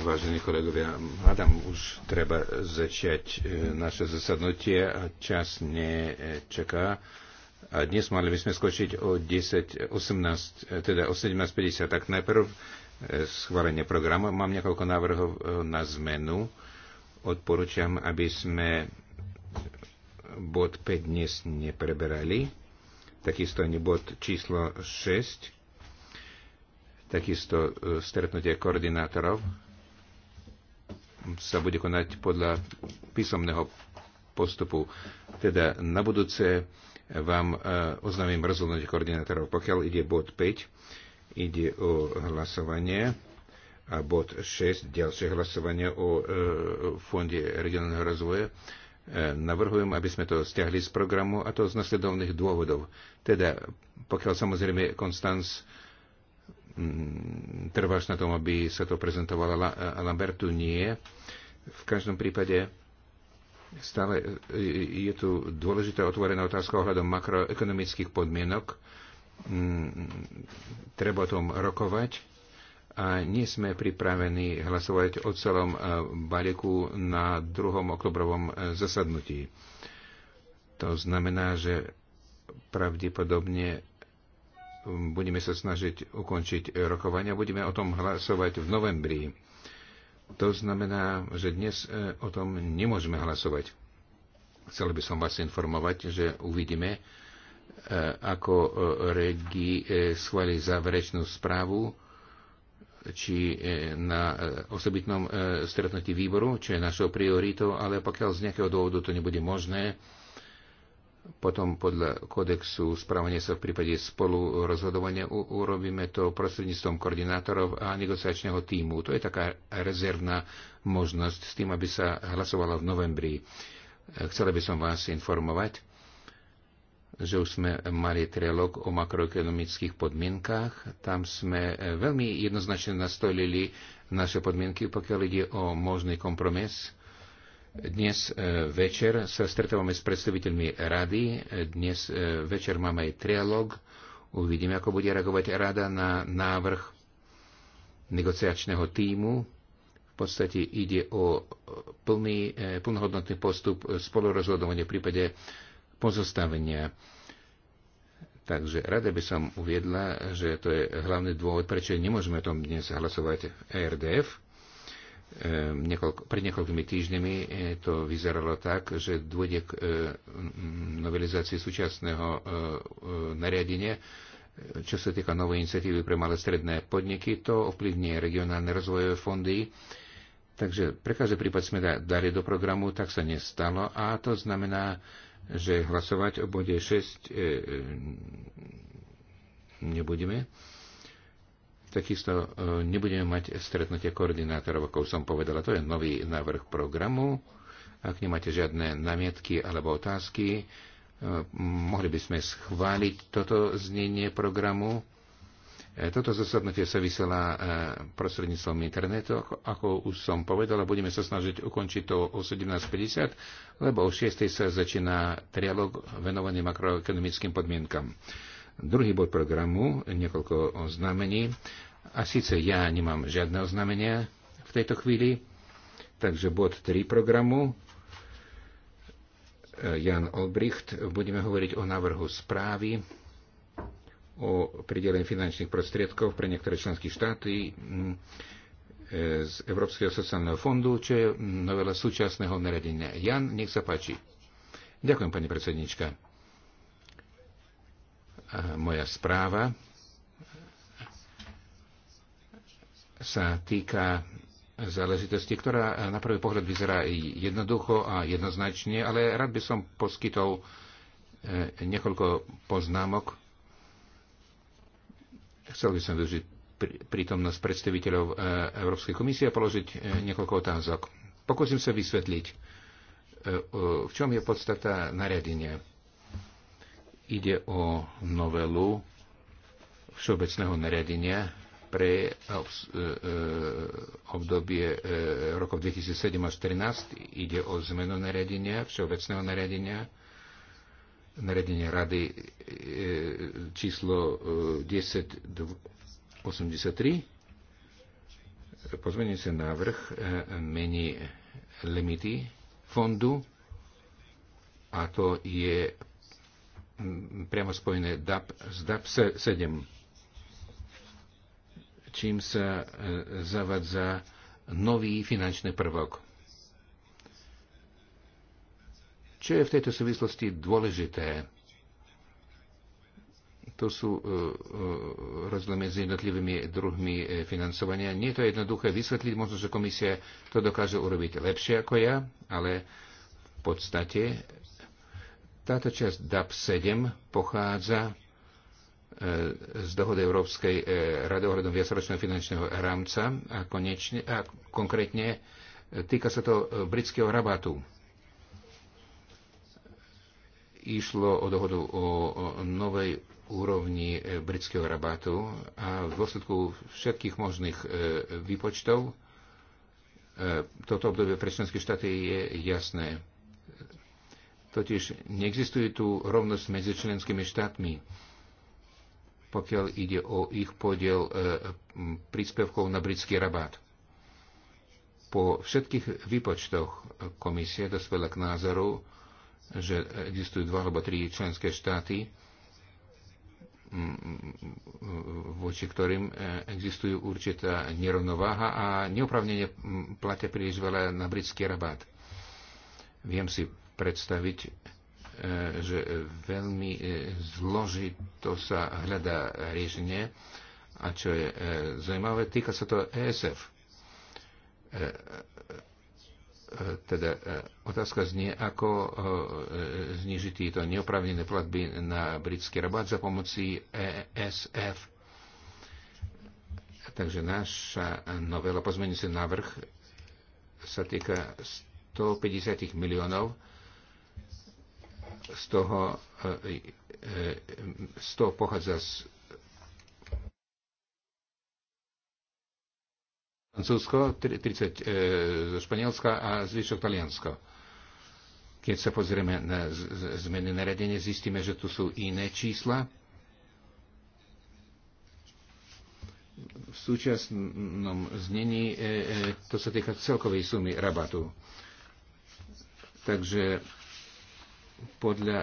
Vážení kolegovia, hádam už treba začať e, naše zasadnutie a čas nečaká. E, a dnes mali by sme skočiť o 10, 18, e, teda o 17.50. Tak najprv schválenie programu. Mám niekoľko návrhov na zmenu. Odporúčam, aby sme bod 5 dnes nepreberali takisto ani bod číslo 6, Takisto e, stretnutie koordinátorov sa bude konať podľa písomného postupu. Teda na budúce vám e, oznámim rozhodnutie koordinátorov. Pokiaľ ide bod 5, ide o hlasovanie a bod 6, ďalšie hlasovanie o e, Fonde regionálneho rozvoja. Navrhujem, aby sme to stiahli z programu a to z nasledovných dôvodov. Teda, pokiaľ samozrejme Konstanc Mm, trváš na tom, aby sa to prezentovalo Lambertu? Nie. V každom prípade stále e, e, je tu dôležitá otvorená otázka ohľadom makroekonomických podmienok. Mm, treba o tom rokovať a nie sme pripravení hlasovať o celom e, balíku na 2. oktobrovom zasadnutí. To znamená, že pravdepodobne Um, budeme sa snažiť ukončiť e, rokovania. Budeme o tom hlasovať v novembri. To znamená, že dnes e, o tom nemôžeme hlasovať. Chcel by som vás informovať, že uvidíme, e, ako regi schváli záverečnú správu či na osobitnom stretnutí výboru, čo je našou prioritou, ale pokiaľ z nejakého dôvodu to nebude možné, potom podľa kodexu správania sa v prípade spolu rozhodovania urobíme to prostredníctvom koordinátorov a negociačného týmu. To je taká rezervná možnosť s tým, aby sa hlasovala v novembri. Chcela by som vás informovať, že už sme mali trialog o makroekonomických podmienkách. Tam sme veľmi jednoznačne nastolili naše podmienky, pokiaľ ide o možný kompromis dnes e, večer sa stretávame s predstaviteľmi rady. Dnes e, večer máme aj trialog. Uvidíme, ako bude reagovať rada na návrh negociačného týmu. V podstate ide o plný, e, plnohodnotný postup spolurozhodovania v prípade pozostavenia. Takže rada by som uviedla, že to je hlavný dôvod, prečo nemôžeme o tom dnes hlasovať RDF Ehm, niekoľko, pred niekoľkými týždňami e, to vyzeralo tak, že dôjde k e, novelizácii súčasného e, nariadenia, čo sa týka novej iniciatívy pre malé stredné podniky, to ovplyvní regionálne rozvojové fondy. Takže pre každý prípad sme dali do programu, tak sa nestalo a to znamená, že hlasovať o bode 6 nebudeme. Takisto e, nebudeme mať stretnutie koordinátorov, ako som povedala. To je nový návrh programu. Ak nemáte žiadne namietky alebo otázky, e, mohli by sme schváliť toto znenie programu. E, toto zasadnutie sa vysiela prostredníctvom internetu. Ako už som povedala, budeme sa snažiť ukončiť to o 17.50, lebo o 6.00 sa začína trialog venovaný makroekonomickým podmienkam. Druhý bod programu, niekoľko oznámení. A síce ja nemám žiadne oznámenia v tejto chvíli, takže bod 3 programu. Jan Olbricht, budeme hovoriť o návrhu správy o pridelení finančných prostriedkov pre niektoré členské štáty mm, e, z Európskeho sociálneho fondu, čo je novela súčasného naredenia. Jan, nech sa páči. Ďakujem, pani predsednička moja správa sa týka záležitosti, ktorá na prvý pohľad vyzerá jednoducho a jednoznačne, ale rád by som poskytol e, niekoľko poznámok. Chcel by som využiť prítomnosť predstaviteľov e, Európskej komisie a položiť e, niekoľko otázok. Pokúsim sa vysvetliť, v čom je podstata nariadenia Ide o novelu všeobecného nariadenia pre eh, eh, obdobie eh, rokov 2007 až 2013. Ide o zmenu nariadenia, všeobecného nariadenia, nariadenie rady číslo 1083. sa návrh mení limity fondu a to je priamo spojené DAP s DAP 7, čím sa e, zavadza nový finančný prvok. Čo je v tejto súvislosti dôležité? To sú e, e, rozdiely medzi jednotlivými druhmi financovania. Nie je to jednoduché vysvetliť, možno, že komisia to dokáže urobiť lepšie ako ja, ale v podstate táto časť DAP 7 pochádza e, z dohody Európskej e, rady ohľadom viacročného finančného rámca a, konečne, a konkrétne e, týka sa to britského rabatu. Išlo o dohodu o novej úrovni britského rabatu a v dôsledku všetkých možných výpočtov toto obdobie pre členské štáty je jasné. Totiž neexistuje tu rovnosť medzi členskými štátmi, pokiaľ ide o ich podiel e, príspevkov na britský rabát. Po všetkých výpočtoch Komisie dospela k názoru, že existujú dva alebo tri členské štáty, voči ktorým e, existujú určitá nerovnováha a neopravnenie platia príliš veľa na britský rabát. Viem si predstaviť, e, že veľmi e, zložito sa hľadá riešenie a čo je e, zaujímavé, týka sa to ESF. Teda otázka znie, ako znižiť tieto neopravnené platby na britský rabat za pomoci ESF. Takže naša novela pozmeniaci návrh sa týka 150 miliónov z toho e, e, toho pochádza z Francúzsko, 30 e, zo Španielska a zvyšok Taliansko. Keď sa pozrieme na zmeny naradenie, zistíme, že tu sú iné čísla. V súčasnom znení to sa týka celkovej sumy rabatu. Takže podľa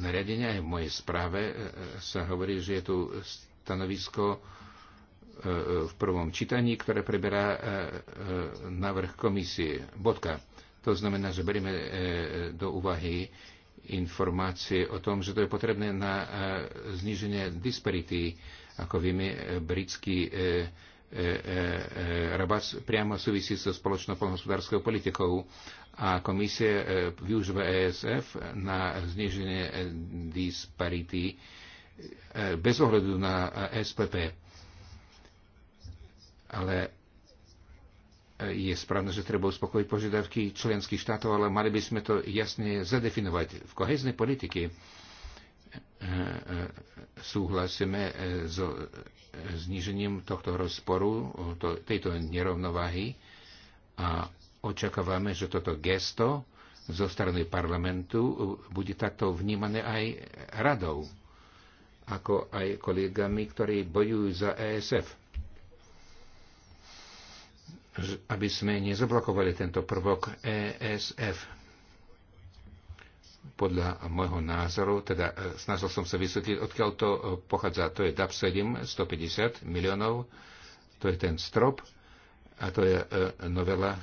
nariadenia aj v mojej správe e, sa hovorí, že je tu stanovisko e, v prvom čítaní, ktoré preberá e, návrh komisie. Bodka. To znamená, že berieme do úvahy informácie o tom, že to je potrebné na zníženie disparity. Ako vieme, britský E, e, e, rabac priamo súvisí so spoločnou polnohospodárskou politikou a komisie využíva ESF na zniženie disparity bez ohľadu na SPP. Ale je správne, že treba uspokojiť požiadavky členských štátov, ale mali by sme to jasne zadefinovať. V koheznej politike súhlasíme so znižením tohto rozporu, to, tejto nerovnováhy a očakávame, že toto gesto zo strany parlamentu bude takto vnímané aj radou, ako aj kolegami, ktorí bojujú za ESF aby sme nezablokovali tento prvok ESF podľa môjho názoru, teda e, snažil som sa vysvetliť, odkiaľ to e, pochádza. To je DAP 7, 150 miliónov, to je ten strop a to je e, novela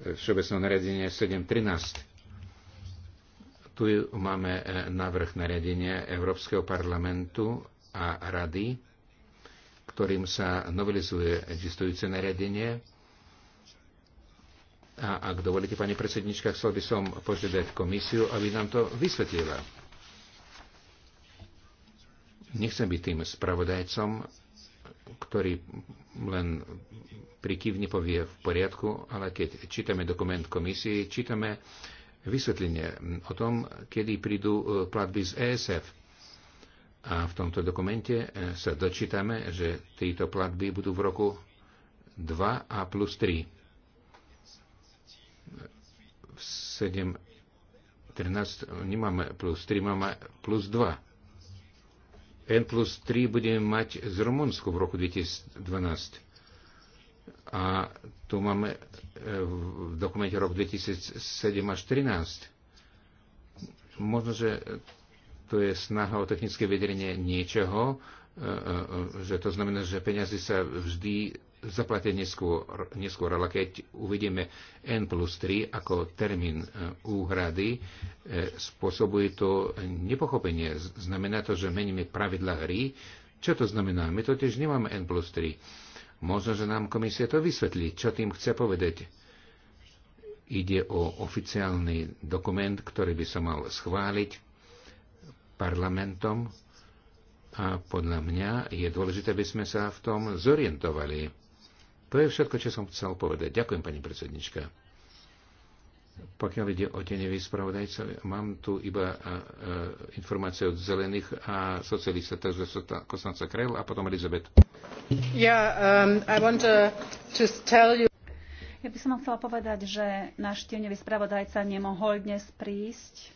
Všeobecného nariadenia 7.13. Tu máme návrh nariadenia Európskeho parlamentu a rady, ktorým sa novelizuje existujúce nariadenie a ak dovolíte, pani predsednička, chcel by som požiadať komisiu, aby nám to vysvetlila. Nechcem byť tým spravodajcom, ktorý len prikyvne povie v poriadku, ale keď čítame dokument komisie, čítame vysvetlenie o tom, kedy prídu e, platby z ESF. A v tomto dokumente e, sa dočítame, že tieto platby budú v roku 2 a plus 3 7, 13 nemáme plus 3, máme plus 2. N plus 3 budeme mať z Rumunsku v roku 2012. A tu máme e, v dokumente rok 2007 až 2013. Možno, že to je snaha o technické vedenie niečoho, e, e, že to znamená, že peniazy sa vždy zaplatiť neskôr, neskôr, ale keď uvidíme N plus 3 ako termín e, úhrady, e, spôsobuje to nepochopenie. Znamená to, že meníme pravidla hry. Čo to znamená? My totiž nemáme N plus 3. Možno, že nám komisia to vysvetlí, čo tým chce povedať. Ide o oficiálny dokument, ktorý by sa mal schváliť parlamentom a podľa mňa je dôležité, aby sme sa v tom zorientovali to je všetko, čo som chcel povedať. Ďakujem, pani predsednička. Pokiaľ ide o tenevý spravodajca, mám tu iba informácie od zelených a socialista, takže sa tá Konstanca Krell a potom Elizabeth. Yeah, um, I want to just tell you... Ja by som chcela povedať, že náš tenevý spravodajca nemohol dnes prísť.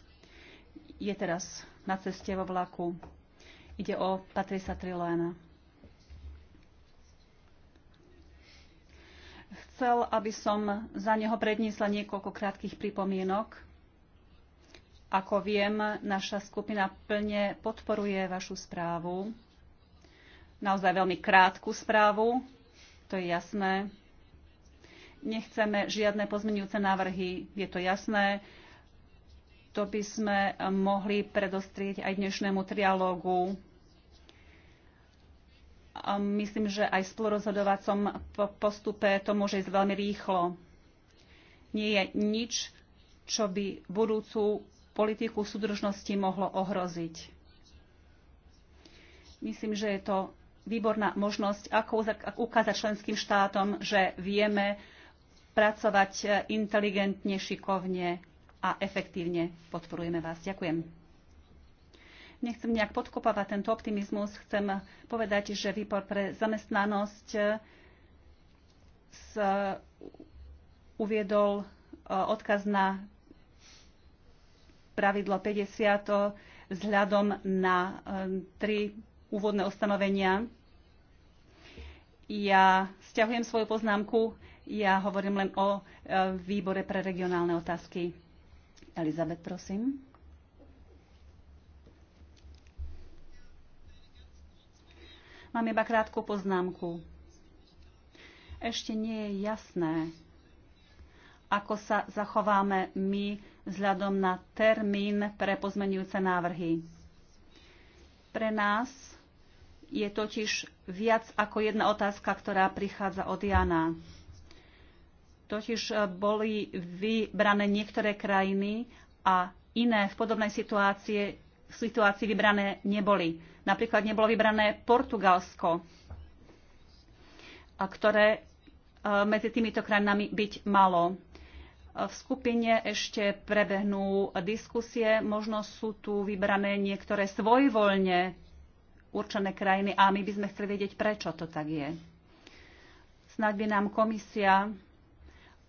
Je teraz na ceste vo vlaku. Ide o Patrisa triléna. Chcel, aby som za neho predniesla niekoľko krátkých pripomienok. Ako viem, naša skupina plne podporuje vašu správu. Naozaj veľmi krátku správu, to je jasné. Nechceme žiadne pozmenujúce návrhy, je to jasné. To by sme mohli predostrieť aj dnešnému trialógu myslím, že aj v spolurozhodovacom postupe to môže ísť veľmi rýchlo. Nie je nič, čo by budúcu politiku súdržnosti mohlo ohroziť. Myslím, že je to výborná možnosť, ako ukázať členským štátom, že vieme pracovať eh, inteligentne, šikovne a efektívne. Podporujeme vás. Ďakujem nechcem nejak podkopávať tento optimizmus. Chcem povedať, že výbor pre zamestnanosť eh, sa eh, uviedol eh, odkaz na pravidlo 50 vzhľadom na tri úvodné ustanovenia. Ja stiahujem svoju poznámku, ja hovorím len o výbore pre regionálne otázky. Elizabet, prosím. Mám iba krátku poznámku. Ešte nie je jasné, ako sa zachováme my vzhľadom na termín pre pozmenujúce návrhy. Pre nás je totiž viac ako jedna otázka, ktorá prichádza od Jana. Totiž eh, boli vybrané niektoré krajiny a iné v podobnej situácii vybrané neboli. Napríklad nebolo vybrané Portugalsko, ktoré e, medzi týmito krajinami byť malo. E, v skupine ešte prebehnú diskusie, možno sú tu vybrané niektoré svojvoľne určené krajiny a my by sme chceli vedieť, prečo to tak je. Snaď by nám komisia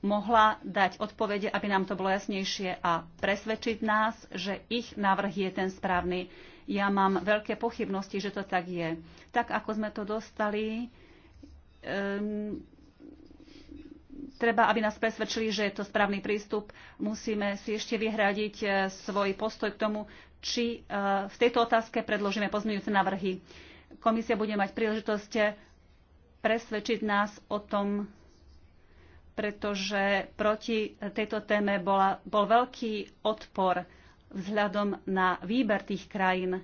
mohla dať odpovede, aby nám to bolo jasnejšie a presvedčiť nás, že ich návrh je ten správny. Ja mám veľké pochybnosti, že to tak je. Tak, ako sme to dostali, um, treba, aby nás presvedčili, že je to správny prístup. Musíme si ešte vyhradiť eh, svoj postoj k tomu, či uh, v tejto otázke predložíme pozmeňujúce návrhy. Komisia bude mať príležitosť eh, presvedčiť nás o tom, pretože proti tejto téme bola, bol veľký odpor vzhľadom na výber tých krajín,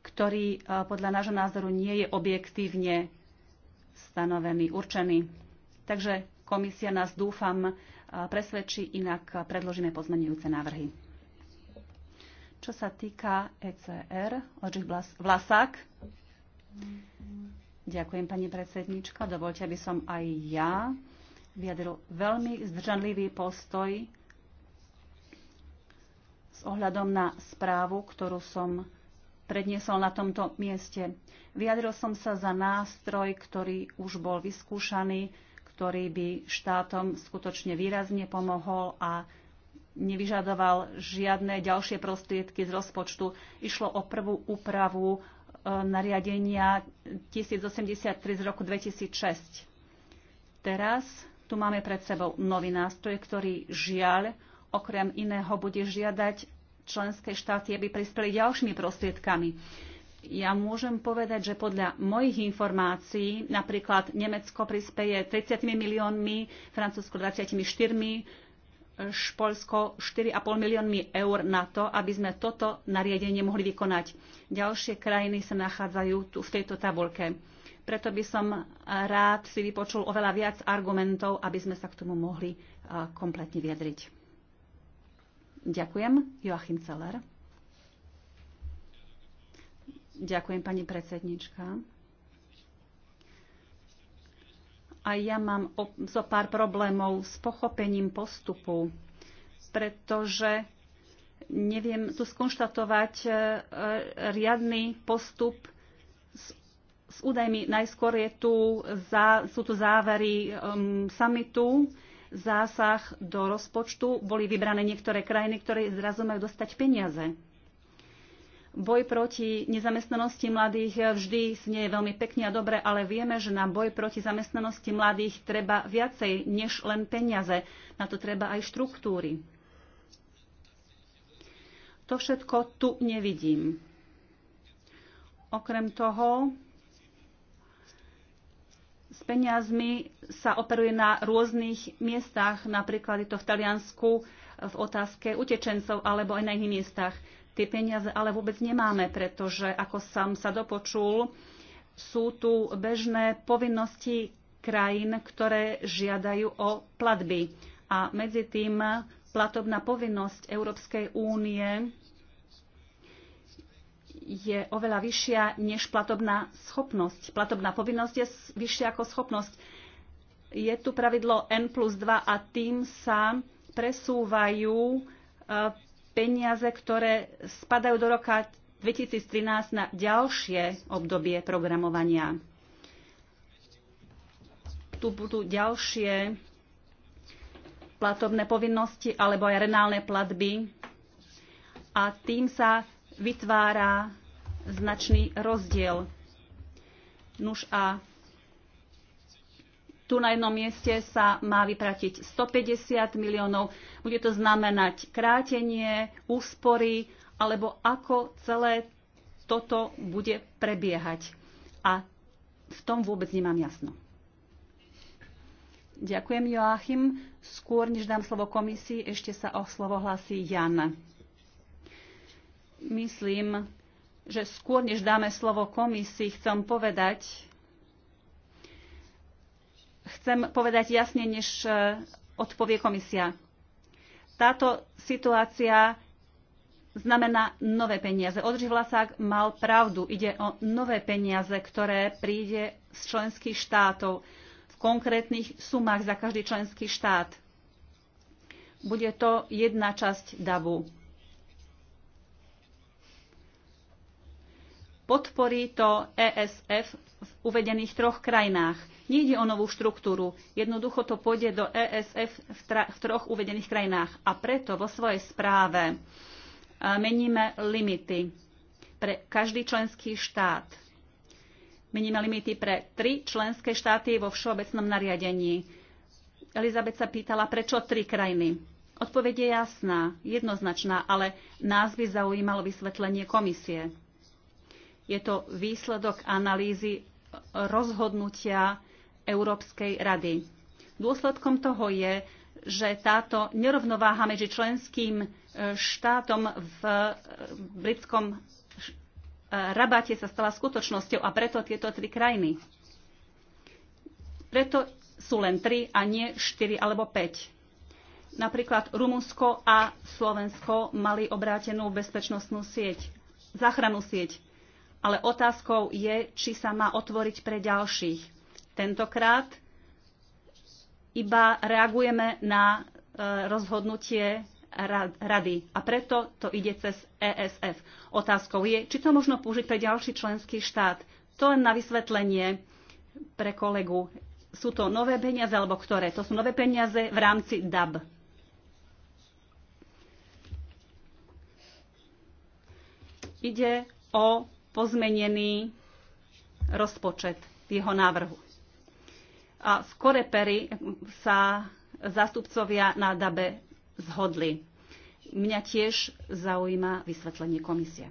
ktorý e, podľa nášho názoru nie je objektívne stanovený, určený. Takže komisia nás dúfam e, presvedčí, inak predložíme pozmenujúce návrhy. Čo sa týka ECR, Ožich Vlasák. Ďakujem, pani predsednička. Dovolte, aby som aj ja vyjadril veľmi zdržanlivý postoj s ohľadom na správu, ktorú som predniesol na tomto mieste. Vyjadril som sa za nástroj, ktorý už bol vyskúšaný, ktorý by štátom skutočne výrazne pomohol a nevyžadoval žiadne ďalšie prostriedky z rozpočtu. Išlo o prvú úpravu e, nariadenia 1083 z roku 2006. Teraz tu máme pred sebou nový nástroj, ktorý žiaľ okrem iného bude žiadať členské štáty, aby prispeli ďalšími prostriedkami. Ja môžem povedať, že podľa mojich informácií napríklad Nemecko prispieje 30 miliónmi, Francúzsko 24, Špolsko 4,5 miliónmi eur na to, aby sme toto nariadenie mohli vykonať. Ďalšie krajiny sa nachádzajú tu v tejto tabulke. Preto by som rád si vypočul oveľa viac argumentov, aby sme sa k tomu mohli kompletne vyjadriť. Ďakujem. Joachim Celer. Ďakujem, pani predsednička. A ja mám zo pár problémov s pochopením postupu, pretože neviem tu skonštatovať e, e, riadny postup s, s údajmi. Najskôr je tu, za, sú tu závery um, samitu, zásah do rozpočtu. Boli vybrané niektoré krajiny, ktoré zrazu majú dostať peniaze. Boj proti nezamestnanosti mladých vždy znie veľmi pekne a dobre, ale vieme, že na boj proti zamestnanosti mladých treba viacej než len peniaze. Na to treba aj štruktúry. To všetko tu nevidím. Okrem toho peniazmi sa operuje na rôznych miestach, napríklad je to v Taliansku v otázke utečencov alebo aj na iných miestach. Tie peniaze ale vôbec nemáme, pretože ako som sa dopočul, sú tu bežné povinnosti krajín, ktoré žiadajú o platby. A medzi tým platobná povinnosť Európskej únie je oveľa vyššia než platobná schopnosť. Platobná povinnosť je vyššia ako schopnosť. Je tu pravidlo N plus 2 a tým sa presúvajú e, peniaze, ktoré spadajú do roka 2013 na ďalšie obdobie programovania. Tu budú ďalšie platobné povinnosti alebo aj renálne platby a tým sa vytvára značný rozdiel. Nuž a tu na jednom mieste sa má vypratiť 150 miliónov. Bude to znamenať krátenie, úspory, alebo ako celé toto bude prebiehať. A v tom vôbec nemám jasno. Ďakujem, Joachim. Skôr, než dám slovo komisii, ešte sa o slovo hlasí Jan. Myslím, že skôr než dáme slovo komisii, chcem povedať, chcem povedať jasne, než e, odpovie komisia. Táto situácia znamená nové peniaze. Odři Vlasák mal pravdu. Ide o nové peniaze, ktoré príde z členských štátov v konkrétnych sumách za každý členský štát. Bude to jedna časť DABu podporí to ESF v uvedených troch krajinách. Nejde o novú štruktúru, jednoducho to pôjde do ESF v, v troch uvedených krajinách a preto vo svojej správe e, meníme limity pre každý členský štát. Meníme limity pre tri členské štáty vo všeobecnom nariadení. Elizabet sa pýtala, prečo tri krajiny. Odpoveď je jasná, jednoznačná, ale nás by zaujímalo vysvetlenie komisie. Je to výsledok analýzy rozhodnutia Európskej rady. Dôsledkom toho je, že táto nerovnováha medzi členským e, štátom v e, britskom e, rabáte sa stala skutočnosťou a preto tieto tri krajiny. Preto sú len tri a nie štyri alebo päť. Napríklad Rumunsko a Slovensko mali obrátenú bezpečnostnú sieť, záchrannú sieť ale otázkou je, či sa má otvoriť pre ďalších. Tentokrát iba reagujeme na e, rozhodnutie rady a preto to ide cez ESF. Otázkou je, či to možno použiť pre ďalší členský štát. To len na vysvetlenie pre kolegu. Sú to nové peniaze alebo ktoré? To sú nové peniaze v rámci DAB. Ide o pozmenený rozpočet jeho návrhu. A v Korepery sa zástupcovia na DABE zhodli. Mňa tiež zaujíma vysvetlenie komisie.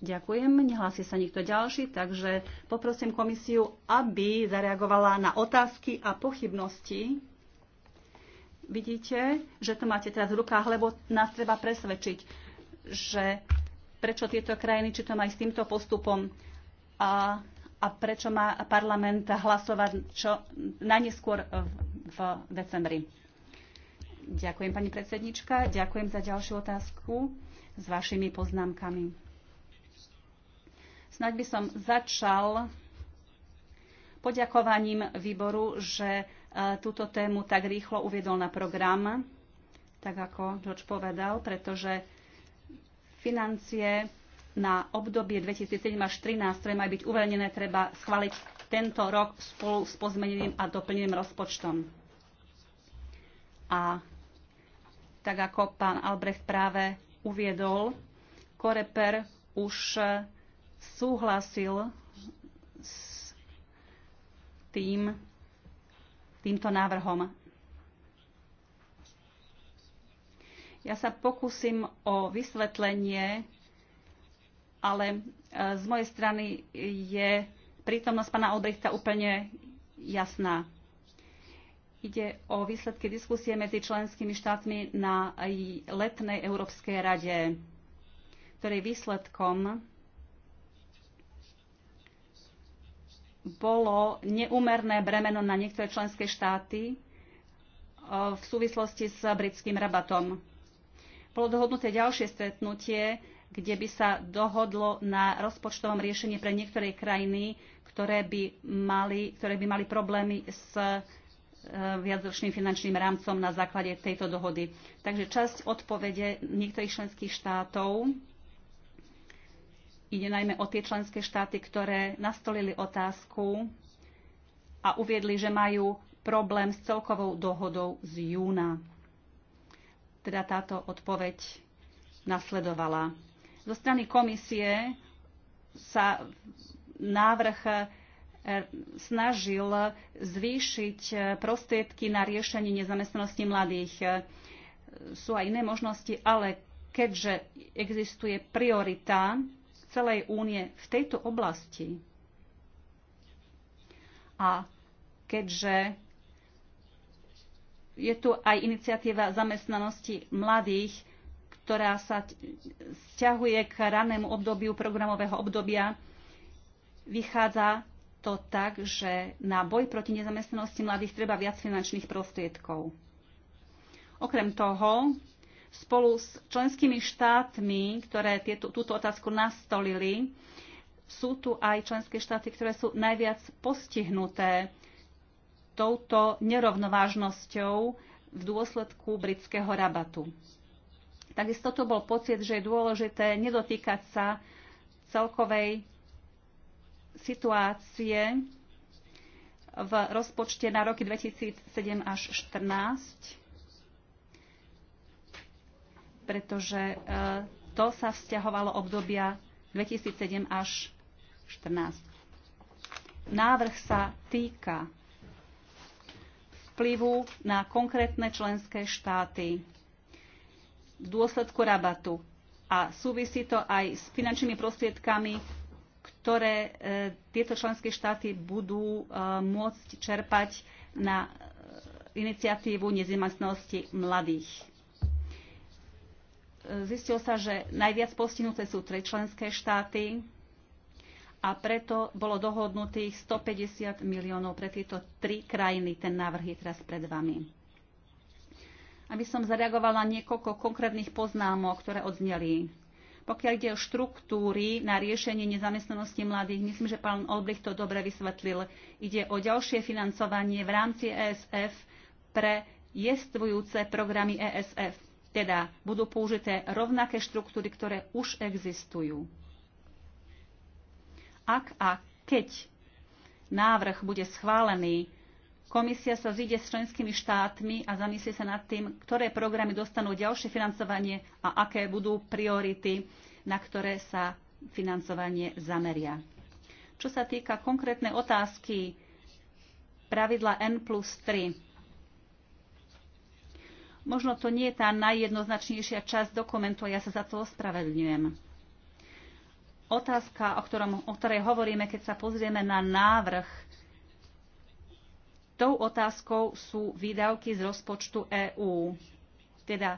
Ďakujem. Nehlási sa nikto ďalší, takže poprosím komisiu, aby zareagovala na otázky a pochybnosti. Vidíte, že to máte teraz v rukách, lebo nás treba presvedčiť, že prečo tieto krajiny, či to aj s týmto postupom a, a prečo má parlament hlasovať čo najneskôr v, v decembri. Ďakujem, pani predsednička. Ďakujem za ďalšiu otázku s vašimi poznámkami. Snaď by som začal poďakovaním výboru, že e, túto tému tak rýchlo uviedol na program, tak ako George povedal, pretože financie na obdobie 2007 až 2013, ktoré majú byť uvedené, treba schváliť tento rok spolu s pozmeneným a doplneným rozpočtom. A tak ako pán Albrecht práve uviedol, Koreper už súhlasil s tým, týmto návrhom. Ja sa pokúsim o vysvetlenie, ale e, z mojej strany je prítomnosť pána Olbrichta úplne jasná. Ide o výsledky diskusie medzi členskými štátmi na letnej Európskej rade, ktorej výsledkom bolo neúmerné bremeno na niektoré členské štáty e, v súvislosti s britským rabatom bolo dohodnuté ďalšie stretnutie, kde by sa dohodlo na rozpočtovom riešení pre niektoré krajiny, ktoré by mali, ktoré by mali problémy s e, viacročným finančným rámcom na základe tejto dohody. Takže časť odpovede niektorých členských štátov ide najmä o tie členské štáty, ktoré nastolili otázku a uviedli, že majú problém s celkovou dohodou z júna teda táto odpoveď nasledovala. Zo strany komisie sa návrh e, snažil zvýšiť e, prostriedky na riešenie nezamestnanosti mladých. E, sú aj iné možnosti, ale keďže existuje priorita celej únie v tejto oblasti a keďže je tu aj iniciatíva zamestnanosti mladých, ktorá sa vzťahuje k ranému obdobiu programového obdobia. Vychádza to tak, že na boj proti nezamestnanosti mladých treba viac finančných prostriedkov. Okrem toho, spolu s členskými štátmi, ktoré tieto, túto otázku nastolili, sú tu aj členské štáty, ktoré sú najviac postihnuté touto nerovnovážnosťou v dôsledku britského rabatu. Takisto to bol pocit, že je dôležité nedotýkať sa celkovej situácie v rozpočte na roky 2007 až 2014, pretože e, to sa vzťahovalo obdobia 2007 až 2014. Návrh sa týka vplyvu na konkrétne členské štáty v dôsledku rabatu. A súvisí to aj s finančnými prostriedkami, ktoré e, tieto členské štáty budú e, môcť čerpať na e, iniciatívu nezimacnosti mladých. Zistilo sa, že najviac postihnuté sú tri členské štáty, a preto bolo dohodnutých 150 miliónov pre tieto tri krajiny. Ten návrh je teraz pred vami. Aby som zareagovala niekoľko konkrétnych poznámok, ktoré odzneli. Pokiaľ ide o štruktúry na riešenie nezamestnanosti mladých, myslím, že pán Olbrich to dobre vysvetlil. Ide o ďalšie financovanie v rámci ESF pre jestvujúce programy ESF. Teda budú použité rovnaké štruktúry, ktoré už existujú. Ak a keď návrh bude schválený, komisia sa zíde s členskými štátmi a zamyslie sa nad tým, ktoré programy dostanú ďalšie financovanie a aké budú priority, na ktoré sa financovanie zameria. Čo sa týka konkrétnej otázky pravidla N plus 3, Možno to nie je tá najjednoznačnejšia časť dokumentu a ja sa za to ospravedlňujem otázka, o, ktorom, o ktorej hovoríme, keď sa pozrieme na návrh. Tou otázkou sú výdavky z rozpočtu EÚ. Teda,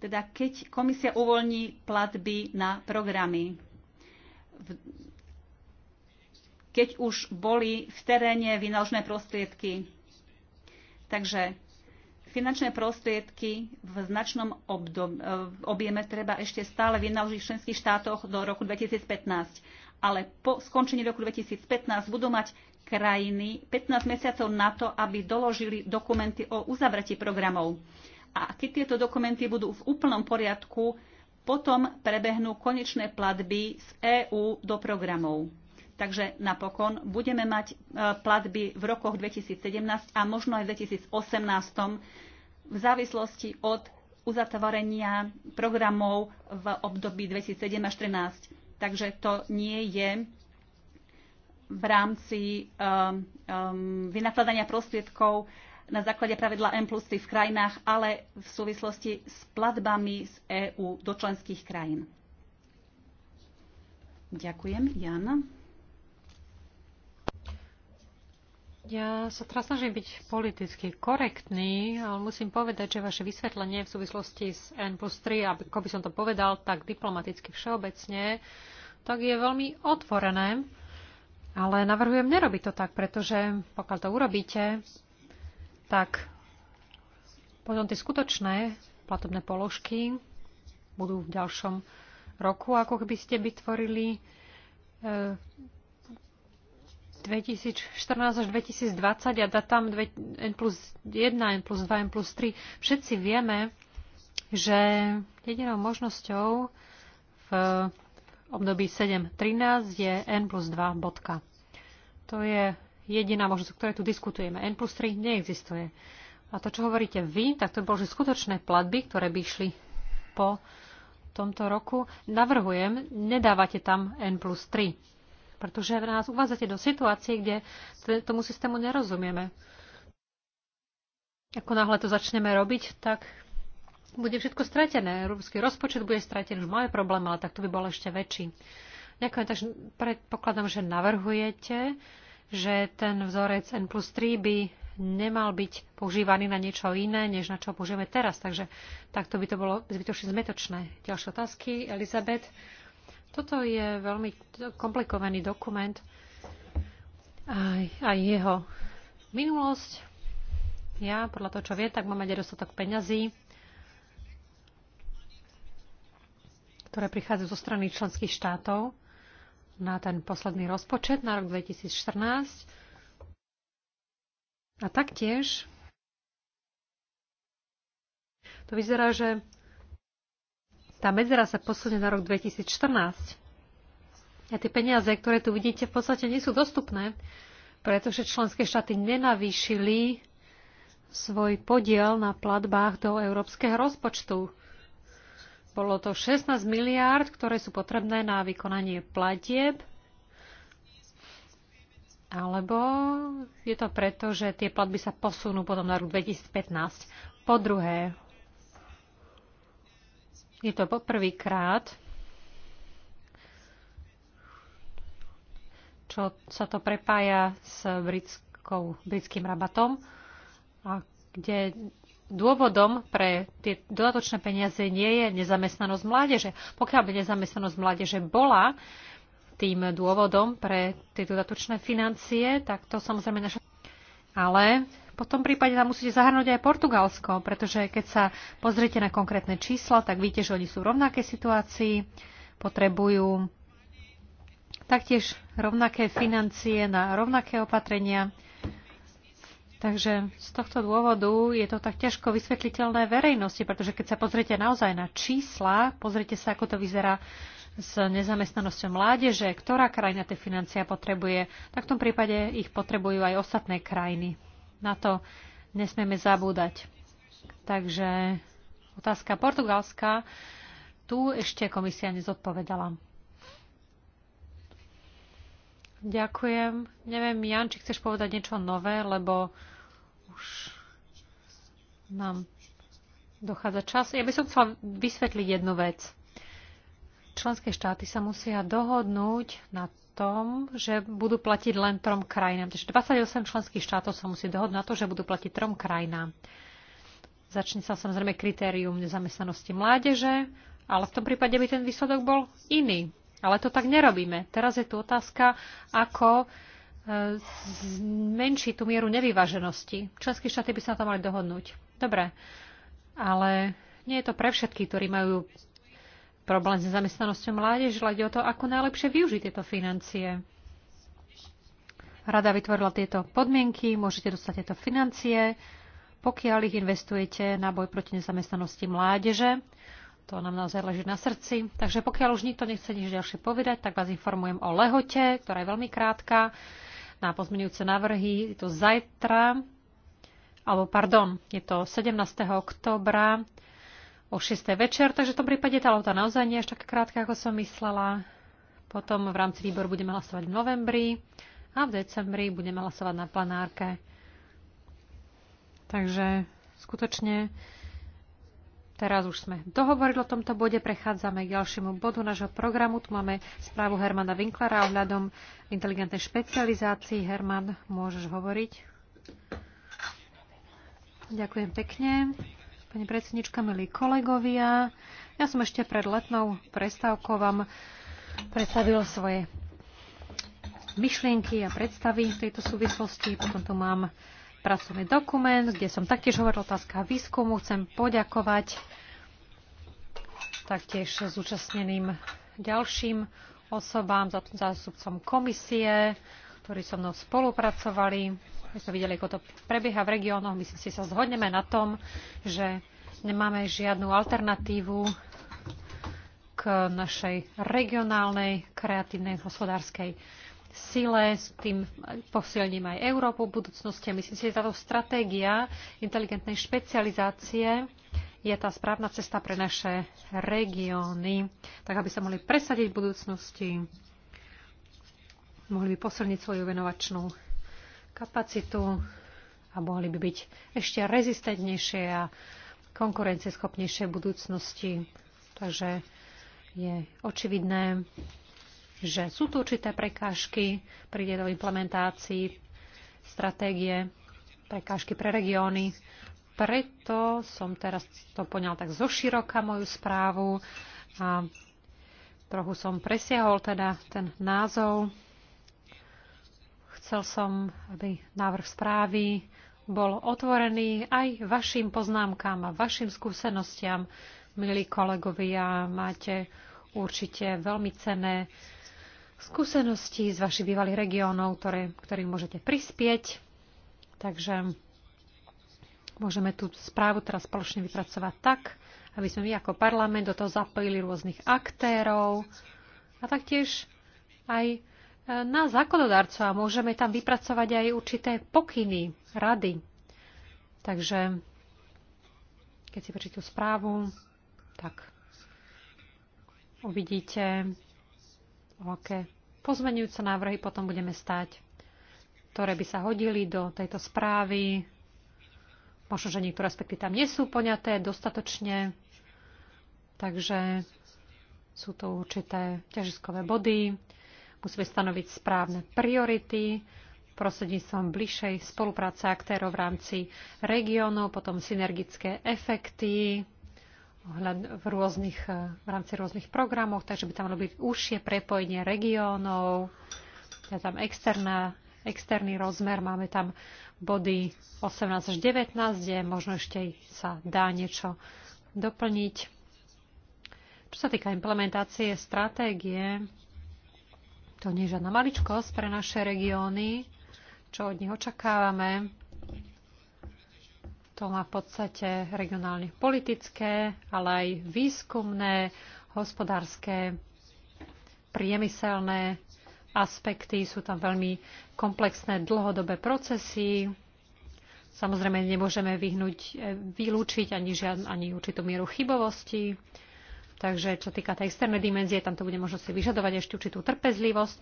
teda keď komisia uvoľní platby na programy. V, keď už boli v teréne vynaložené prostriedky. Takže Finančné prostriedky v značnom e, objeme treba ešte stále vynaložiť v členských štátoch do roku 2015, ale po skončení roku 2015 budú mať krajiny 15 mesiacov na to, aby doložili dokumenty o uzavretí programov. A keď tieto dokumenty budú v úplnom poriadku, potom prebehnú konečné platby z EÚ do programov. Takže napokon budeme mať e, platby v rokoch 2017 a možno aj v 2018 v závislosti od uzatvorenia programov v období 2007 až 2013. Takže to nie je v rámci um, um, vynakladania prostriedkov na základe pravidla M plus v krajinách, ale v súvislosti s platbami z EÚ do členských krajín. Ďakujem, Jana. Ja sa teraz snažím byť politicky korektný, ale musím povedať, že vaše vysvetlenie v súvislosti s N plus 3, ako by som to povedal tak diplomaticky všeobecne, tak je veľmi otvorené, ale navrhujem nerobiť to tak, pretože pokiaľ to urobíte, tak potom tie skutočné platobné položky budú v ďalšom roku, ako keby ste vytvorili e, 2014 až 2020 a dá tam 2, N plus 1, N plus 2, N plus 3. Všetci vieme, že jedinou možnosťou v období 7.13 je N plus 2 bodka. To je jediná možnosť, o ktorej tu diskutujeme. N plus 3 neexistuje. A to, čo hovoríte vy, tak to bolo, že skutočné platby, ktoré by išli po tomto roku, navrhujem, nedávate tam N plus 3 pretože nás uvádzate do situácií, kde tomu systému nerozumieme. Ako náhle to začneme robiť, tak bude všetko stratené. Európsky rozpočet bude stratený. Už máme problém, ale tak to by bol ešte väčší. Ďakujem, takže predpokladám, že navrhujete, že ten vzorec N plus 3 by nemal byť používaný na niečo iné, než na čo použijeme teraz. Takže takto by to bolo zbytočne zmetočné. Ďalšie otázky, Elizabeth. Toto je veľmi komplikovaný dokument. Aj, aj jeho minulosť. Ja, podľa toho, čo vie, tak máme aj dostatok peňazí, ktoré prichádzajú zo strany členských štátov na ten posledný rozpočet na rok 2014. A taktiež to vyzerá, že tá medzera sa posunie na rok 2014. A tie peniaze, ktoré tu vidíte, v podstate nie sú dostupné, pretože členské štáty nenavýšili svoj podiel na platbách do európskeho rozpočtu. Bolo to 16 miliárd, ktoré sú potrebné na vykonanie platieb alebo je to preto, že tie platby sa posunú potom na rok 2015. Po druhé, je to poprvýkrát, čo sa to prepája s britskou, britským rabatom, a kde dôvodom pre tie dodatočné peniaze nie je nezamestnanosť mládeže. Pokiaľ by nezamestnanosť mládeže bola tým dôvodom pre tie dodatočné financie, tak to samozrejme naša... Ale v tom prípade tam musíte zahrnúť aj Portugalsko, pretože keď sa pozriete na konkrétne čísla, tak víte, že oni sú v rovnakej situácii, potrebujú taktiež rovnaké financie na rovnaké opatrenia. Takže z tohto dôvodu je to tak ťažko vysvetliteľné verejnosti, pretože keď sa pozriete naozaj na čísla, pozrite sa, ako to vyzerá s nezamestnanosťou mládeže, ktorá krajina tie financia potrebuje, tak v tom prípade ich potrebujú aj ostatné krajiny. Na to nesmieme zabúdať. Takže otázka Portugalská Tu ešte komisia nezodpovedala. Ďakujem. Neviem, Jan, či chceš povedať niečo nové, lebo už nám dochádza čas. Ja by som chcela vysvetliť jednu vec. Členské štáty sa musia dohodnúť na tom, že budú platiť len trom krajinám. Takže 28 členských štátov sa musí dohodnúť na to, že budú platiť trom krajinám. Začne sa samozrejme kritérium nezamestnanosti mládeže, ale v tom prípade by ten výsledok bol iný. Ale to tak nerobíme. Teraz je tu otázka, ako e, zmenšiť tú mieru nevyváženosti. Členské štáty by sa na to mali dohodnúť. Dobre, ale nie je to pre všetkých, ktorí majú problém s nezamestnanosťou mládež, hľadí o to, ako najlepšie využiť tieto financie. Rada vytvorila tieto podmienky, môžete dostať tieto financie, pokiaľ ich investujete na boj proti nezamestnanosti mládeže. To nám naozaj leží na srdci. Takže pokiaľ už nikto nechce nič ďalšie povedať, tak vás informujem o lehote, ktorá je veľmi krátka. Na pozmenujúce návrhy je to zajtra, alebo pardon, je to 17. oktobra o 6. večer, takže v tom prípade tá lota naozaj nie je až tak krátka, ako som myslela. Potom v rámci výboru budeme hlasovať v novembri a v decembri budeme hlasovať na planárke. Takže skutočne teraz už sme dohovorili o tomto bode, prechádzame k ďalšiemu bodu nášho programu. Tu máme správu Hermana Winklera ohľadom inteligentnej špecializácii. Herman, môžeš hovoriť. Ďakujem pekne pani predsednička, milí kolegovia. Ja som ešte pred letnou prestávkou vám predstavil svoje myšlienky a predstavy v tejto súvislosti. Potom tu mám pracovný dokument, kde som taktiež hovoril otázka výskumu. Chcem poďakovať taktiež zúčastneným ďalším osobám, zástupcom komisie, ktorí so mnou spolupracovali my sme videli, ako to prebieha v regiónoch, myslím si, sa zhodneme na tom, že nemáme žiadnu alternatívu k našej regionálnej kreatívnej hospodárskej sile, s tým posilním aj Európu v budúcnosti. Myslím si, že táto stratégia inteligentnej špecializácie je tá správna cesta pre naše regióny, tak aby sa mohli presadiť v budúcnosti, mohli by posilniť svoju venovačnú kapacitu a mohli by byť ešte rezistentnejšie a konkurencieschopnejšie v budúcnosti. Takže je očividné, že sú tu určité prekážky, príde do implementácií stratégie, prekážky pre regióny. Preto som teraz to poňal tak zoširoka moju správu a trochu som presiahol teda ten názov Chcel som, aby návrh správy bol otvorený aj vašim poznámkám a vašim skúsenostiam. Milí kolegovia, máte určite veľmi cenné skúsenosti z vašich bývalých regiónov, ktorým môžete prispieť. Takže môžeme tú správu teraz spoločne vypracovať tak, aby sme my ako parlament do toho zapojili rôznych aktérov a taktiež aj na zákonodarcu a môžeme tam vypracovať aj určité pokyny, rady. Takže keď si prečíte správu, tak uvidíte, o aké pozmenujúce návrhy potom budeme stať, ktoré by sa hodili do tejto správy. Možno, že niektoré aspekty tam nie sú poňaté dostatočne, takže sú to určité ťažiskové body, Musíme stanoviť správne priority prostredníctvom bližšej spolupráce aktérov v rámci regiónov, potom synergické efekty v, rôznych, eh, v rámci rôznych programov, takže by tam malo byť užšie prepojenie regiónov, je tam externá, externý rozmer, máme tam body 18 až 19, kde možno ešte sa dá niečo doplniť. Čo sa týka implementácie stratégie, to nie je žiadna maličkosť pre naše regióny, čo od nich očakávame. To má v podstate regionálne politické, ale aj výskumné, hospodárske, priemyselné aspekty. Sú tam veľmi komplexné dlhodobé procesy. Samozrejme, nemôžeme vyhnúť, e, vylúčiť ani, žiad, ani určitú mieru chybovosti. Takže čo týka tej externej dimenzie, tam to bude možno si vyžadovať ešte určitú trpezlivosť.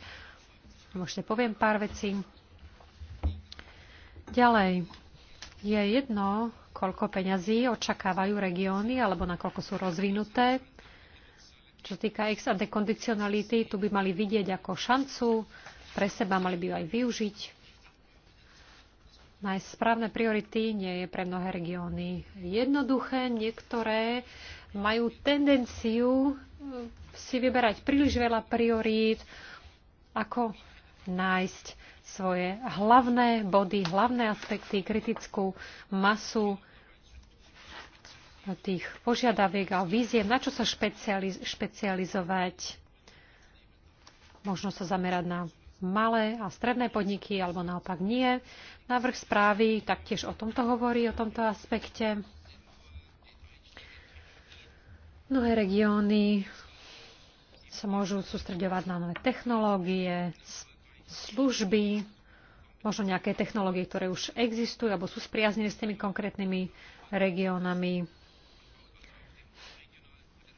Možno poviem pár vecí. Ďalej, je jedno, koľko peňazí očakávajú regióny alebo nakoľko sú rozvinuté. Čo týka ex ante kondicionality, tu by mali vidieť ako šancu, pre seba mali by ju aj využiť. Nájsť správne priority nie je pre mnohé regióny jednoduché. Niektoré majú tendenciu hm, si vyberať príliš veľa priorít, ako nájsť svoje hlavné body, hlavné aspekty, kritickú masu tých požiadaviek a víziev, na čo sa špecializ- špecializovať. Možno sa zamerať na malé a stredné podniky, alebo naopak nie. Návrh správy taktiež o tomto hovorí, o tomto aspekte. Mnohé regióny sa môžu sústredovať na nové technológie, služby, možno nejaké technológie, ktoré už existujú alebo sú spriaznené s tými konkrétnymi regiónami.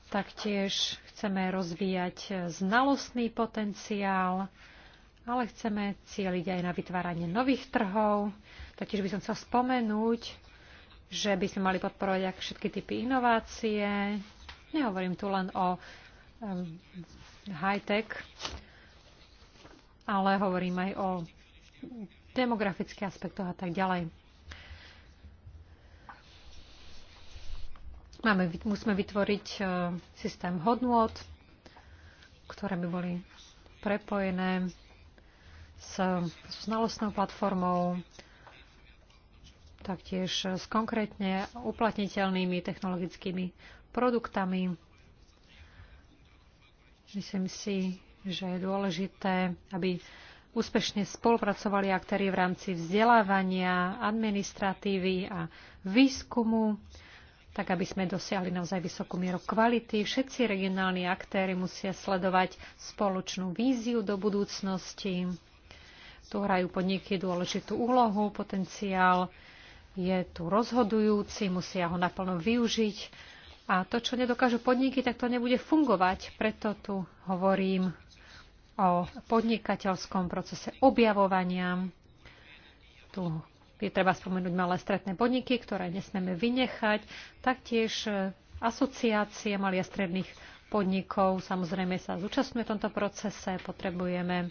Taktiež chceme rozvíjať znalostný potenciál, ale chceme cieliť aj na vytváranie nových trhov. Taktiež by som chcel spomenúť, že by sme mali podporovať všetky typy inovácie, Nehovorím tu len o high-tech, ale hovorím aj o demografických aspektoch a tak ďalej. Máme, musíme vytvoriť eh, systém hodnôt, ktoré by boli prepojené s znalostnou platformou, taktiež s konkrétne uplatniteľnými technologickými produktami. Myslím si, že je dôležité, aby úspešne spolupracovali aktéry v rámci vzdelávania, administratívy a výskumu, tak aby sme dosiahli naozaj vysokú mieru kvality. Všetci regionálni aktéry musia sledovať spoločnú víziu do budúcnosti. Tu hrajú podniky dôležitú úlohu, potenciál je tu rozhodujúci, musia ho naplno využiť a to, čo nedokážu podniky, tak to nebude fungovať. Preto tu hovorím o podnikateľskom procese objavovania. Tu je treba spomenúť malé stredné podniky, ktoré nesmieme vynechať. Taktiež e, asociácie malých a stredných podnikov samozrejme sa zúčastňuje v tomto procese. Potrebujeme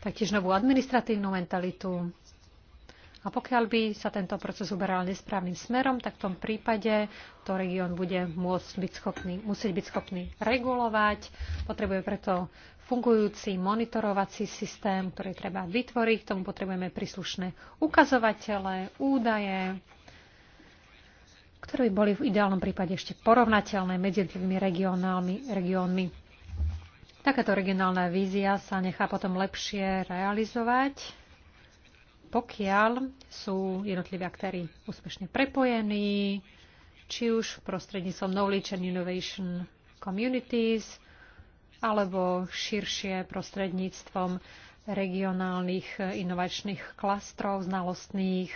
taktiež novú administratívnu mentalitu. A pokiaľ by sa tento proces uberal nesprávnym smerom, tak v tom prípade to región bude môcť byť schopný, musieť byť schopný regulovať. Potrebuje preto fungujúci monitorovací systém, ktorý treba vytvoriť. K tomu potrebujeme príslušné ukazovatele, údaje, ktoré by boli v ideálnom prípade ešte porovnateľné medzi jednotlivými regiónmi. Takáto regionálna vízia sa nechá potom lepšie realizovať pokiaľ sú jednotliví aktéry úspešne prepojení, či už prostredníctvom Knowledge and Innovation Communities, alebo širšie prostredníctvom regionálnych inovačných klastrov, znalostných,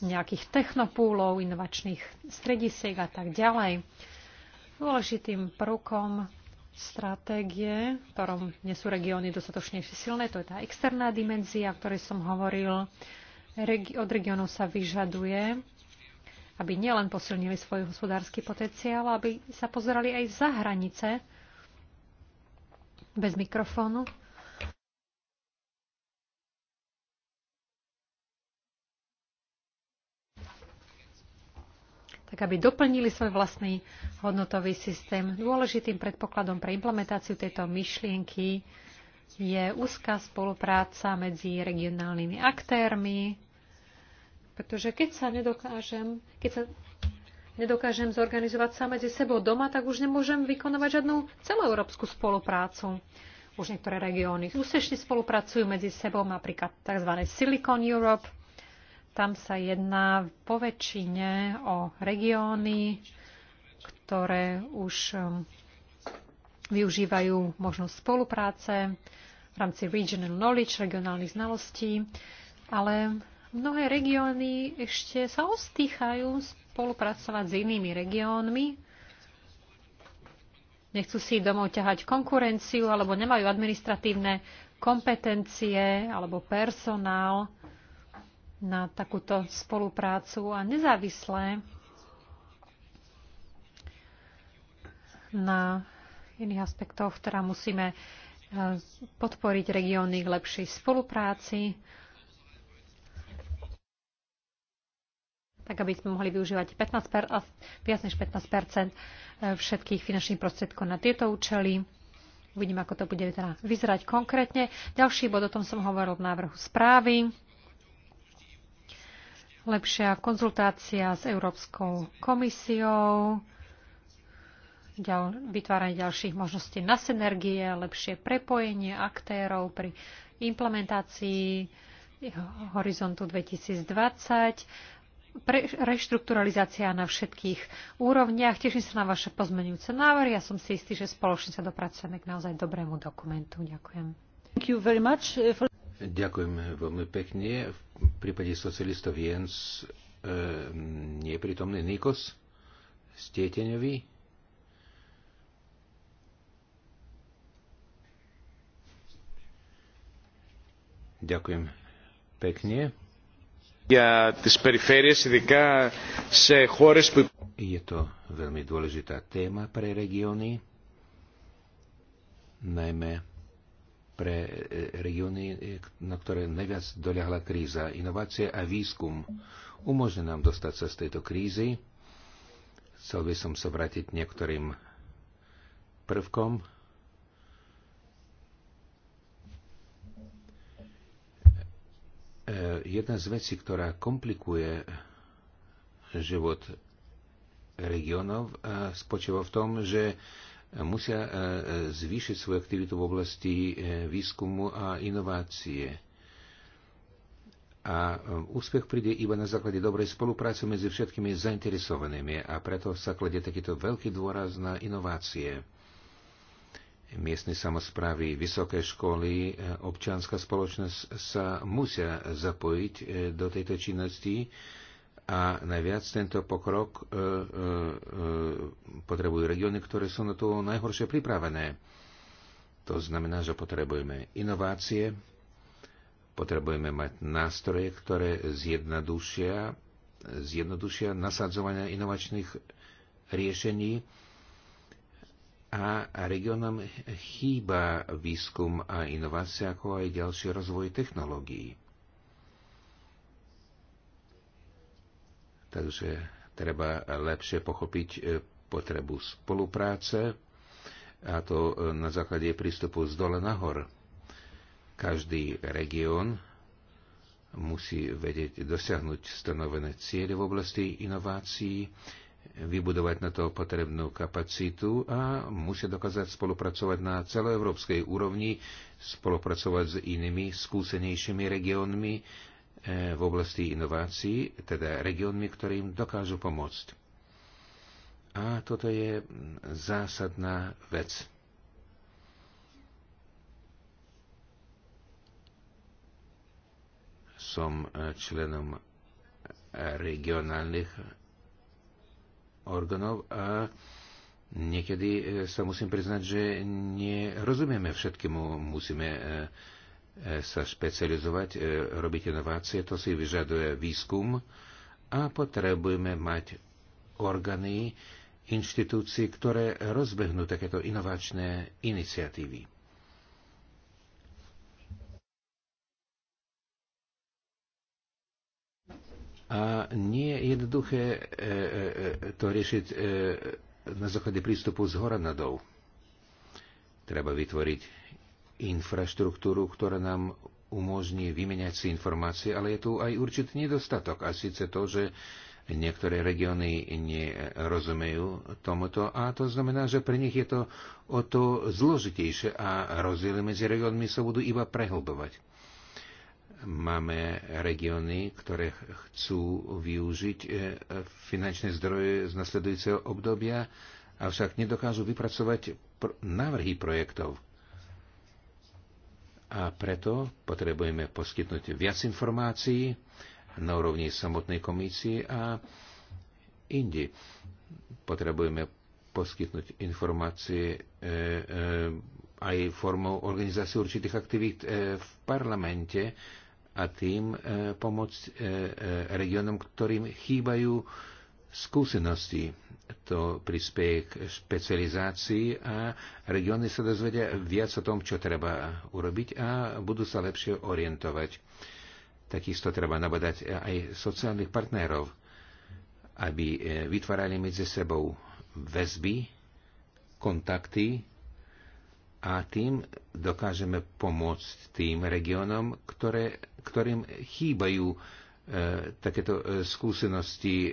nejakých technopúlov, inovačných stredisiek a tak ďalej. Dôležitým prvkom stratégie, v ktorom nie sú regióny dostatočne silné. To je tá externá dimenzia, o ktorej som hovoril. Od regiónov sa vyžaduje, aby nielen posilnili svoj hospodársky potenciál, aby sa pozerali aj za hranice bez mikrofónu. tak aby doplnili svoj vlastný hodnotový systém. Dôležitým predpokladom pre implementáciu tejto myšlienky je úzká spolupráca medzi regionálnymi aktérmi, pretože keď sa nedokážem, keď sa nedokážem zorganizovať sa medzi sebou doma, tak už nemôžem vykonovať žiadnu celoeurópsku spoluprácu. Už niektoré regióny úspešne spolupracujú medzi sebou, napríklad tzv. Silicon Europe, tam sa jedná po väčšine o regióny, ktoré už um, využívajú možnosť spolupráce v rámci regional knowledge, regionálnych znalostí, ale mnohé regióny ešte sa ostýchajú spolupracovať s inými regiónmi, nechcú si domov ťahať konkurenciu alebo nemajú administratívne kompetencie alebo personál, na takúto spoluprácu a nezávislé na iných aspektoch, ktorá musíme e, podporiť regióny k lepšej spolupráci, tak aby sme mohli využívať 15 per, viac než 15 e, všetkých finančných prostriedkov na tieto účely. Uvidím, ako to bude teda vyzerať konkrétne. Ďalší bod, o tom som hovoril v návrhu správy lepšia konzultácia s Európskou komisiou, ďal, vytváranie ďalších možností na synergie, lepšie prepojenie aktérov pri implementácii horizontu 2020, pre, reštrukturalizácia na všetkých úrovniach. Teším sa na vaše pozmenujúce návrhy. Ja som si istý, že spoločne sa dopracujeme k naozaj dobrému dokumentu. Ďakujem. Thank you very much for... Ďakujem veľmi pekne. V prípade socialistov Jens e, nie je prítomný Nikos Stieteňový. Ďakujem pekne. Για periférie, περιφέρειες, ειδικά σε χώρες που... Je to veľmi dôležitá téma pre regióny, najmä pre e, regióny, e, na ktoré najviac doľahla kríza. Inovácie a výskum umožňujú nám dostať sa z tejto krízy. Chcel by som sa vrátiť niektorým prvkom. E, jedna z vecí, ktorá komplikuje život regionov, spočíva v tom, že musia e, e, zvýšiť svoju aktivitu v oblasti e, výskumu a inovácie. A úspech príde iba na základe dobrej spolupráce medzi všetkými zainteresovanými a preto sa kladie takýto veľký dôraz na inovácie. Miestne samozprávy, vysoké školy, občianská spoločnosť sa musia zapojiť do tejto činnosti, a najviac tento pokrok e, e, e, potrebujú regióny, ktoré sú na to najhoršie pripravené. To znamená, že potrebujeme inovácie, potrebujeme mať nástroje, ktoré zjednodušia, zjednodušia nasadzovania inovačných riešení a regionom chýba výskum a inovácia, ako aj ďalší rozvoj technológií. Takže treba lepšie pochopiť e, potrebu spolupráce a to e, na základe prístupu z dole nahor. Každý región musí vedieť dosiahnuť stanovené cieľe v oblasti inovácií, vybudovať na to potrebnú kapacitu a musia dokázať spolupracovať na celoevropskej úrovni, spolupracovať s inými skúsenejšími regiónmi v oblasti inovácií, teda regiónmi, ktorým dokážu pomôcť. A toto je zásadná vec. Som členom regionálnych orgánov a niekedy sa musím priznať, že nerozumieme všetkému. Musíme eh, E, sa špecializovať, e, robiť inovácie, to si vyžaduje výskum a potrebujeme mať orgány, inštitúcií, ktoré rozbehnú takéto inovačné iniciatívy. A nie je jednoduché e, to riešiť na základe prístupu z hora nadol. Treba vytvoriť infraštruktúru, ktorá nám umožní vymeniať si informácie, ale je tu aj určitý nedostatok. A síce to, že niektoré regióny nerozumejú tomuto a to znamená, že pre nich je to o to zložitejšie a rozdiely medzi regiónmi sa budú iba prehlbovať. Máme regióny, ktoré chcú využiť e, finančné zdroje z nasledujúceho obdobia, avšak nedokážu vypracovať návrhy projektov a preto potrebujeme poskytnúť viac informácií na úrovni samotnej komisie a indi. Potrebujeme poskytnúť informácie e, e, aj formou organizácie určitých aktivít e, v parlamente a tým e, pomôcť e, e, regionom, ktorým chýbajú skúsenosti to prispieje k špecializácii a regióny sa dozvedia viac o tom, čo treba urobiť a budú sa lepšie orientovať. Takisto treba nabadať aj sociálnych partnerov, aby e, vytvárali medzi sebou väzby, kontakty a tým dokážeme pomôcť tým regiónom, ktorým chýbajú e, takéto e, skúsenosti e,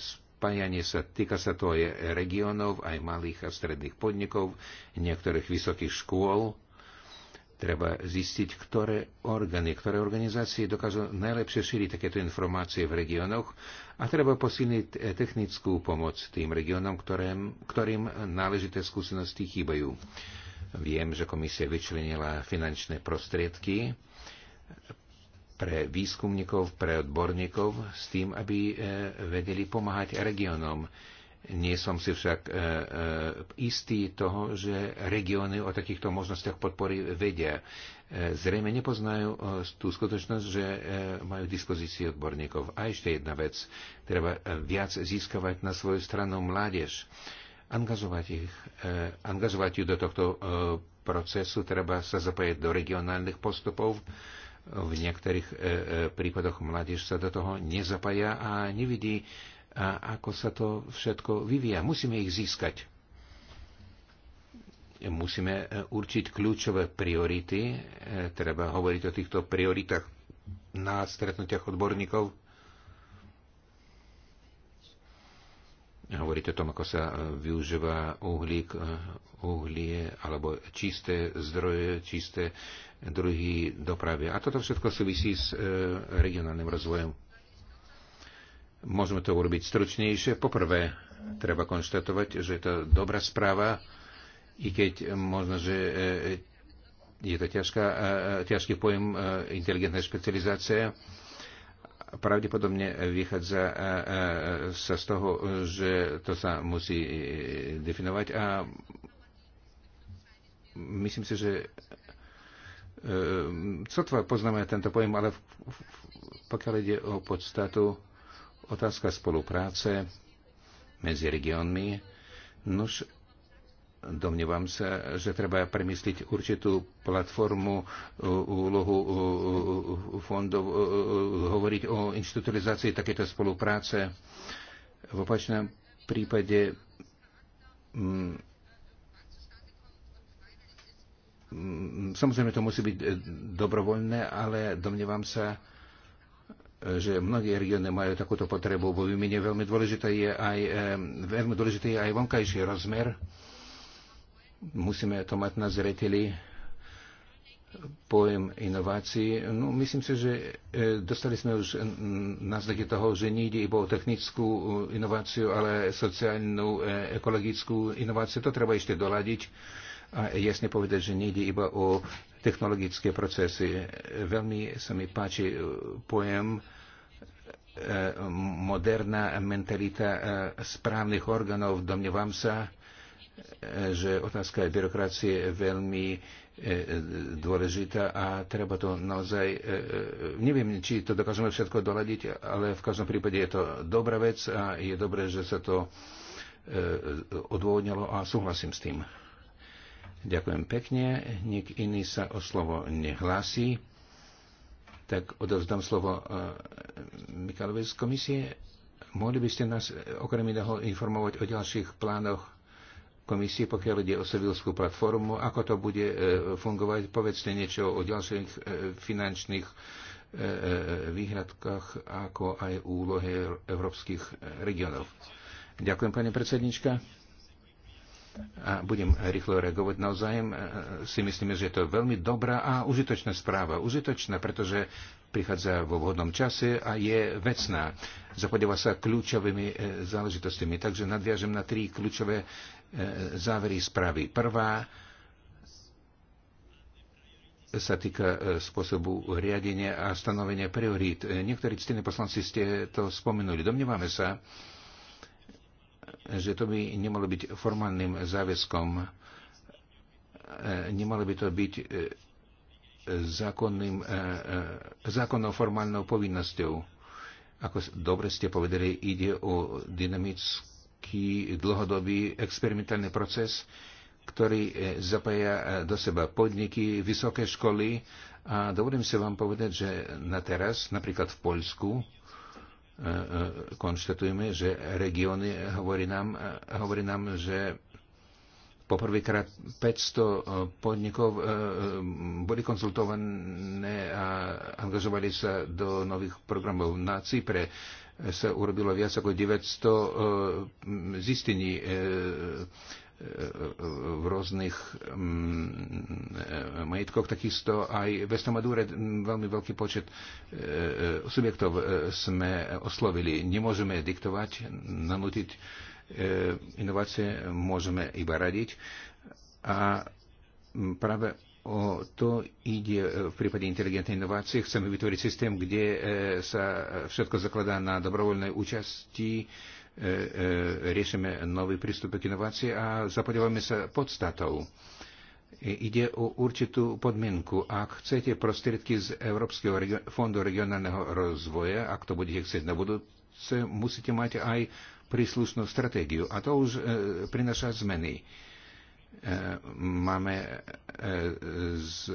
s spájanie sa týka sa to aj regiónov, aj malých a stredných podnikov, niektorých vysokých škôl. Treba zistiť, ktoré orgány, ktoré organizácie dokážu najlepšie šíriť takéto informácie v regiónoch a treba posilniť technickú pomoc tým regiónom, ktorým, ktorým náležité skúsenosti chýbajú. Viem, že komisia vyčlenila finančné prostriedky pre výskumníkov, pre odborníkov s tým, aby e, vedeli pomáhať regiónom. Nie som si však e, e, istý toho, že regióny o takýchto možnostiach podpory vedia. Zrejme nepoznajú tú skutočnosť, že majú dispozícii odborníkov. A ešte jedna vec. Treba viac získavať na svoju stranu mládež. Angažovať ich, angažovať ju do tohto procesu, treba sa zapojiť do regionálnych postupov v niektorých e, e, prípadoch mládež sa do toho nezapája a nevidí, ako sa to všetko vyvíja. Musíme ich získať. Musíme e, určiť kľúčové priority. Treba hovoriť o týchto prioritách na stretnutiach odborníkov. Hovoriť o tom, ako sa využíva uhlík, uhlie alebo čisté zdroje, čisté druhý dopravy. A toto všetko súvisí s e, regionálnym rozvojom. Môžeme to urobiť stručnejšie. Poprvé, treba konštatovať, že je to dobrá správa, i keď možno, že e, je to ťažká, e, ťažký pojem inteligentnej špecializácie. Pravdepodobne vychádza sa z toho, že to sa musí definovať a myslím si, že Ehm, co Sotva poznáme tento pojem, ale pokiaľ ide o podstatu, otázka spolupráce medzi regiónmi, nož domnievam sa, že treba premysliť určitú platformu, e, úlohu e, e, fondov, hovoriť o institucionalizácii takéto spolupráce. V opačnom prípade mm, Mm, samozrejme, to musí byť e, dobrovoľné, ale domnievam sa, e, že mnohé regióny majú takúto potrebu. bo Vo je veľmi dôležité je aj, e, veľmi dôležité je aj vonkajší rozmer. Musíme to mať na zreteli pojem inovácií. No, myslím si, že dostali sme už náznaky toho, že nejde iba o technickú inováciu, ale sociálnu, ekologickú inováciu. To treba ešte doladiť a jasne povedať, že nejde iba o technologické procesy. Veľmi sa mi páči e, pojem e, moderná mentalita e, správnych orgánov. Domnievam sa, že otázka byrokracie je veľmi dôležitá a treba to naozaj... Neviem, či to dokážeme všetko doladiť, ale v každom prípade je to dobrá vec a je dobré, že sa to odôvodnilo a súhlasím s tým. Ďakujem pekne. Nik iný sa o slovo nehlási. Tak odovzdám slovo e, Mikalovi z komisie. Mohli by ste nás e, okrem iného informovať o ďalších plánoch komisie, pokiaľ ide o sevilskú platformu, ako to bude e, fungovať, povedzte niečo o ďalších finančných výhradkách, ako aj úlohe európskych regionov. Ďakujem, pani predsednička a budem rýchlo reagovať. Naozaj e, si myslíme, že je to veľmi dobrá a užitočná správa. Užitočná, pretože prichádza vo vhodnom čase a je vecná. Zapodieva sa kľúčovými e, záležitostiami. Takže nadviažem na tri kľúčové e, závery správy. Prvá sa týka spôsobu riadenia a stanovenia priorít. Niektorí ctení poslanci ste to spomenuli. Domnievame sa, že to by nemalo byť formálnym záväzkom. E, nemalo by to byť e, zákonným, e, zákonnou formálnou povinnosťou. Ako dobre ste povedali, ide o dynamický dlhodobý experimentálny proces, ktorý zapája do seba podniky, vysoké školy a dovolím sa vám povedať, že na teraz, napríklad v Poľsku, konštatujeme, že regióny hovorí nám, hovorí nám že poprvýkrát 500 eh, podnikov eh, boli konzultované a angažovali sa do nových programov. Na Cypre eh, sa urobilo viac ako 900 zistení v rôznych mm, e, majetkoch, takisto aj v Estomadúre veľmi veľký počet e, e, subjektov sme oslovili. Nemôžeme diktovať, nanútiť inovácie, môžeme iba radiť. A práve o to ide v prípade inteligentnej inovácie. Chceme vytvoriť systém, kde sa všetko zakladá na dobrovoľnej účasti E, e, riešime nový prístup k inovácii a zapodívame sa podstatou. Ide o určitú podmienku. Ak chcete prostriedky z Európskeho fondu regionálneho rozvoja, ak to budete chcieť na budúce, musíte mať aj príslušnú stratégiu. A to už e, prináša zmeny. E, máme e, z,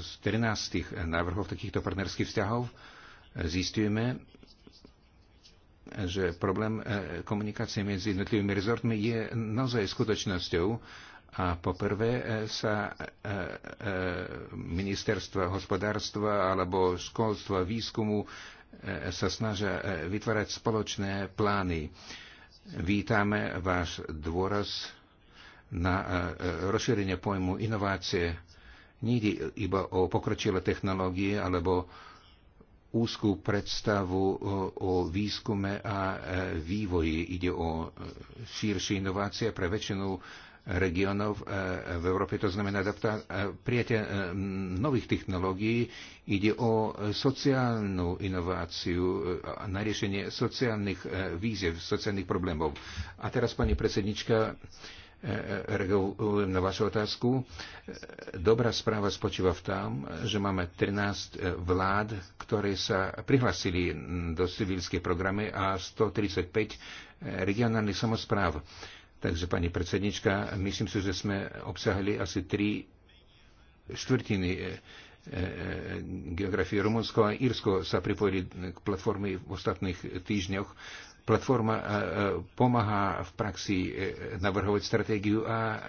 z 13 návrhov takýchto partnerských vzťahov. Zistujeme, že problém e, komunikácie medzi jednotlivými rezortmi je naozaj skutočnosťou a poprvé e, sa e, ministerstva hospodárstva alebo školstva, výskumu sa snažia vytvárať spoločné plány. Vítame váš dôraz na rozšírenie pojmu inovácie. ide iba o pokročilé technológie alebo úzkú predstavu o, o výskume a e, vývoji. Ide o e, širšie inovácie pre väčšinu regionov e, v Európe, to znamená adapta prijatie nových technológií, ide o sociálnu inováciu, na riešenie sociálnych víziev, sociálnych problémov. A teraz, pani predsednička, regulujem na vašu otázku. Dobrá správa spočíva v tom, že máme 13 vlád, ktoré sa prihlasili do civilskej programy a 135 regionálnych samozpráv. Takže, pani predsednička, myslím si, že sme obsahli asi 3 štvrtiny e, e, geografie Rumunsko a Írsko sa pripojili k platforme v ostatných týždňoch. Platforma pomáha v praxi e, navrhovať stratégiu a e,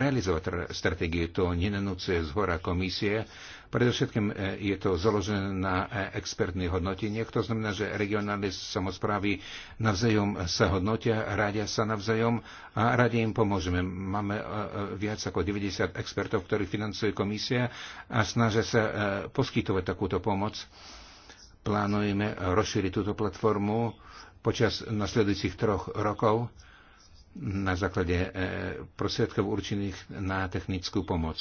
realizovať stratégiu. To z hora komisie. Predovšetkým e, je to založené na expertných hodnoteniach. To znamená, že regionálne samozprávy navzájom sa hodnotia, radia sa navzájom a radi im pomôžeme. Máme viac ako 90 expertov, ktorí financuje komisia a snažia sa poskytovať takúto pomoc. Plánujeme rozšíriť túto platformu počas nasledujúcich troch rokov na základe e, prosvedkov určených na technickú pomoc.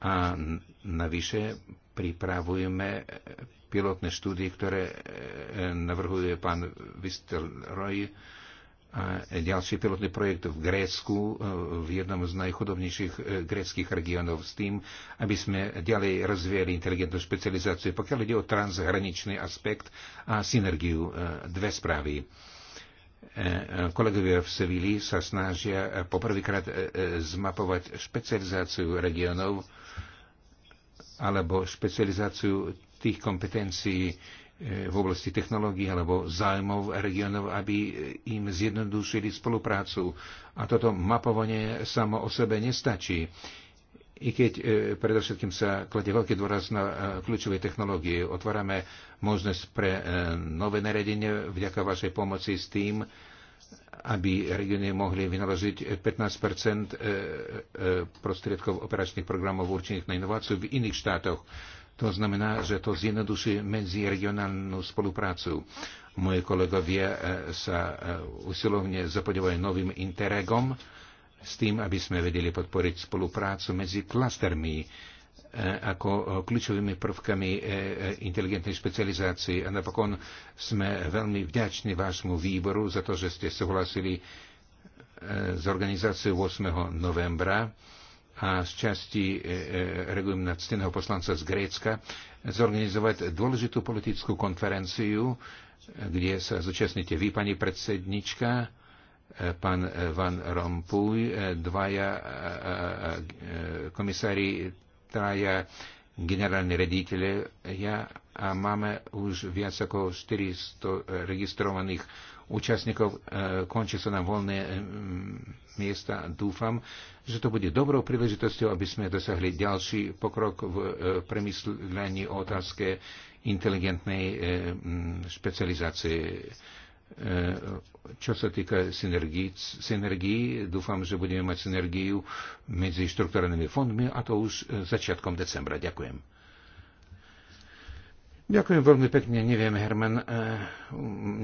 A navyše pripravujeme pilotné štúdie, ktoré e, navrhuje pán Vistelroj a ďalší pilotný projekt v Grécku, e, v jednom z najchudobnejších e, gréckých regiónov, s tým, aby sme ďalej rozvíjali inteligentnú špecializáciu, pokiaľ ide o transhraničný aspekt a synergiu e, dve správy. Kolegovia v Sevili sa snažia poprvýkrát zmapovať špecializáciu regiónov alebo špecializáciu tých kompetencií, v oblasti technológií alebo zájmov regionov, aby im zjednodušili spoluprácu. A toto mapovanie samo o sebe nestačí. I keď e, predovšetkým sa kladie veľký dôraz na e, kľúčové technológie, otvárame možnosť pre e, nové naredenie vďaka vašej pomoci s tým, aby regióny mohli vynaložiť 15 e, e, prostriedkov operačných programov určených na inováciu v iných štátoch. To znamená, že to zjednoduší medziregionálnu spoluprácu. Moje kolegovia e, sa e, usilovne zapodobajú novým interregom s tým, aby sme vedeli podporiť spoluprácu medzi klastermi e, ako kľúčovými prvkami inteligentnej špecializácie. A napokon sme veľmi vďační vášmu výboru za to, že ste súhlasili s organizáciou 8. novembra a z časti e, e, na cteného poslanca z Grécka, zorganizovať dôležitú politickú konferenciu, kde sa zúčastnite vy, pani predsednička, e, pán Van Rompuy, e, dvaja e, komisári, traja generálne rediteľe ja a máme už viac ako 400 registrovaných účastníkov. Končí sa nám voľné miesta. Dúfam, že to bude dobrou príležitosťou, aby sme dosahli ďalší pokrok v e, premyslení o otázke inteligentnej e, špecializácie. E, čo sa týka synergii, synergii, dúfam, že budeme mať synergiu medzi štruktúrnymi fondmi a to už začiatkom decembra. Ďakujem. Ďakujem veľmi pekne. Neviem, Herman, eh,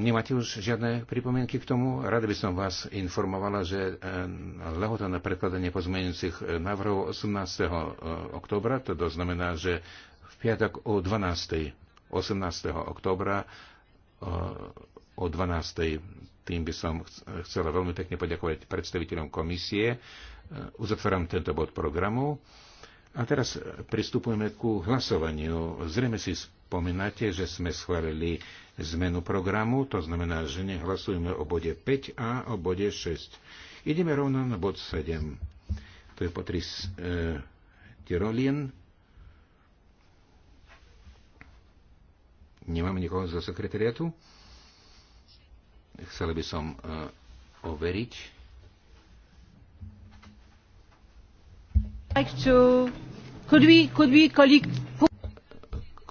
nemáte už žiadne pripomienky k tomu? Rada by som vás informovala, že eh, lehota na prekladanie pozmeňujúcich eh, návrhov 18. oktobra, to znamená, že v piatok o 12. 18. oktobra o 12. Tým by som chcela veľmi pekne poďakovať predstaviteľom komisie. Uzatváram tento bod programu. A teraz pristupujeme ku hlasovaniu. Zrejme si spomínate, že sme schválili zmenu programu, to znamená, že nehlasujeme o bode 5 a o bode 6. Ideme rovno na bod 7. To je Patrice eh, Tirolien. Nemáme nikoho zo sekretariatu. Chcel by som eh, overiť. Like to... Could we, could we, collect...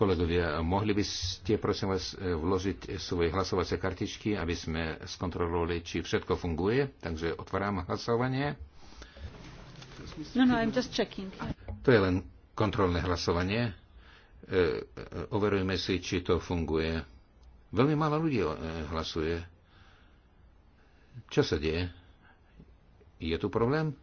Kolegovia, mohli by ste, prosím vás, vložiť svoje hlasovacie kartičky, aby sme skontrolovali, či všetko funguje. Takže otváram hlasovanie. No, no, I'm just checking. To je len kontrolné hlasovanie. E, overujme si, či to funguje. Veľmi málo ľudí e, hlasuje. Čo sa deje? Je tu problém?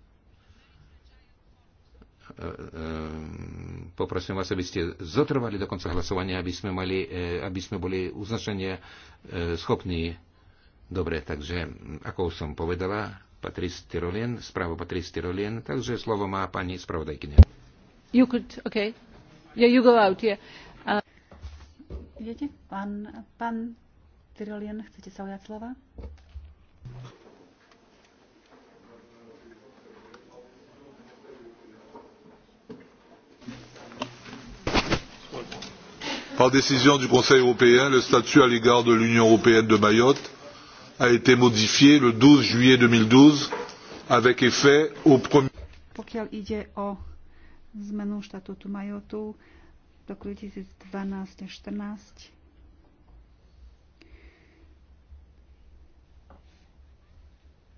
Ehm, poprosím vás, aby ste zotrvali do konca hlasovania, aby sme, mali, eh, aby sme boli uznašenie eh, schopní. Dobre, takže, ako som povedala, Patrice Tyrolien, správa Patrice Tyrolien, takže slovo má pani spravodajkynia. You could, okay. Yeah, you go out, yeah. Uh... Idete? pán, pán Tyrolien, chcete sa ujať slova? par décision du conseil européen le statut à l'égard de l'union européenne de mayotte a été modifié le douze juillet deux mille douze avec effet au 1er pokiaľ ide o zmenu štatútu Majotu v roku 2012 a 14.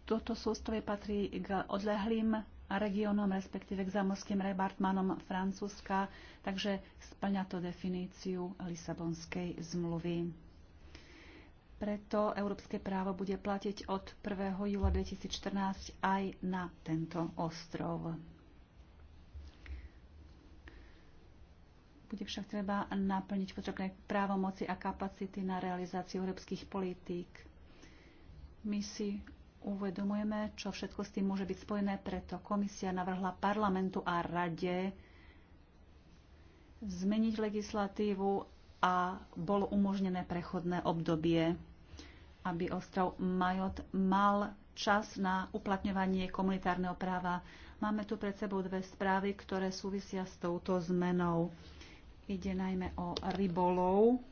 Toto sústove patrí k odlehlým regiónom, respektíve k zamorským rebartmanom Francúzska, takže splňa to definíciu Lisabonskej zmluvy. Preto európske právo bude platiť od 1. júla 2014 aj na tento ostrov. Bude však treba naplniť potrebné právomoci a kapacity na realizáciu európskych politík. My si uvedomujeme, čo všetko s tým môže byť spojené, preto komisia navrhla parlamentu a rade zmeniť legislatívu a bolo umožnené prechodné obdobie, aby ostrov Majot mal čas na uplatňovanie komunitárneho práva. Máme tu pred sebou dve správy, ktoré súvisia s touto zmenou. Ide najmä o rybolov,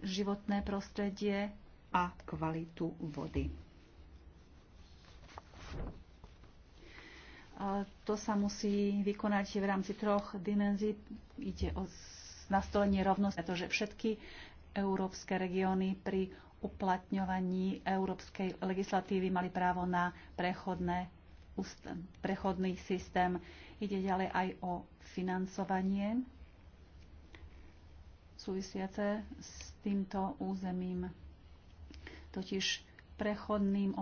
životné prostredie a kvalitu vody. To sa musí vykonať v rámci troch dimenzí. Ide o nastolenie rovnosti, pretože všetky európske regióny pri uplatňovaní európskej legislatívy mali právo na prechodné, prechodný systém. Ide ďalej aj o financovanie súvisiace s týmto územím. Totiž prechodným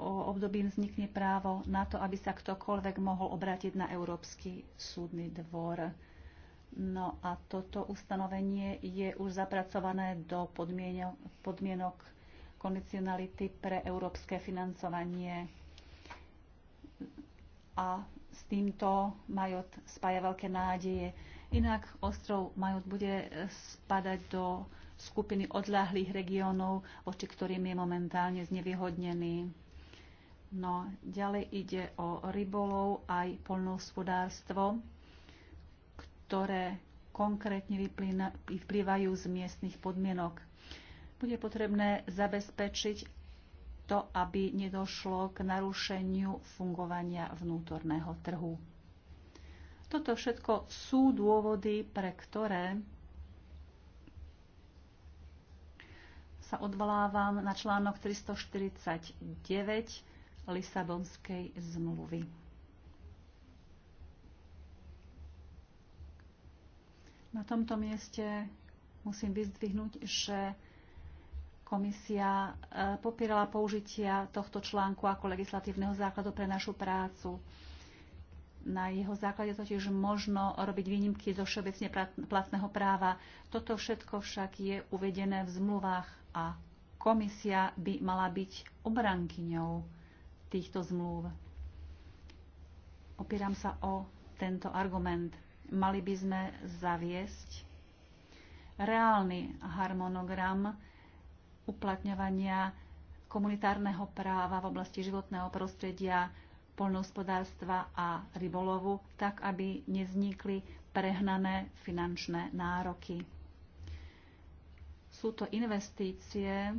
obdobím vznikne právo na to, aby sa ktokoľvek mohol obrátiť na Európsky súdny dvor. No a toto ustanovenie je už zapracované do podmienok, podmienok kondicionality pre európske financovanie. A s týmto Majot spája veľké nádeje. Inak ostrov Majot bude e, spadať do skupiny odľahlých regiónov, voči ktorým je momentálne znevýhodnený No, ďalej ide o rybolov aj poľnohospodárstvo, ktoré konkrétne vyplývajú z miestnych podmienok. Bude potrebné zabezpečiť to, aby nedošlo k narušeniu fungovania vnútorného trhu. Toto všetko sú dôvody, pre ktoré sa odvolávam na článok 349 Lisabonskej zmluvy. Na tomto mieste musím vyzdvihnúť, že komisia e, popierala použitia tohto článku ako legislatívneho základu pre našu prácu. Na jeho základe totiž možno robiť výnimky zo všeobecne platného práva. Toto všetko však je uvedené v zmluvách a komisia by mala byť obrankyňou týchto zmluv. Opieram sa o tento argument. Mali by sme zaviesť reálny harmonogram uplatňovania komunitárneho práva v oblasti životného prostredia, poľnohospodárstva a rybolovu, tak aby nevznikli prehnané finančné nároky. Sú to investície,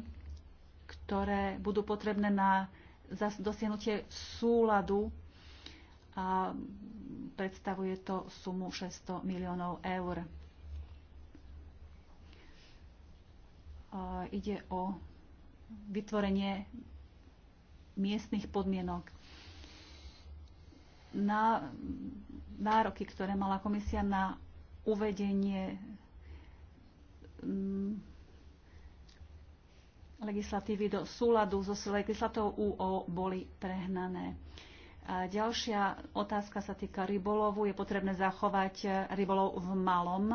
ktoré budú potrebné na za dosiahnutie súladu a predstavuje to sumu 600 miliónov eur. A ide o vytvorenie miestnych podmienok. Na nároky, ktoré mala komisia na uvedenie legislatívy do súladu so legislatou UO boli prehnané. A ďalšia otázka sa týka rybolovu. Je potrebné zachovať rybolov v malom.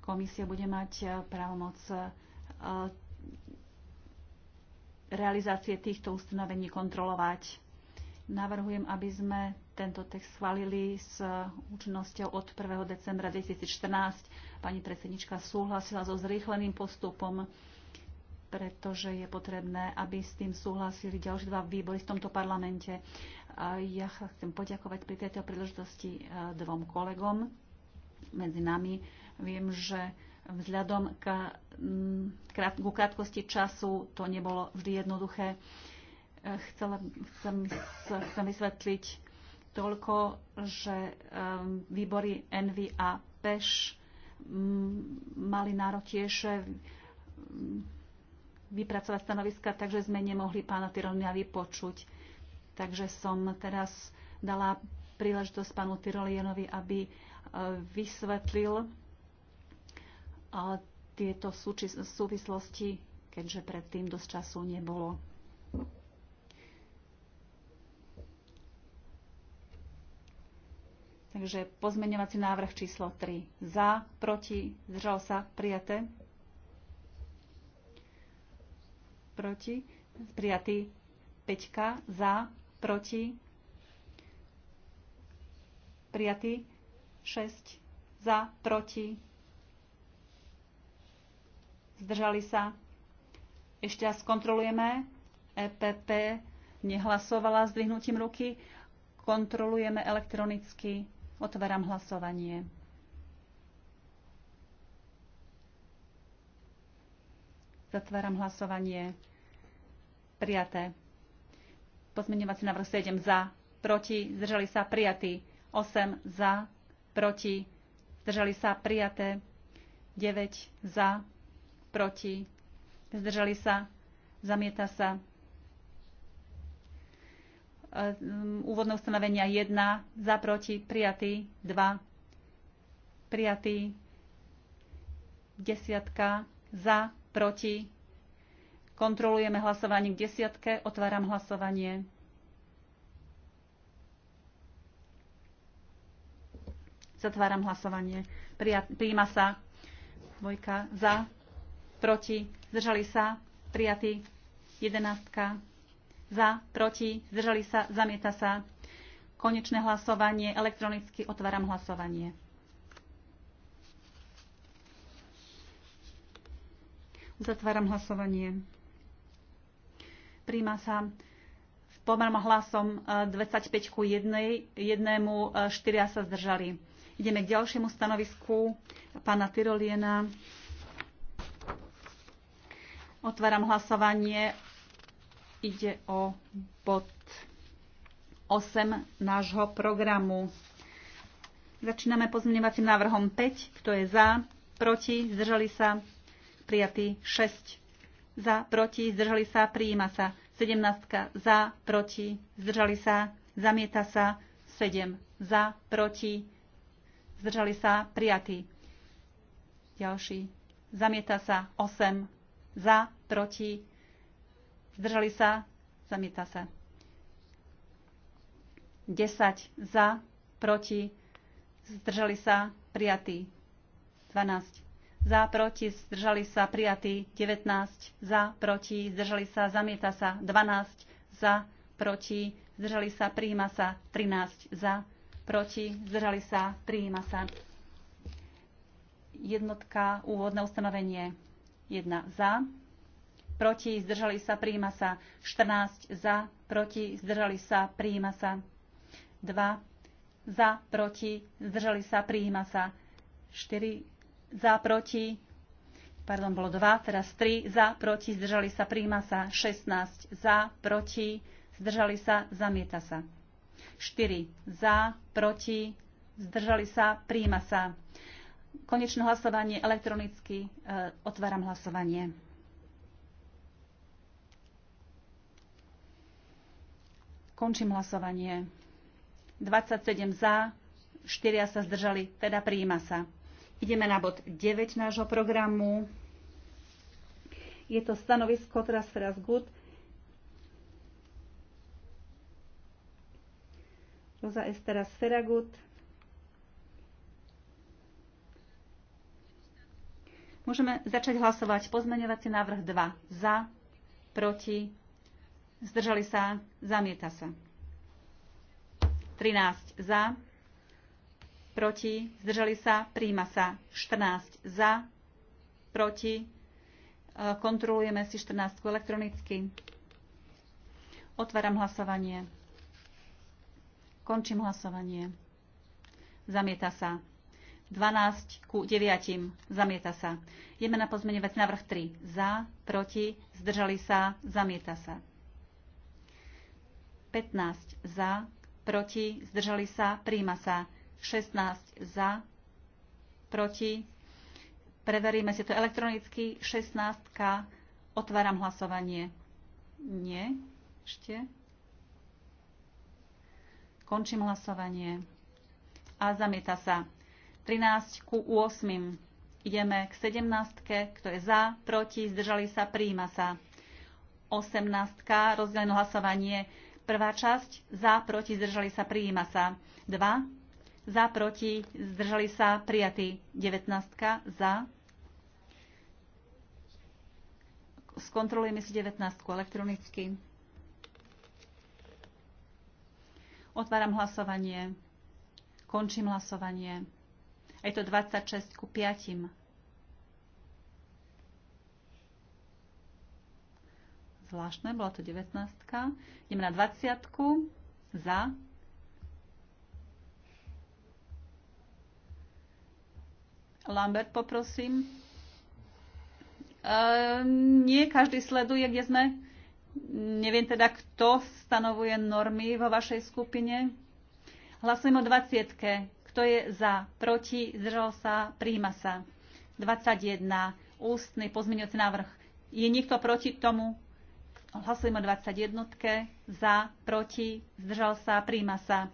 Komisia bude mať právomoc e, realizácie týchto ustanovení kontrolovať. Navrhujem, aby sme tento text schválili s účinnosťou od 1. decembra 2014. Pani predsednička súhlasila so zrýchleným postupom pretože je potrebné, aby s tým súhlasili ďalšie dva výbory v tomto parlamente. Ja chcem poďakovať pri tejto príležitosti e, dvom kolegom medzi nami. Viem, že vzhľadom k mm, krátkosti času to nebolo vždy jednoduché. E, chcela, chcem, chcem vysvetliť toľko, že e, výbory NV a PEŠ mali nárok tiež vypracovať stanoviska, takže sme nemohli pána Tyrolia vypočuť. Takže som teraz dala príležitosť pánu Tyrolienovi, aby e, vysvetlil e, tieto súvislosti, keďže predtým dosť času nebolo. Takže pozmeňovací návrh číslo 3. Za, proti, zdržal sa, prijaté. proti, prijatý. 5 za, proti, prijatý. 6 za, proti, zdržali sa. Ešte raz kontrolujeme. EPP nehlasovala s dvihnutím ruky. Kontrolujeme elektronicky. Otváram hlasovanie. Zatváram hlasovanie. Prijaté. Pozmeňovací návrh 7 za, proti, zdržali sa, prijatý. 8 za, proti, zdržali sa, prijaté. 9 za, proti, zdržali sa, zamieta sa. E, úvodné ustanovenia 1, za, proti, prijatý, 2, prijatý, desiatka, za, proti. Kontrolujeme hlasovanie k desiatke. Otváram hlasovanie. Zatváram hlasovanie. Prijíma sa. Dvojka za, proti, zdržali sa, prijatý. Jedenáctka. za, proti, zdržali sa, zamieta sa. Konečné hlasovanie. Elektronicky otváram hlasovanie. Zatváram hlasovanie. Príjma sa v pomerom hlasom 25 e, ku 1, jednému 4 e, sa zdržali. Ideme k ďalšiemu stanovisku pána Tyroliena. Otváram hlasovanie. Ide o bod 8 nášho programu. Začíname pozmeňovacím návrhom 5. Kto je za? Proti? Zdržali sa? prijatý 6 za, proti, zdržali sa, prijíma sa. 17 za, proti, zdržali sa, zamieta sa. 7 za, proti, zdržali sa, prijatý. Ďalší. Zamieta sa 8 za, proti, zdržali sa, zamieta sa. 10 za, proti, zdržali sa, prijatý. 12 za, proti, zdržali sa, prijatý, 19, za, proti, zdržali sa, zamieta sa, 12, za, proti, zdržali sa, prijíma sa, 13, za, proti, zdržali sa, prijíma sa. Jednotka, úvodné ustanovenie, 1, za, proti, zdržali sa, prijíma sa, 14, za, proti, zdržali sa, prijíma sa, 2, za, proti, zdržali sa, prijíma sa, 4, za, proti, pardon, bolo 2, teraz 3, za, proti, zdržali sa, príjma sa, 16, za, proti, zdržali sa, zamieta sa. 4, za, proti, zdržali sa, príjma sa. Konečné hlasovanie elektronicky, e, otváram hlasovanie. Končím hlasovanie. 27 za, 4 sa zdržali, teda príjma sa. Ideme na bod 9 nášho programu. Je to stanovisko teraz teraz good. Roza Estera Seragut. Môžeme začať hlasovať. Pozmeňovací návrh 2. Za, proti, zdržali sa, zamieta sa. 13 za, proti, zdržali sa, príjma sa 14 za, proti, e, kontrolujeme si 14 elektronicky. Otváram hlasovanie. Končím hlasovanie. Zamieta sa. 12 ku 9. Zamieta sa. Jeme na pozmeňovací návrh 3. Za, proti, zdržali sa, zamieta sa. 15 za, proti, zdržali sa, príjma sa. 16 za, proti. Preveríme si to elektronicky. 16. Otváram hlasovanie. Nie. Ešte. Končím hlasovanie. A zamieta sa. 13 ku 8. Ideme k 17. Kto je za, proti, zdržali sa, príjima sa. 18. Rozdelené hlasovanie. Prvá časť. Za, proti, zdržali sa, príjima sa. 2 za, proti, zdržali sa, prijatí 19 za. Skontrolujeme si 19 elektronicky. Otváram hlasovanie. Končím hlasovanie. Je to 26 ku 5. Zvláštne, bola to 19. Ideme na 20. Za. Lambert, poprosím. Ehm, nie každý sleduje, kde sme. Neviem teda, kto stanovuje normy vo vašej skupine. Hlasujem o 20. Kto je za, proti, zdržal sa, príjma sa. 21. Ústny pozmeňujúci návrh. Je niekto proti tomu? Hlasujem o 21. Za, proti, zdržal sa, príjma sa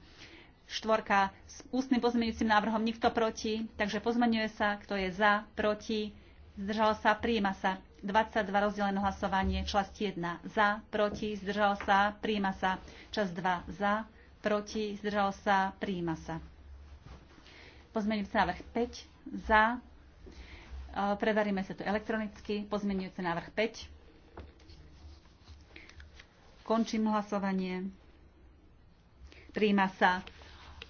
štvorka s ústnym pozmeňujúcim návrhom, nikto proti, takže pozmeňuje sa, kto je za, proti, zdržal sa, príjima sa. 22 rozdelené hlasovanie, časť 1 za, proti, zdržal sa, príjima sa. Časť 2 za, proti, zdržal sa, príjima sa. Pozmeňujúci návrh 5 za, e, preveríme sa tu elektronicky, pozmeňujúci návrh 5. Končím hlasovanie. Príjma sa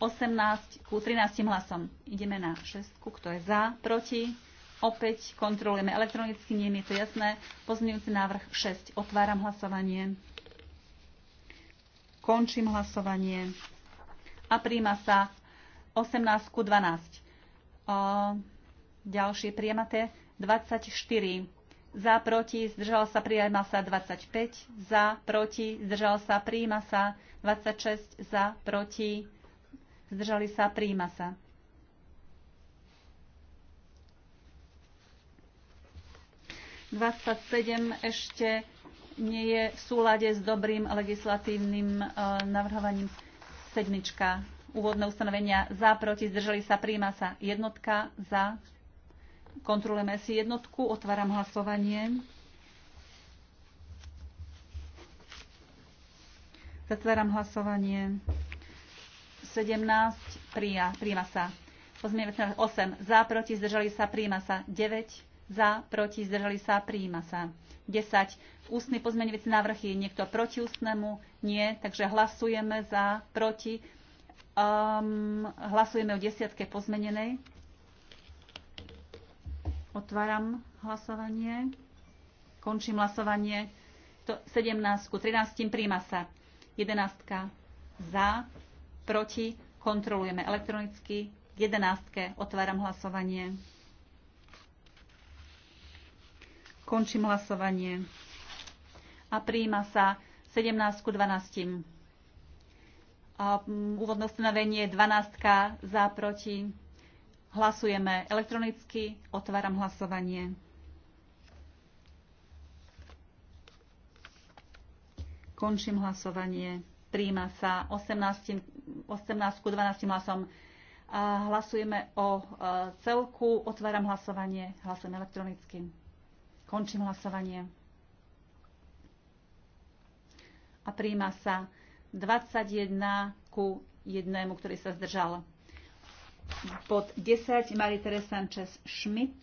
18 ku 13 hlasom. Ideme na 6, kto je za, proti. Opäť kontrolujeme elektronicky, nie je to jasné. Pozmeňujúci návrh 6. Otváram hlasovanie. Končím hlasovanie. A príjma sa 18 ku 12. O, ďalšie priematé 24. Za, proti, zdržal sa, príjma sa 25. Za, proti, zdržal sa, prijíma sa 26. Za, proti, zdržali sa, príjma sa. ešte nie je v súlade s dobrým legislatívnym e, navrhovaním sedmička. Úvodné ustanovenia za, proti, zdržali sa, príjma sa. Jednotka za. Kontrolujeme si jednotku, otváram hlasovanie. Zatváram hlasovanie. 17 príja, príjma sa. Pozmeňujúci 8 za, proti, zdržali sa, príjma sa. 9 za, proti, zdržali sa, príjma sa. 10. Ústny pozmeňujúci návrh je niekto proti ústnemu? Nie. Takže hlasujeme za, proti. Um, hlasujeme o desiatke pozmenenej. Otváram hlasovanie. Končím hlasovanie. 17 ku 13 príjma sa. 11 za, proti, kontrolujeme elektronicky. K jedenástke otváram hlasovanie. Končím hlasovanie. A prijíma sa 17 ku 12. A úvodné stanovenie 12 za proti. Hlasujeme elektronicky. Otváram hlasovanie. Končím hlasovanie. Príjma sa 18, 18 12 hlasom. Hlasujeme o e, celku. Otváram hlasovanie. Hlasujem elektronicky. Končím hlasovanie. A príjma sa 21 ku jednému, ktorý sa zdržal. Pod 10 Marie-Therese Sanchez Schmidt.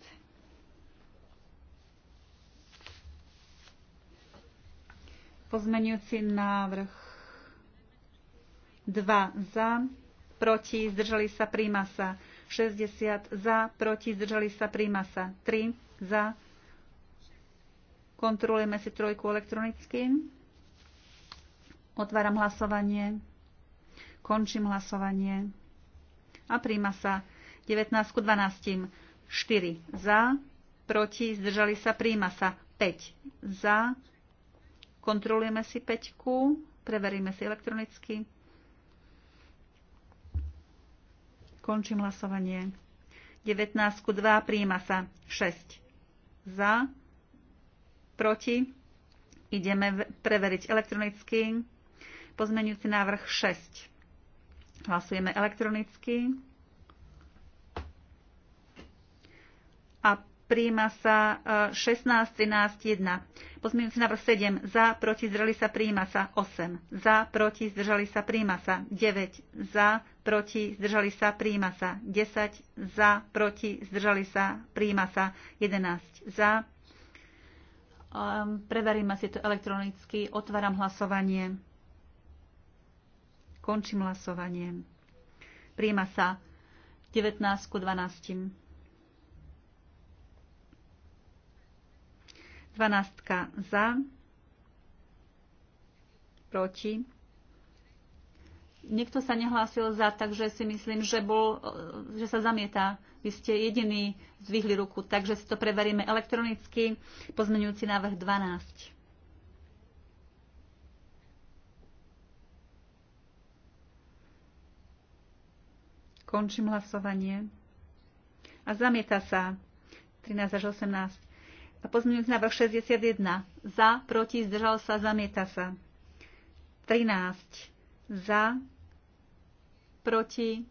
Pozmenujúci návrh 2 za, proti, zdržali sa, príjma sa. 60 za, proti, zdržali sa, príjma sa. 3 za. Kontrolujeme si trojku elektronicky. Otváram hlasovanie. Končím hlasovanie. A príjma sa 19 ku 12. 4 za, proti, zdržali sa, príjma sa. 5 za. Kontrolujeme si 5. Preveríme si elektronicky. Končím hlasovanie. 19 ku 2 príjima sa 6 za, proti. Ideme preveriť elektronicky. Pozmenujúci návrh 6. Hlasujeme elektronicky. A Príjma sa 16, 13, 1. Pozmienujúci návrh 7. Za, proti, zdržali sa, príjma sa 8. Za, proti, zdržali sa, príjma sa 9. Za, proti, zdržali sa, príjma sa 10. Za, proti, zdržali sa, príjma sa 11. Za. Um, ehm, preveríme si to elektronicky. Otváram hlasovanie. Končím hlasovanie. Príjma sa 19 ku 12. Dvanástka za, proti. Niekto sa nehlásil za, takže si myslím, že, bol, že sa zamieta. Vy ste jediný zvihli ruku, takže si to preveríme elektronicky. Pozmenujúci návrh 12. Končím hlasovanie. A zamieta sa 13 až 18. Pozmeňujúci návrh 61. Za, proti, zdržal sa, zamieta sa. 13. Za, proti,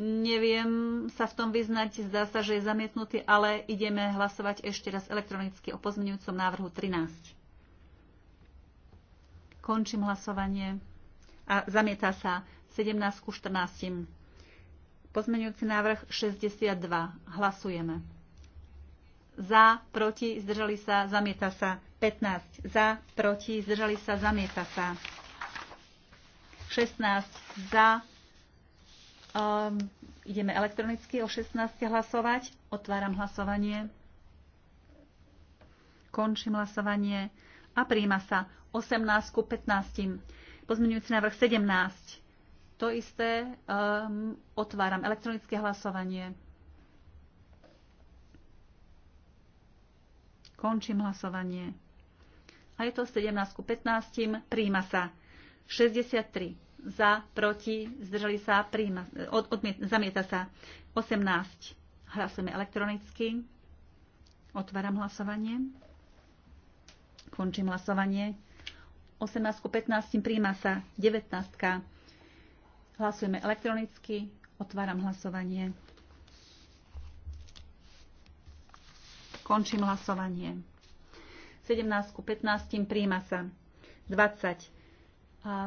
neviem sa v tom vyznať, zdá sa, že je zamietnutý, ale ideme hlasovať ešte raz elektronicky o pozmeňujúcom návrhu 13. Končím hlasovanie a zamieta sa 17 ku 14. Pozmeňujúci návrh 62. Hlasujeme za, proti, zdržali sa, zamieta sa. 15 za, proti, zdržali sa, zamieta sa. 16 za, um, ideme elektronicky o 16 hlasovať. Otváram hlasovanie. Končím hlasovanie a príjma sa 18 ku 15. Pozmeňujúci návrh 17. To isté, um, otváram elektronické hlasovanie. Končím hlasovanie. A je to 17 ku 15. Príjma sa. 63 za, proti, zdržali sa, príjma, od, odmiet, zamieta sa. 18. Hlasujeme elektronicky. Otváram hlasovanie. Končím hlasovanie. 18 ku 15. Príjma sa. 19. Hlasujeme elektronicky. Otváram hlasovanie. Končím hlasovanie. 17 ku 15 príjma sa 20.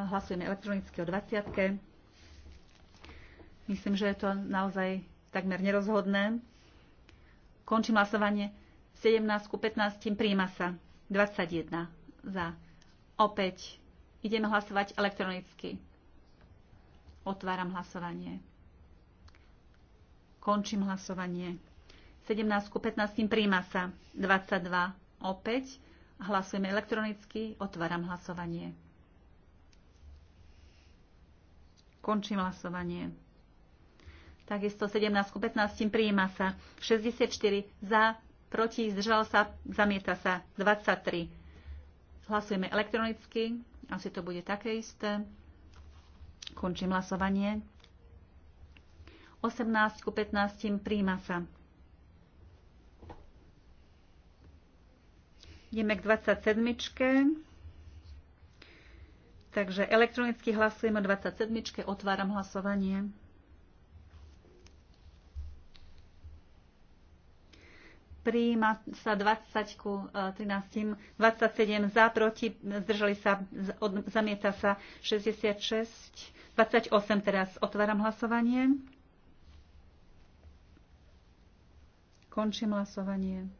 Hlasujeme elektronicky o 20. Myslím, že je to naozaj takmer nerozhodné. Končím hlasovanie. 17 ku 15 príjma sa 21 za. Opäť ideme hlasovať elektronicky. Otváram hlasovanie. Končím hlasovanie. 17 ku 15 príjma sa. 22 opäť. Hlasujeme elektronicky. Otváram hlasovanie. Končím hlasovanie. Takisto 17 ku 15 príjma sa. 64 za, proti, zdržal sa, zamieta sa. 23. Hlasujeme elektronicky. Asi to bude také isté. Končím hlasovanie. 18 ku 15 príjma sa. Ideme k 27. Takže elektronicky hlasujeme 27. Otváram hlasovanie. Príjima sa 20 ku 13, e, 27 za, proti, zdržali sa, zamieta sa 66, 28 teraz otváram hlasovanie. Končím hlasovanie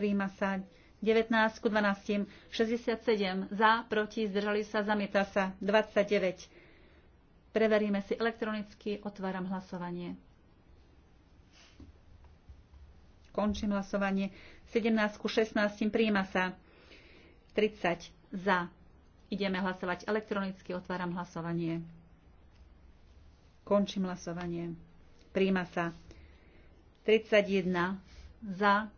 príjma sa 19 ku 12, 67 za, proti, zdržali sa, zamieta sa 29. Preveríme si elektronicky, otváram hlasovanie. Končím hlasovanie. 17 ku 16 príjma sa 30 za. Ideme hlasovať elektronicky, otváram hlasovanie. Končím hlasovanie. Príjma sa 31 za,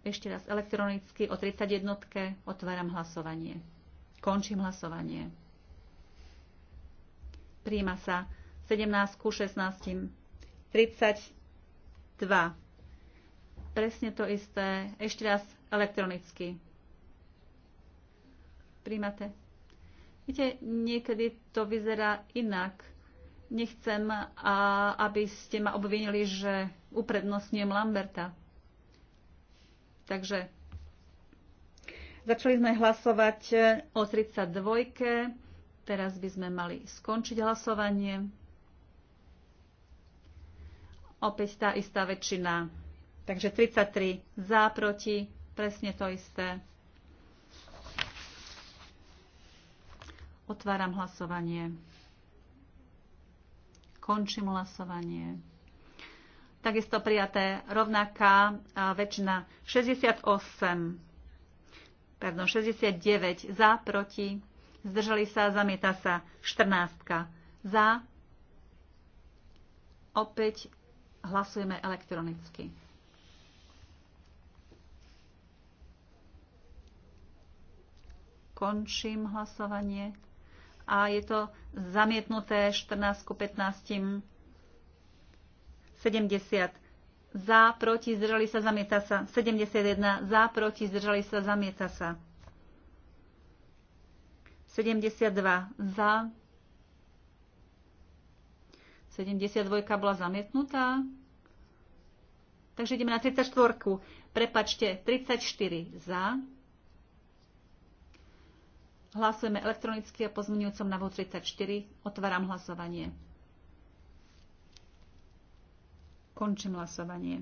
ešte raz elektronicky o 31. otváram hlasovanie. Končím hlasovanie. Príjma sa 17 ku 16. 32. Presne to isté. Ešte raz elektronicky. Príjmate? Viete, niekedy to vyzerá inak. Nechcem, aby ste ma obvinili, že uprednostňujem Lamberta. Takže začali sme hlasovať e, o 32. Teraz by sme mali skončiť hlasovanie. Opäť tá istá väčšina. Takže 33 za, proti, presne to isté. Otváram hlasovanie. Končím hlasovanie. Takisto prijaté rovnaká väčšina 68, pardon, 69 za, proti, zdržali sa, zamieta sa 14 za. Opäť hlasujeme elektronicky. Končím hlasovanie a je to zamietnuté 14 ku 15 70 za, proti, zdržali sa, zamieta sa. 71 za, proti, zdržali sa, zamieta sa. 72 za. 72 bola zamietnutá. Takže ideme na 34. Prepačte, 34 za. Hlasujeme elektronicky a pozmenujúcom návrhu 34. Otváram hlasovanie. Končím hlasovanie.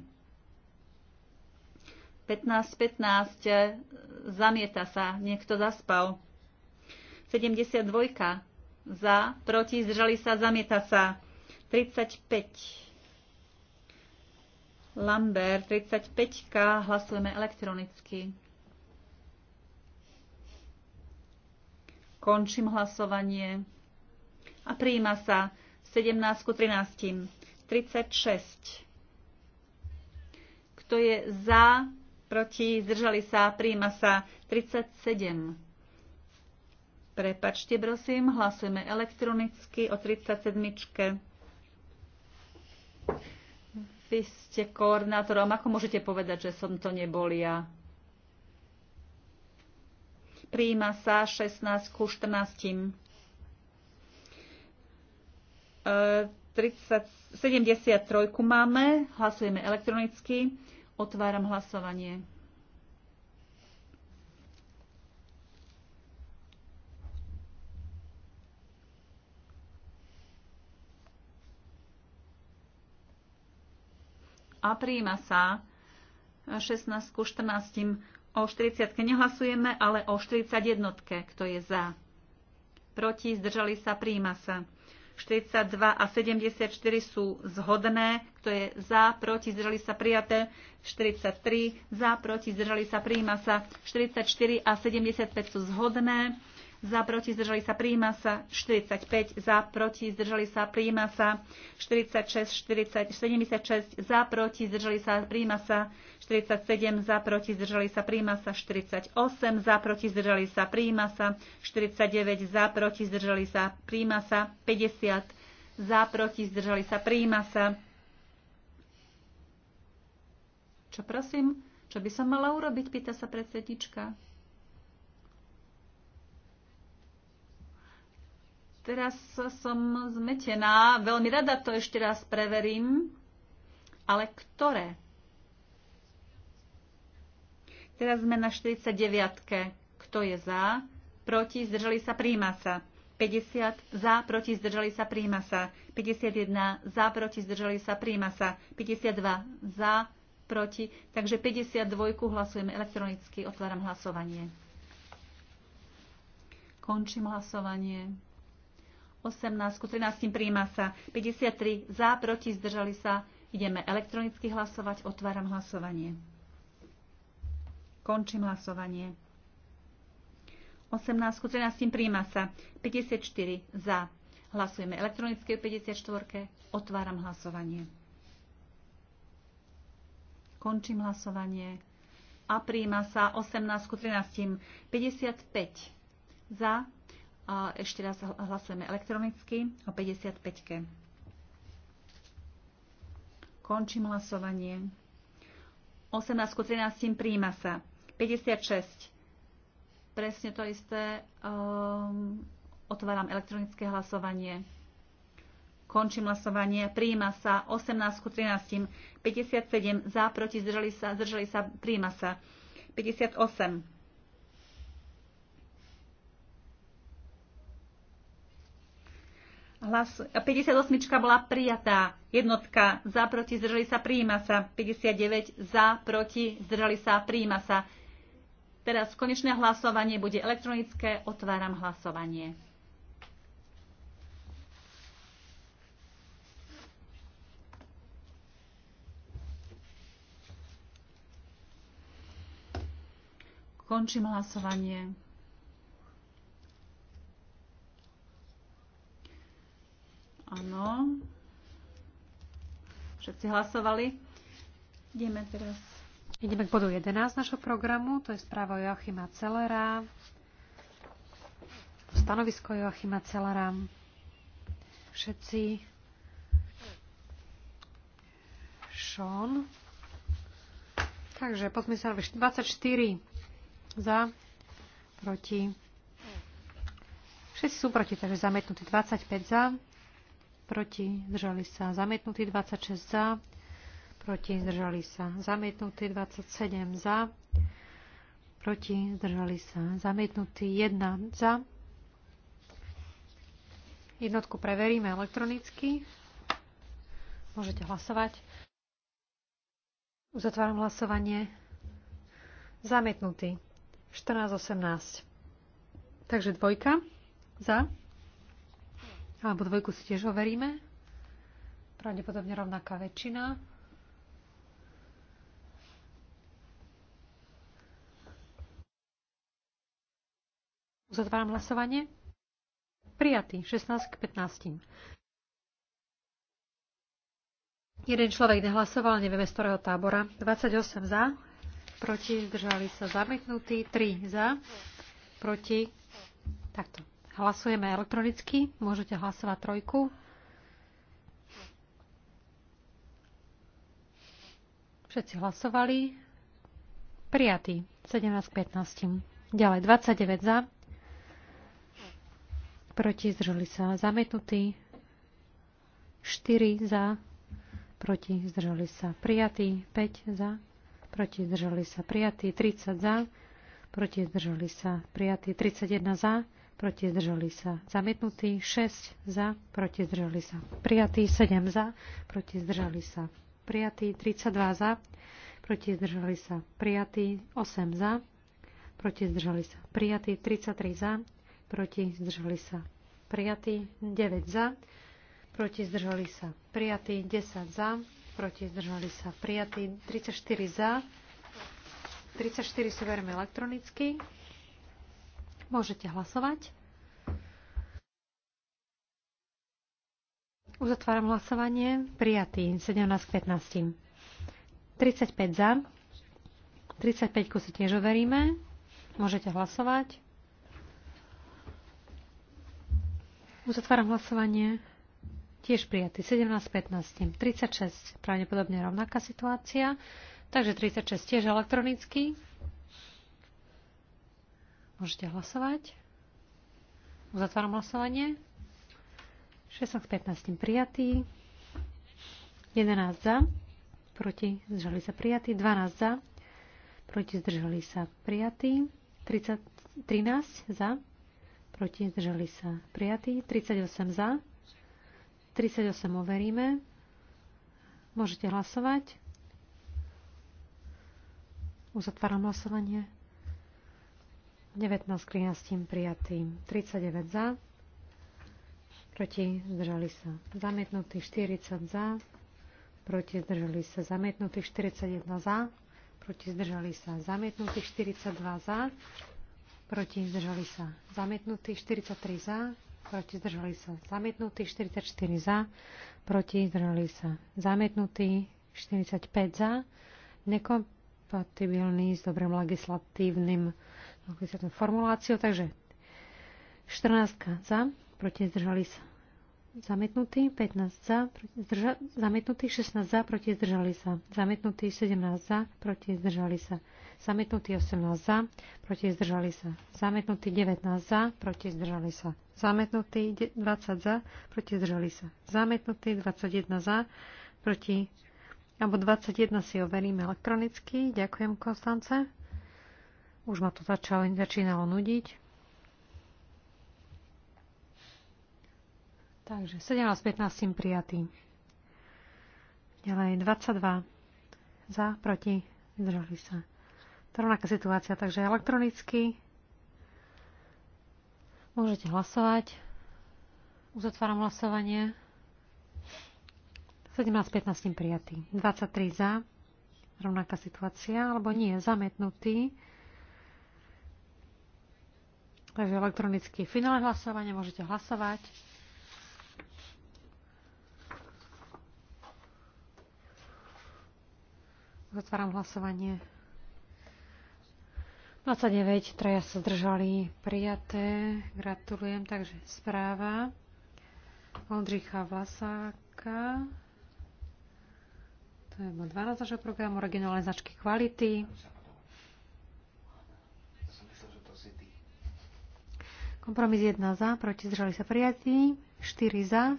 15-15. Zamieta sa. Niekto zaspal. 72. Za, proti, zdržali sa, zamieta sa. 35. Lambert, 35. Hlasujeme elektronicky. Končím hlasovanie. A prijíma sa 17 ku 13. 36. Kto je za? Proti? Zdržali sa? príjma sa 37. Prepačte, prosím. Hlasujeme elektronicky o 37. Vy ste koordinátorom. Ako môžete povedať, že som to nebol ja? Príjma sa 16 ku 14. 30, 73 máme, hlasujeme elektronicky. Otváram hlasovanie. A príjima sa 16 ku 14. O 40 nehlasujeme, ale o 41. Kto je za? Proti? Zdržali sa? Príjima sa. 42 a 74 sú zhodné. Kto je za, proti, zdržali sa prijaté. 43 za, proti, zdržali sa, prijíma sa. 44 a 75 sú zhodné za, proti, zdržali sa, príjma sa, 45 za, proti, zdržali sa, príjma sa, 46, 40, 76 za, proti, zdržali sa, príjma sa, 47 za, proti, zdržali sa, príjma sa, 48 za, proti, zdržali sa, príjma sa, 49 za, proti, zdržali sa, príjma sa, 50 za, proti, zdržali sa, príjma sa. Čo prosím? Čo by som mala urobiť, pýta sa predsednička. Teraz som zmetená. Veľmi rada to ešte raz preverím. Ale ktoré? Teraz sme na 49. Kto je za? Proti? Zdržali sa? Príjma sa. 50 za, proti, zdržali sa, príjma sa. 51 za, proti, zdržali sa, príjma sa. 52 za, proti. Takže 52 hlasujeme elektronicky. Otváram hlasovanie. Končím hlasovanie. 18 ku 13 príjma sa 53 za, proti, zdržali sa. Ideme elektronicky hlasovať. Otváram hlasovanie. Končím hlasovanie. 18 ku 13 príjma sa 54 za. Hlasujeme elektronicky o 54. Otváram hlasovanie. Končím hlasovanie. A príjma sa 18 ku 13. 55 za, a ešte raz hlasujeme elektronicky o 55 Končím hlasovanie. 18 ku 13 príjma sa. 56. Presne to isté. Um, otváram elektronické hlasovanie. Končím hlasovanie. Príjma sa 18 ku 13. 57 za, proti, zdržali sa, zdržali sa, príjma sa. 58 Hlas, 58 bola prijatá. Jednotka za, proti, zdržali sa, prijíma sa. 59 za, proti, zdržali sa, prijíma sa. Teraz konečné hlasovanie bude elektronické. Otváram hlasovanie. Končím hlasovanie. Áno. Všetci hlasovali. Ideme teraz. Ideme k bodu 11 našho programu. To je správa Joachima Celera. Stanovisko Joachima Celera. Všetci. Sean. Takže poďme sa 24 za, proti. Všetci sú proti, takže zamietnutí 25 za, proti, zdržali sa zamietnutí 26 za, proti, zdržali sa zamietnutí 27 za, proti, zdržali sa zamietnutí 1 za. Jednotku preveríme elektronicky. Môžete hlasovať. Uzatváram hlasovanie. Zamietnutý. 14.18. Takže dvojka. Za. Alebo dvojku si tiež overíme. Pravdepodobne rovnaká väčšina. Uzatváram hlasovanie. Prijatý. 16 k 15. Jeden človek nehlasoval, nevieme z ktorého tábora. 28 za, proti, zdržali sa zamietnutí, 3 za, proti, takto. Hlasujeme elektronicky. Môžete hlasovať trojku. Všetci hlasovali. Prijatý. 17 k 15. Ďalej 29 za. Proti zdržali sa zametnutí, 4 za. Proti zdržali sa prijatí. 5 za. Proti zdržali sa prijatí. 30 za. Proti zdržali sa prijatí. 31 za proti zdržali sa zamietnutý, 6 za, proti zdržali sa prijatý, 7 za, proti zdržali sa prijatý, 32 za, proti zdržali sa prijatý, 8 za, proti zdržali sa prijatý, 33 za, proti zdržali sa prijatý, 9 za, proti zdržali sa prijatý, 10 za, proti zdržali sa prijatý, 34 za, 34 si verme elektronicky. Môžete hlasovať. Uzatváram hlasovanie. Prijatý 17 k 15. 35 za. 35 si tiež overíme. Môžete hlasovať. Uzatváram hlasovanie. Tiež prijatý 17 15. 36. Pravdepodobne rovnaká situácia. Takže 36 tiež elektronicky. Môžete hlasovať. Uzatváram hlasovanie. 6 z 15 prijatý. 11 za. Proti zdržali sa prijatí. 12 za. Proti zdržali sa prijatí. 30, 13 za. Proti zdržali sa prijatí. 38 za. 38 overíme. Môžete hlasovať. Uzatváram hlasovanie. 19 k 13 prijatý. 39 za. Proti zdržali sa. Zamietnutý 40 za. Proti zdržali sa. zamietnutí 41 za. Proti zdržali sa. Zamietnutý 42 za. Proti zdržali sa. Zamietnutý 43 za. Proti zdržali sa. Zamietnutý 44 za. Proti zdržali sa. zamietnutí 45 za. Nekompatibilný s dobrým legislatívnym formuláciu. Takže 14 za, proti zdržali sa zamietnutý, 15 za, proti, zdrža, zamietnutý, 16 za, proti zdržali sa, zamietnutý, 17 za, proti zdržali sa, zamietnutý, 18 za, proti zdržali sa, zamietnutý, 19 za, proti zdržali sa, zamietnutý, 20 za, proti zdržali sa, zamietnutý, 21 za, proti, alebo 21 si overíme elektronicky. Ďakujem, Konstance. Už ma to začalo, začínalo nudiť. Takže 15 prijatý. Ďalej 22 za, proti, vydržali sa. To rovnaká situácia, takže elektronicky môžete hlasovať. Uzatváram hlasovanie. 15 prijatý. 23 za, rovnaká situácia, alebo nie, zametnutý. Takže elektronicky finále hlasovania, môžete hlasovať. Zatváram hlasovanie. 29, traja sa zdržali prijaté. Gratulujem, takže správa Ondřicha Vlasáka. To je 12 našho programu, regionálne značky kvality. Kompromis 1 za, proti zdržali sa prijatí. 4 za.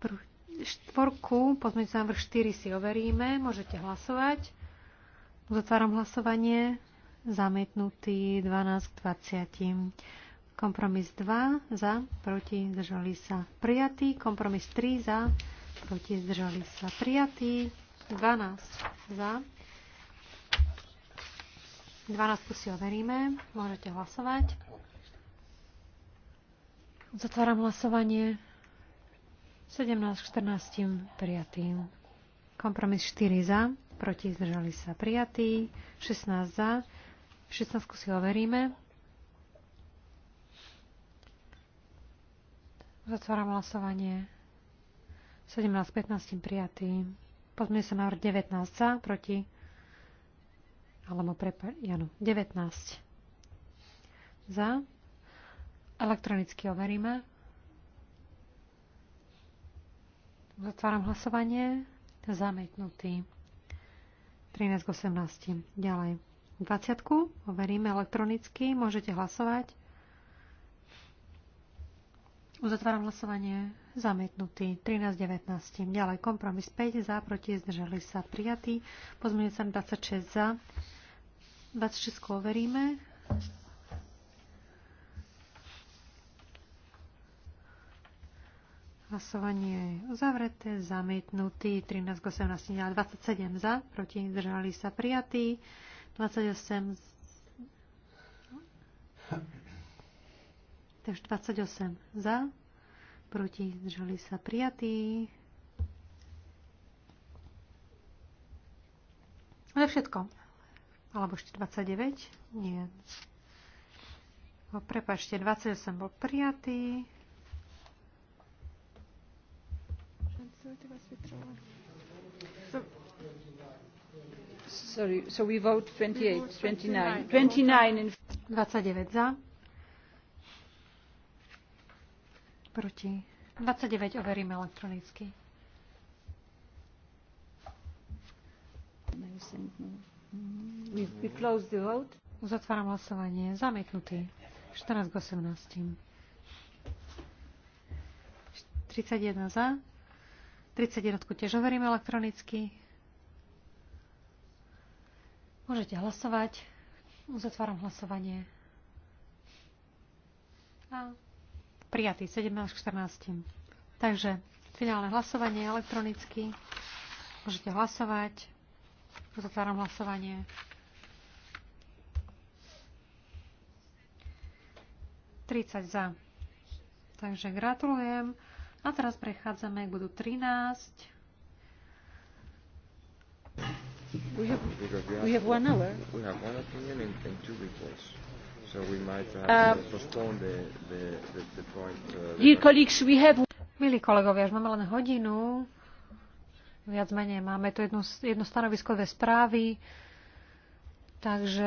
Pr- štvorku, pozmeňujúci návrh 4 si overíme. Môžete hlasovať. Uzatváram hlasovanie. Zamietnutý 12 k 20. Kompromis 2 za, proti zdržali sa prijatí. Kompromis 3 za, proti zdržali sa prijatí. 12 za. 12 si overíme. Môžete hlasovať. Zatváram hlasovanie. 17 k 14 prijatým. Kompromis 4 za, proti zdržali sa prijatí, 16 za, 16 si overíme. Zatváram hlasovanie. 17 15 prijatý. Pozmie sa návrh 19 za, proti, alebo prepa, ja no, 19 za, Elektronicky overíme. Zatváram hlasovanie. Zamietnutý. 13 k 18. Ďalej. 20. Overíme elektronicky. Môžete hlasovať. Uzatváram hlasovanie. Zamietnutý. 13 19. Ďalej kompromis 5 za, proti zdržali sa prijatý. Pozmeňujem sa 26 za. 26 overíme. Hlasovanie je uzavreté, zamietnutý, 13 18, 27 za, proti zdržali sa prijatí, 28 Takže 28 za, proti zdržali sa prijatí. To je všetko. Alebo ešte 29? Nie. O, prepačte, 28 bol prijatý. Sorry, so we vote 28, 29. 29 in... 29 za. Proti. 29 overíme elektronicky. We, we Uzatváram hlasovanie. Zamietnutý. 14 k 18. 31 za. 31 tiež overím elektronicky. Môžete hlasovať. Uzatváram hlasovanie. A prijatý 17 k 14. Takže finálne hlasovanie elektronicky. Môžete hlasovať. Uzatváram hlasovanie. Tridsať za. Takže gratulujem. A teraz prechádzame k bodu 13. We have, we have one hour. We have one opinion two reports. So we might have uh, postpone the, the, the, the point. Uh, dear colleagues, we have... Milí kolegovia, až máme len hodinu. Viac menej máme tu jedno, jedno stanovisko, dve správy. Takže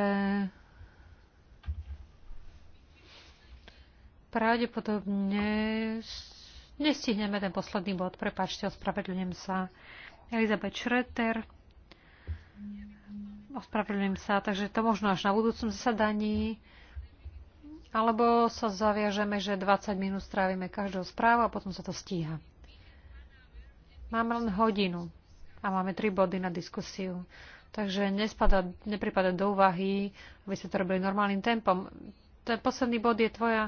pravdepodobne Nestihneme ten posledný bod, prepáčte, ospravedlňujem sa. Elizabeth Schroeter, ospravedlňujem sa, takže to možno až na budúcom zasadaní. Alebo sa zaviažeme, že 20 minút strávime každého správu a potom sa to stíha. Máme len hodinu a máme tri body na diskusiu. Takže nespada, nepripada do úvahy, aby ste to robili normálnym tempom. Ten posledný bod je, tvoja,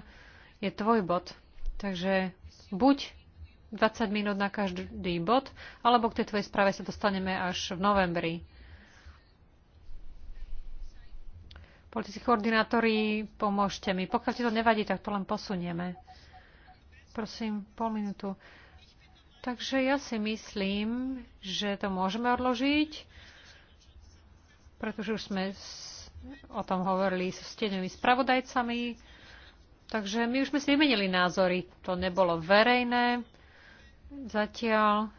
je tvoj bod. Takže buď 20 minút na každý bod, alebo k tej tvojej správe sa dostaneme až v novembri. Politici koordinátori, pomôžte mi. Pokiaľ ti to nevadí, tak to len posunieme. Prosím, pol minútu. Takže ja si myslím, že to môžeme odložiť, pretože už sme o tom hovorili s stenovými spravodajcami Takže my už sme si vymenili názory. To nebolo verejné zatiaľ.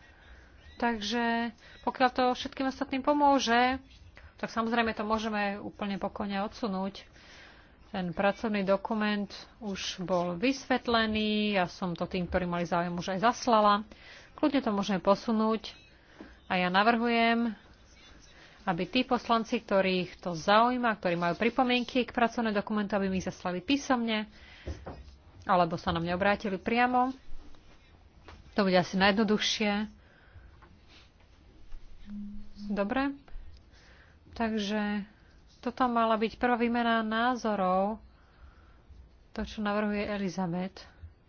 Takže pokiaľ to všetkým ostatným pomôže, tak samozrejme to môžeme úplne pokojne odsunúť. Ten pracovný dokument už bol vysvetlený, ja som to tým, ktorí mali záujem, už aj zaslala. Kľudne to môžeme posunúť a ja navrhujem, aby tí poslanci, ktorých to zaujíma, ktorí majú pripomienky k pracovnému dokumentu, aby mi zaslali písomne alebo sa na mňa obrátili priamo. To bude asi najjednoduchšie. Dobre. Takže toto mala byť prvá výmena názorov, to, čo navrhuje Elizabeth.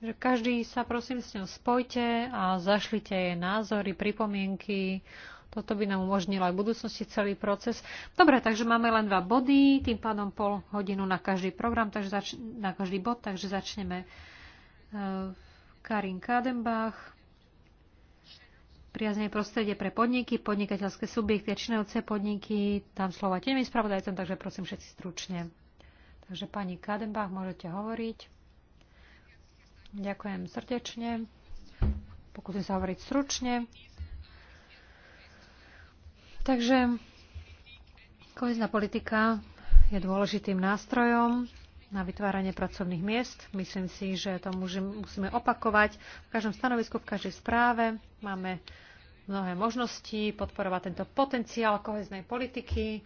Že každý sa prosím s ňou spojte a zašlite jej názory, pripomienky, toto by nám umožnilo aj v budúcnosti celý proces. Dobre, takže máme len dva body, tým pádom pol hodinu na každý program, takže zač- na každý bod, takže začneme e, Karin Kadenbach. Priazne prostredie pre podniky, podnikateľské subjekty činajúce podniky. Tam slova tým spravodajcom, takže prosím všetci stručne. Takže pani Kadenbach, môžete hovoriť. Ďakujem srdečne. Pokúsim sa hovoriť stručne. Takže kohezná politika je dôležitým nástrojom na vytváranie pracovných miest. Myslím si, že to musíme opakovať. V každom stanovisku, v každej správe máme mnohé možnosti podporovať tento potenciál koheznej politiky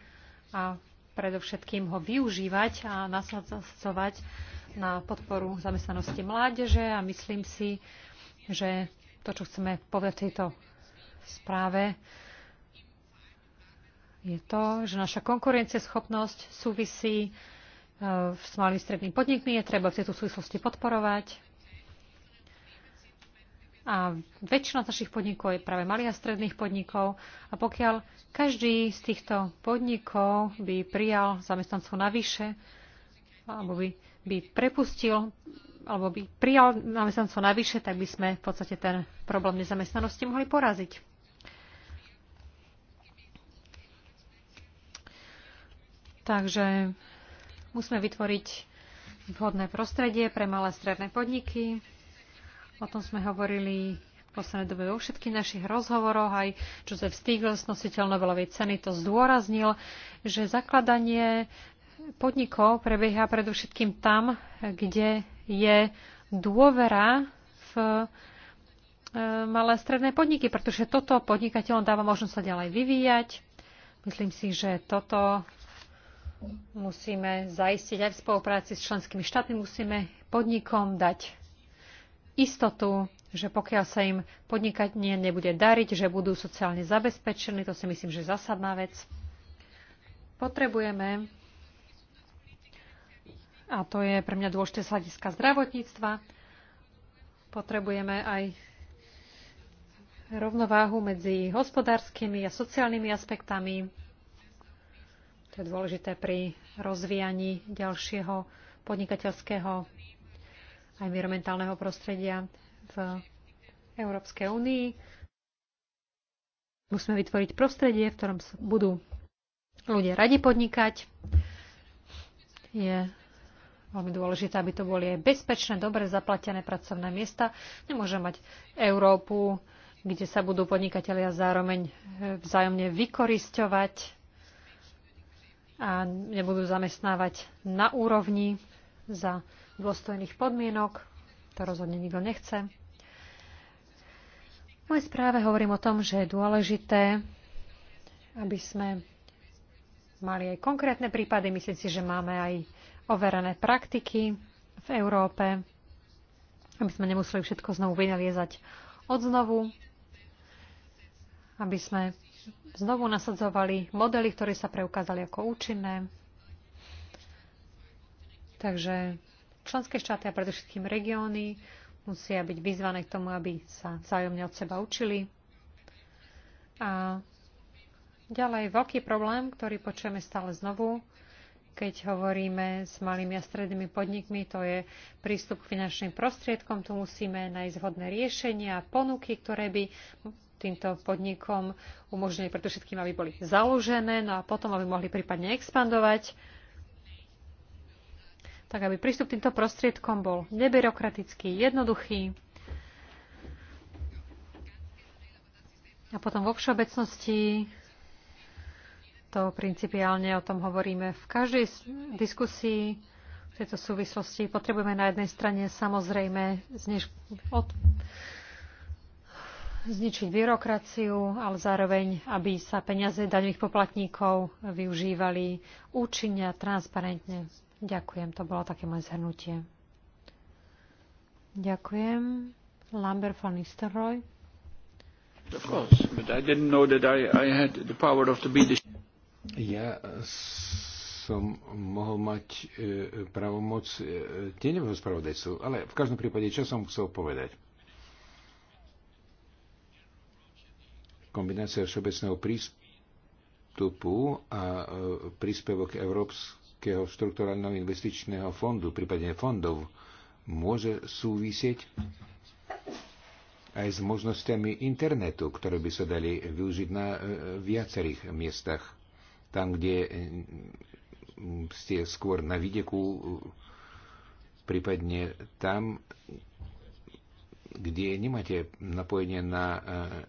a predovšetkým ho využívať a nasadzovať na podporu zamestnanosti mládeže a myslím si, že to, čo chceme povedať v tejto správe, je to, že naša konkurencieschopnosť súvisí e, s malými stredným podnikmi, je treba v tejto súvislosti podporovať. A väčšina z našich podnikov je práve malých a stredných podnikov. A pokiaľ každý z týchto podnikov by prijal zamestnancov navyše, alebo by, by prepustil, alebo by prijal zamestnancov navyše, tak by sme v podstate ten problém nezamestnanosti mohli poraziť. Takže musíme vytvoriť vhodné prostredie pre malé stredné podniky. O tom sme hovorili v poslednej dobe vo všetkých našich rozhovoroch. Aj Joseph Stiglitz, nositeľ Nobelovej ceny, to zdôraznil, že zakladanie podnikov prebieha predovšetkým tam, kde je dôvera v e, malé stredné podniky, pretože toto podnikateľom dáva možnosť sa ďalej vyvíjať. Myslím si, že toto musíme zaistiť aj v spolupráci s členskými štátmi, musíme podnikom dať istotu, že pokiaľ sa im podnikanie nebude dariť, že budú sociálne zabezpečení, to si myslím, že je zásadná vec. Potrebujeme, a to je pre mňa dôležité z hľadiska zdravotníctva, potrebujeme aj rovnováhu medzi hospodárskymi a sociálnymi aspektami to je dôležité pri rozvíjaní ďalšieho podnikateľského a environmentálneho prostredia v Európskej únii. Musíme vytvoriť prostredie, v ktorom budú ľudia radi podnikať. Je veľmi dôležité, aby to boli aj bezpečné, dobre zaplatené pracovné miesta. Nemôžeme mať Európu, kde sa budú podnikatelia zároveň vzájomne vykorisťovať a nebudú zamestnávať na úrovni za dôstojných podmienok. To rozhodne nikto nechce. V mojej správe hovorím o tom, že je dôležité, aby sme mali aj konkrétne prípady. Myslím si, že máme aj overené praktiky v Európe, aby sme nemuseli všetko znovu vynaliezať od znovu, aby sme znovu nasadzovali modely, ktoré sa preukázali ako účinné. Takže členské štáty a predovšetkým regióny musia byť vyzvané k tomu, aby sa vzájomne od seba učili. A ďalej veľký problém, ktorý počujeme stále znovu, keď hovoríme s malými a strednými podnikmi, to je prístup k finančným prostriedkom. Tu musíme nájsť vhodné riešenia a ponuky, ktoré by týmto podnikom umožnili všetkým, aby boli založené, no a potom, aby mohli prípadne expandovať, tak aby prístup týmto prostriedkom bol nebyrokratický, jednoduchý. A potom vo všeobecnosti, to principiálne o tom hovoríme v každej diskusii, v tejto súvislosti potrebujeme na jednej strane samozrejme znež, od, zničiť byrokraciu, ale zároveň, aby sa peniaze daňových poplatníkov využívali účinne a transparentne. Ďakujem, to bolo také moje zhrnutie. Ďakujem. Lambert von Nistelrooy. Ja som mohol mať e, e, pravomoc e, tieňového spravodajcu, ale v každom prípade, čo som chcel povedať? kombinácia všeobecného prístupu a e, príspevok Európskeho štruktúrálneho investičného fondu, prípadne fondov, môže súvisieť aj s možnosťami internetu, ktoré by sa dali využiť na e, viacerých miestach. Tam, kde ste skôr na videku, prípadne tam, kde nemáte napojenie na e,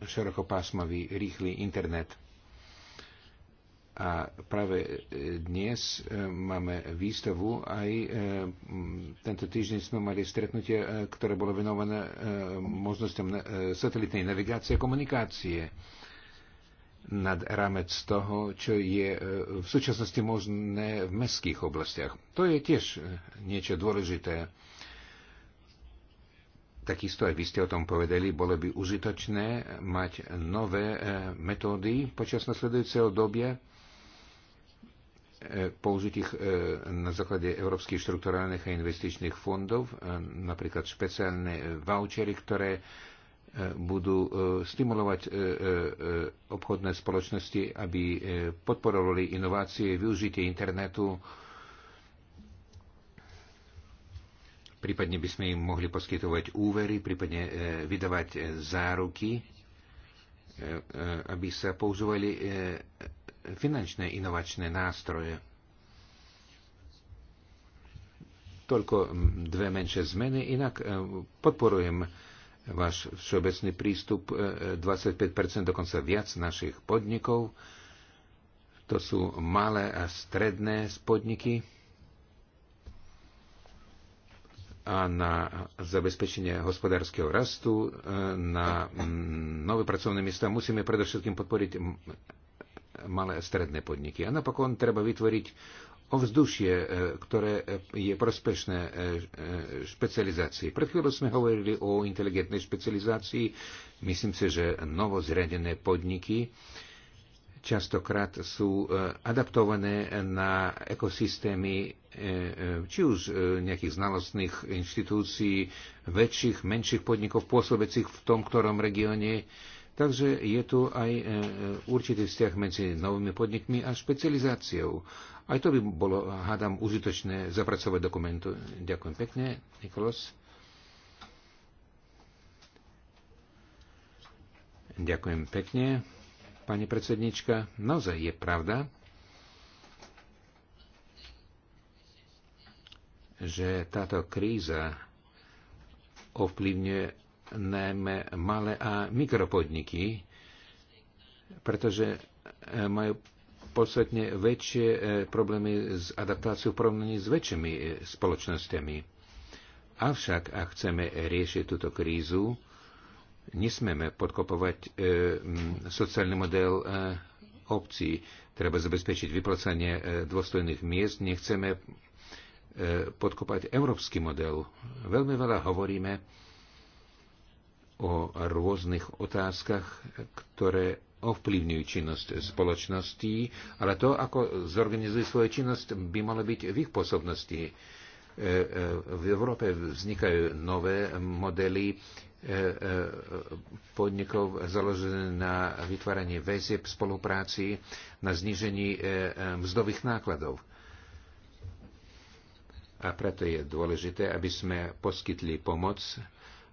širokopásmový rýchly internet. A práve e, dnes e, máme výstavu, aj tento týždeň sme mali stretnutie, ktoré bolo venované možnosťam satelitnej navigácie a komunikácie nad rámec toho, čo je v súčasnosti možné v mestských oblastiach. To je tiež niečo dôležité. Takisto aj vy ste o tom povedali, bolo by užitočné mať nové e, metódy počas nasledujúceho dobia e, použitých e, na základe európskych štrukturálnych a investičných fondov, napríklad špeciálne vouchery, ktoré budú stimulovať obchodné spoločnosti, aby podporovali inovácie, využitie internetu, prípadne by sme im mohli poskytovať úvery, prípadne e, vydávať e, záruky, e, aby sa používali finančné inovačné nástroje. Toľko dve menšie zmeny, inak podporujem váš všeobecný prístup, 25% dokonca viac našich podnikov, to sú malé a stredné podniky, na zabezpečenie hospodárskeho rastu, e, na nové pracovné miesta, musíme predovšetkým podporiť malé a stredné podniky. A napokon treba vytvoriť ovzdušie, e, ktoré je prospešné e, špecializácii. Pred chvíľou sme hovorili o inteligentnej špecializácii. Myslím si, že novozriadené podniky častokrát sú adaptované na ekosystémy či už e, nejakých znalostných inštitúcií, väčších, menších podnikov pôsobecích v tom ktorom regióne. Takže je tu aj e, e, určitý vzťah medzi novými podnikmi a špecializáciou. Aj to by bolo, hádam, užitočné zapracovať dokumentu. Ďakujem pekne, Nikolos. Ďakujem pekne, pani predsednička. Naozaj je pravda, že táto kríza ovplyvňuje najmä malé a mikropodniky, pretože e, majú podstatne väčšie e, problémy s adaptáciou v porovnaní s väčšími e, spoločnosťami. Avšak, ak chceme riešiť túto krízu, nesmieme podkopovať sociálny model obcí. Treba zabezpečiť vyplacanie dôstojných miest, nechceme podkopať európsky model. Veľmi veľa hovoríme o rôznych otázkach, ktoré ovplyvňujú činnosť spoločností, ale to, ako zorganizujú svoju činnosť, by malo byť v ich posobnosti. E, e, v Európe vznikajú nové modely e, podnikov založené na vytváraní väzieb spolupráci, na znižení mzdových nákladov. A preto je dôležité, aby sme poskytli pomoc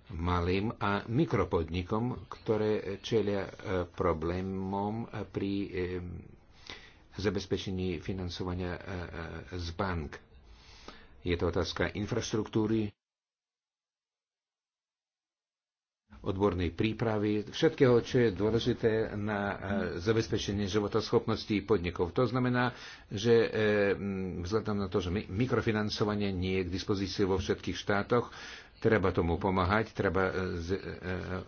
malým a mikropodnikom, ktoré čelia e, problémom pri e, zabezpečení financovania e, z bank. Je to otázka infraštruktúry, odbornej prípravy, všetkého, čo je dôležité na e, zabezpečenie životoschopnosti podnikov. To znamená, že e, vzhľadom na to, že mikrofinancovanie nie je k dispozícii vo všetkých štátoch, treba tomu pomáhať, treba e,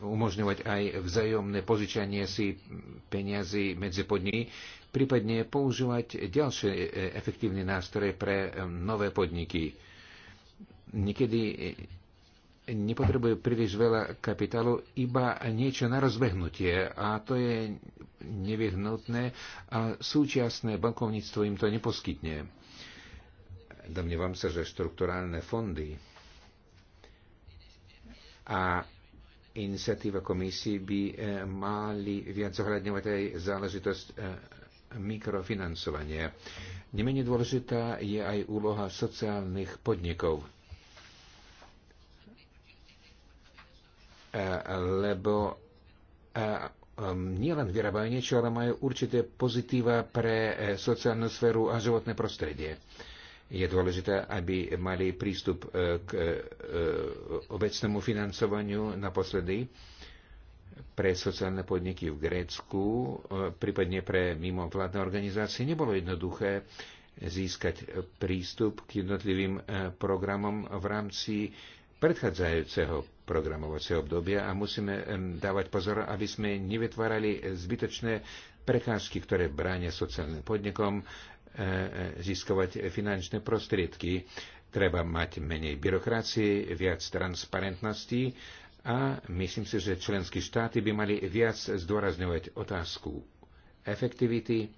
umožňovať aj vzájomné požičanie si peniazy medzi podniky, prípadne používať ďalšie efektívne nástroje pre nové podniky. Niekedy nepotrebuje príliš veľa kapitálu, iba niečo na rozbehnutie a to je nevyhnutné a súčasné bankovníctvo im to neposkytne. Domnievam sa, že štrukturálne fondy a iniciatíva komisie by eh, mali viac zohľadňovať aj záležitosť eh, mikrofinancovania. Nemenej dôležitá je aj úloha sociálnych podnikov E, lebo e, um, nielen vyrábajú niečo, ale majú určité pozitíva pre e, sociálnu sféru a životné prostredie. Je dôležité, aby mali prístup k obecnému financovaniu naposledy pre sociálne podniky v Grécku, prípadne pre mimovládne organizácie. Nebolo jednoduché získať prístup k jednotlivým programom v rámci predchádzajúceho programovacie obdobia a musíme dávať pozor, aby sme nevytvárali zbytočné prekážky, ktoré bránia sociálnym podnikom e, e, získavať finančné prostriedky. Treba mať menej byrokracie, viac transparentnosti a myslím si, že členské štáty by mali viac zdôrazňovať otázku efektivity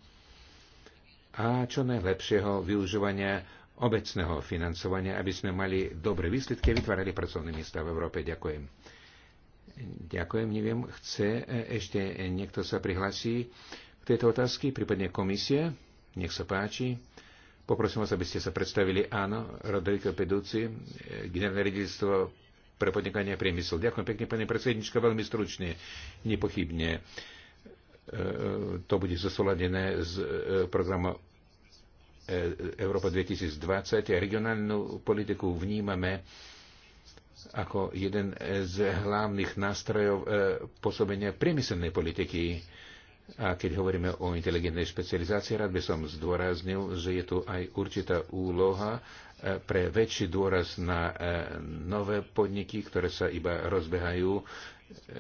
a čo najlepšieho využívania obecného financovania, aby sme mali dobré výsledky a vytvárali pracovné miesta v Európe. Ďakujem. Ďakujem, neviem, chce e, ešte niekto sa prihlasí k tejto otázky, prípadne komisie. Nech sa páči. Poprosím vás, aby ste sa predstavili. Áno, Rodrigo Peduci, generálne riaditeľstvo pre podnikanie a priemysel. Ďakujem pekne, pani predsednička, veľmi stručne, nepochybne. E, e, to bude zosoladené z programu E, Európa 2020 a regionálnu politiku vnímame ako jeden z hlavných nástrojov e, pôsobenia priemyselnej politiky. A keď hovoríme o inteligentnej špecializácii, rád by som zdôraznil, že je tu aj určitá úloha e, pre väčší dôraz na nové podniky, ktoré sa iba rozbehajú.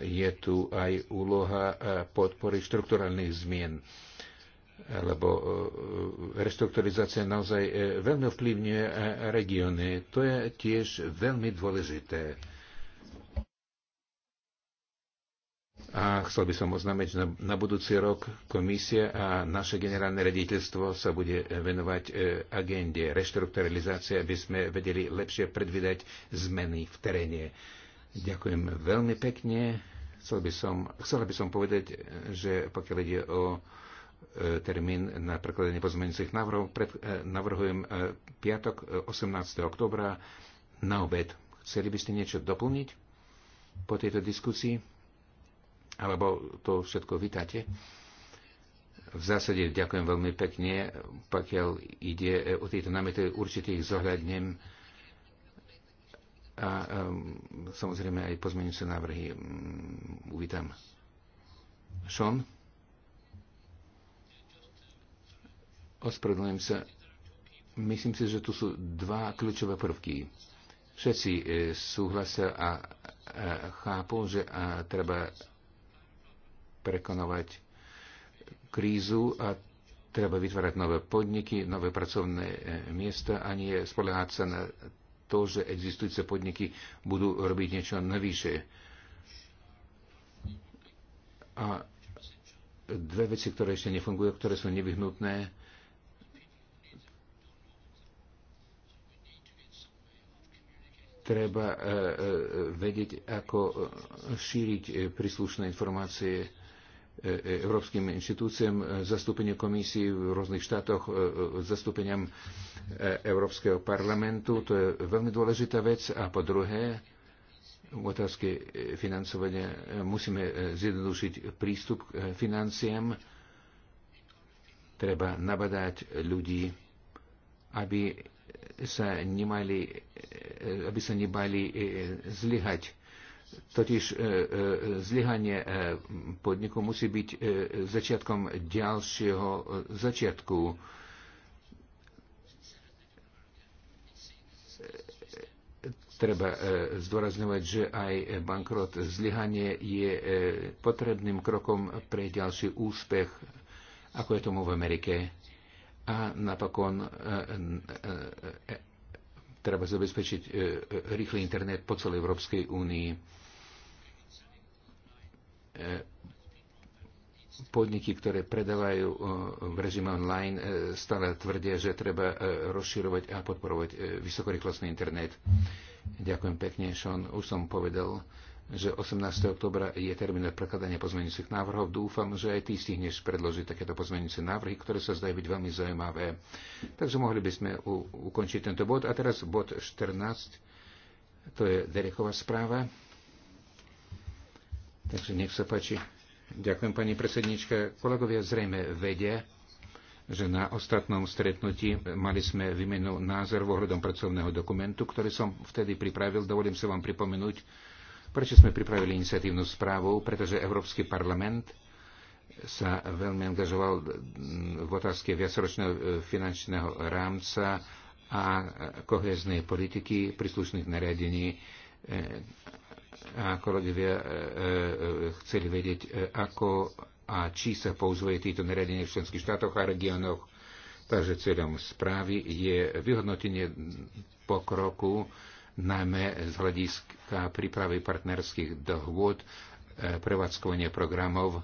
Je tu aj úloha podpory štrukturálnych zmien alebo e, e, reštrukturizácia naozaj e, veľmi vplyvňuje regióny. To je tiež veľmi dôležité. A chcel by som oznámiť, že na budúci rok komisia a naše generálne rediteľstvo sa bude venovať agende reštrukturalizácie, aby sme vedeli lepšie predvídať zmeny v teréne. Ďakujem veľmi pekne. Chcel by som, chcela by som povedať, že pokiaľ ide o E, termín na prekladanie pozmeňujúcich návrhov. E, navrhujem e, piatok 18. oktobra na obed. Chceli by ste niečo doplniť po tejto diskusii? Alebo to všetko vítate? V zásade ďakujem veľmi pekne, pokiaľ ide o tieto námety, určite ich zohľadnem a um, samozrejme aj pozmeňujúce návrhy um, uvítam. Sean? Ospravedlňujem sa. Myslím si, že tu sú dva kľúčové prvky. Všetci e, súhlasia a, chápu, že a treba prekonovať krízu a treba vytvárať nové podniky, nové pracovné e, miesta a nie spolehať sa na to, že existujúce podniky budú robiť niečo navyše. A dve veci, ktoré ešte nefungujú, ktoré sú nevyhnutné, Treba e, e, vedieť, ako e, šíriť príslušné informácie európskym inštitúciám, zastúpenie komisí v rôznych štátoch, zastúpeniam Európskeho parlamentu. To je veľmi dôležitá vec. A po druhé, v otázke financovania musíme zjednodušiť prístup k financiám. Treba nabadať ľudí, aby sa nemali, aby sa nebali e, zlyhať. Totiž e, e, zlyhanie podniku musí byť začiatkom ďalšieho začiatku. Treba zdôrazňovať, že aj bankrot zlyhanie je potrebným krokom pre ďalší úspech, ako je tomu v Amerike a napokon e, e, e, treba zabezpečiť rýchly internet po celej Európskej únii. Podniky, ktoré predávajú v režime online, stále tvrdia, že treba rozširovať a podporovať vysokorýchlostný internet. Ďakujem pekne, Sean. Už som povedal, že 18. oktobra je termín na prekladanie pozmeňujúcich návrhov. Dúfam, že aj ty stihneš predložiť takéto pozmeňujúce návrhy, ktoré sa zdajú byť veľmi zaujímavé. Takže mohli by sme u- ukončiť tento bod. A teraz bod 14, to je Dereková správa. Takže nech sa páči. Ďakujem, pani predsednička. Kolegovia zrejme vedia, že na ostatnom stretnutí mali sme výmenu názor ohľadom pracovného dokumentu, ktorý som vtedy pripravil. Dovolím sa vám pripomenúť, Prečo sme pripravili iniciatívnu správu? Pretože Európsky parlament sa veľmi angažoval v otázke viacročného e, finančného rámca a koheznej politiky, príslušných nariadení. E, a kolegovia e, chceli vedieť, ako a či sa používajú títo nariadenia v členských štátoch a regiónoch. Takže cieľom správy je vyhodnotenie pokroku najmä z hľadiska prípravy partnerských dohôd, eh, prevádzkovanie programov.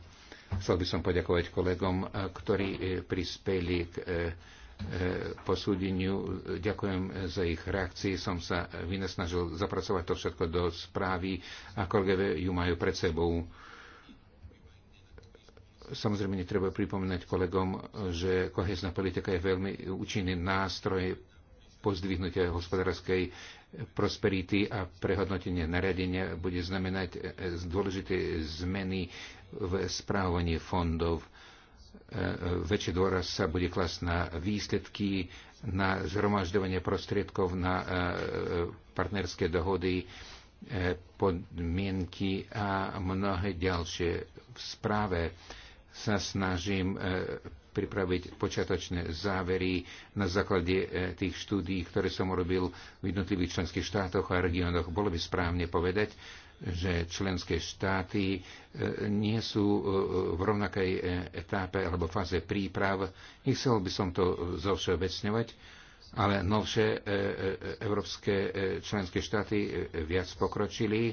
Chcel by som poďakovať kolegom, eh, ktorí eh, prispeli k posúdeniu. Ďakujem za ich reakcie. Som sa vynesnažil zapracovať to všetko do správy a kolegové ju majú pred sebou. Samozrejme, netreba pripomínať kolegom, že kohezná politika je veľmi účinný nástroj pozdvihnutia hospodárskej prosperity a prehodnotenie naradenia bude znamenať e, e, dôležité zmeny v správovaní fondov. E, väčší dôraz sa bude klasť na výsledky, na zhromažďovanie prostriedkov, na partnerské dohody, podmienky a mnohé ďalšie. V správe sa snažím pripraviť počiatočné závery na základe e, tých štúdií, ktoré som urobil v jednotlivých členských štátoch a regiónoch. Bolo by správne povedať, že členské štáty e, nie sú e, v rovnakej etápe alebo fáze príprav. Nechcel by som to zovšeobecňovať, ale novšie európske členské štáty viac pokročili,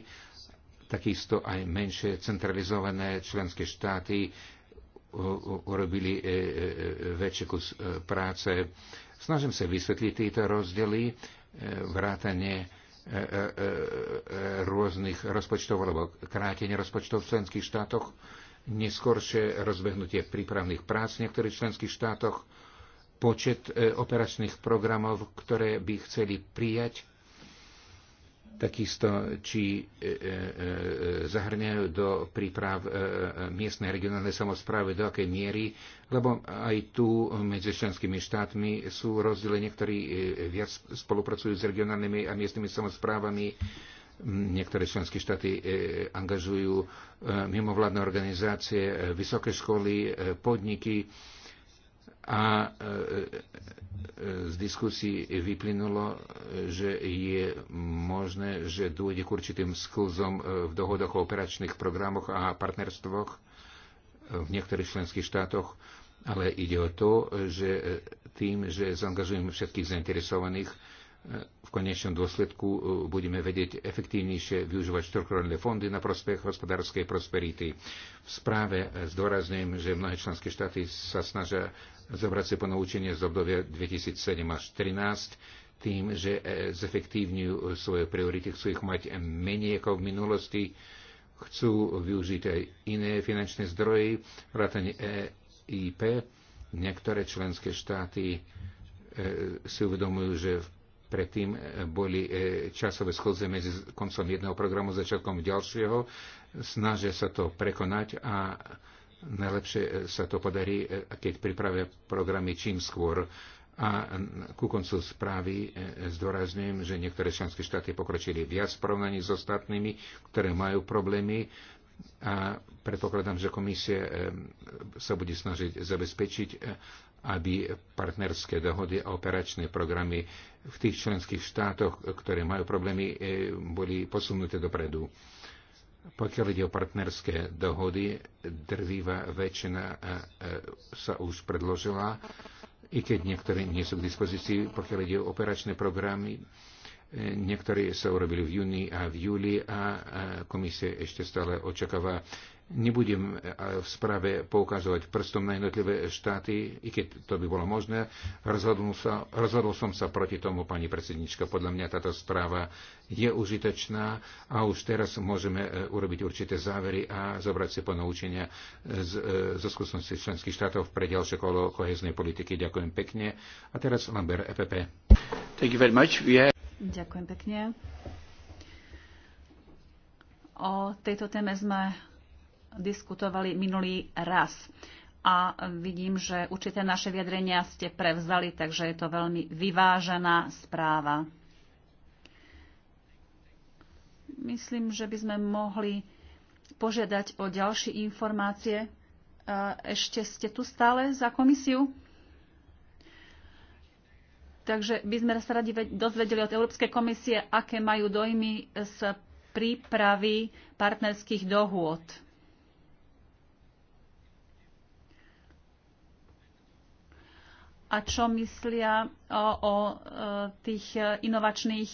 takisto aj menšie centralizované členské štáty urobili e, e, e, väčší kus práce. Snažím sa vysvetliť tieto rozdiely, vrátanie rôznych rozpočtov alebo krátenie rozpočtov v členských štátoch, neskôršie rozbehnutie prípravných prác v niektorých členských štátoch, počet operačných programov, ktoré by chceli prijať takisto či e, e, e, zahrňajú do príprav miestnej regionálnej samozprávy, do akej miery, lebo aj tu medzi členskými štátmi sú rozdiely, niektorí viac spolupracujú s regionálnymi a miestnymi samozprávami, niektoré členské štáty angažujú mimovládne organizácie, vysoké školy, podniky, a e, e, e, z diskusí vyplynulo, že je možné, že dôjde k určitým sklzom v dohodoch o operačných programoch a partnerstvoch v niektorých členských štátoch, ale ide o to, že tým, že zaangažujeme všetkých zainteresovaných, v konečnom dôsledku e, budeme vedieť efektívnejšie využívať štrukturálne fondy na prospech hospodárskej prosperity. V správe zdôrazňujem, že mnohé členské štáty sa snažia zobrať si ponaučenie z obdobia 2007 až 2013 tým, že e, zefektívňujú svoje priority, chcú ich mať menej ako v minulosti, chcú využiť aj iné finančné zdroje, vrátane EIP. Niektoré členské štáty e, si uvedomujú, že v predtým e, boli e, časové schôdze medzi koncom jedného programu a začiatkom ďalšieho. Snažia sa to prekonať a najlepšie e, sa to podarí, keď pripravia programy čím skôr. A ku koncu správy zdôrazňujem, že niektoré členské štáty pokročili viac v porovnaní s ostatnými, ktoré majú problémy a predpokladám, že komisia sa bude snažiť zabezpečiť, aby partnerské dohody a operačné programy v tých členských štátoch, ktoré majú problémy, e, boli posunuté dopredu. Pokiaľ ide o partnerské dohody, drvíva väčšina e, e, sa už predložila, i keď niektoré nie sú k dispozícii, pokiaľ ide o operačné programy, niektoré sa urobili v júni a v júli a komisie ešte stále očakáva Nebudem e, v správe poukazovať prstom na jednotlivé štáty, i keď to by bolo možné. Rozhodol, sa, rozhodol som sa proti tomu, pani predsednička. Podľa mňa táto správa je užitočná a už teraz môžeme e, urobiť určité závery a zobrať si ponaučenia e, zo skúsenosti členských štátov pre ďalšie kolo koheznej politiky. Ďakujem pekne. A teraz Lamber EPP. Thank you very much. Yeah. Ďakujem pekne. O tejto téme sme diskutovali minulý raz. A vidím, že určité naše vyjadrenia ste prevzali, takže je to veľmi vyvážená správa. Myslím, že by sme mohli požiadať o ďalšie informácie. E, ešte ste tu stále za komisiu? Takže by sme sa radi dozvedeli od Európskej komisie, aké majú dojmy z prípravy partnerských dohôd. a čo myslia o e, tých e, inovačných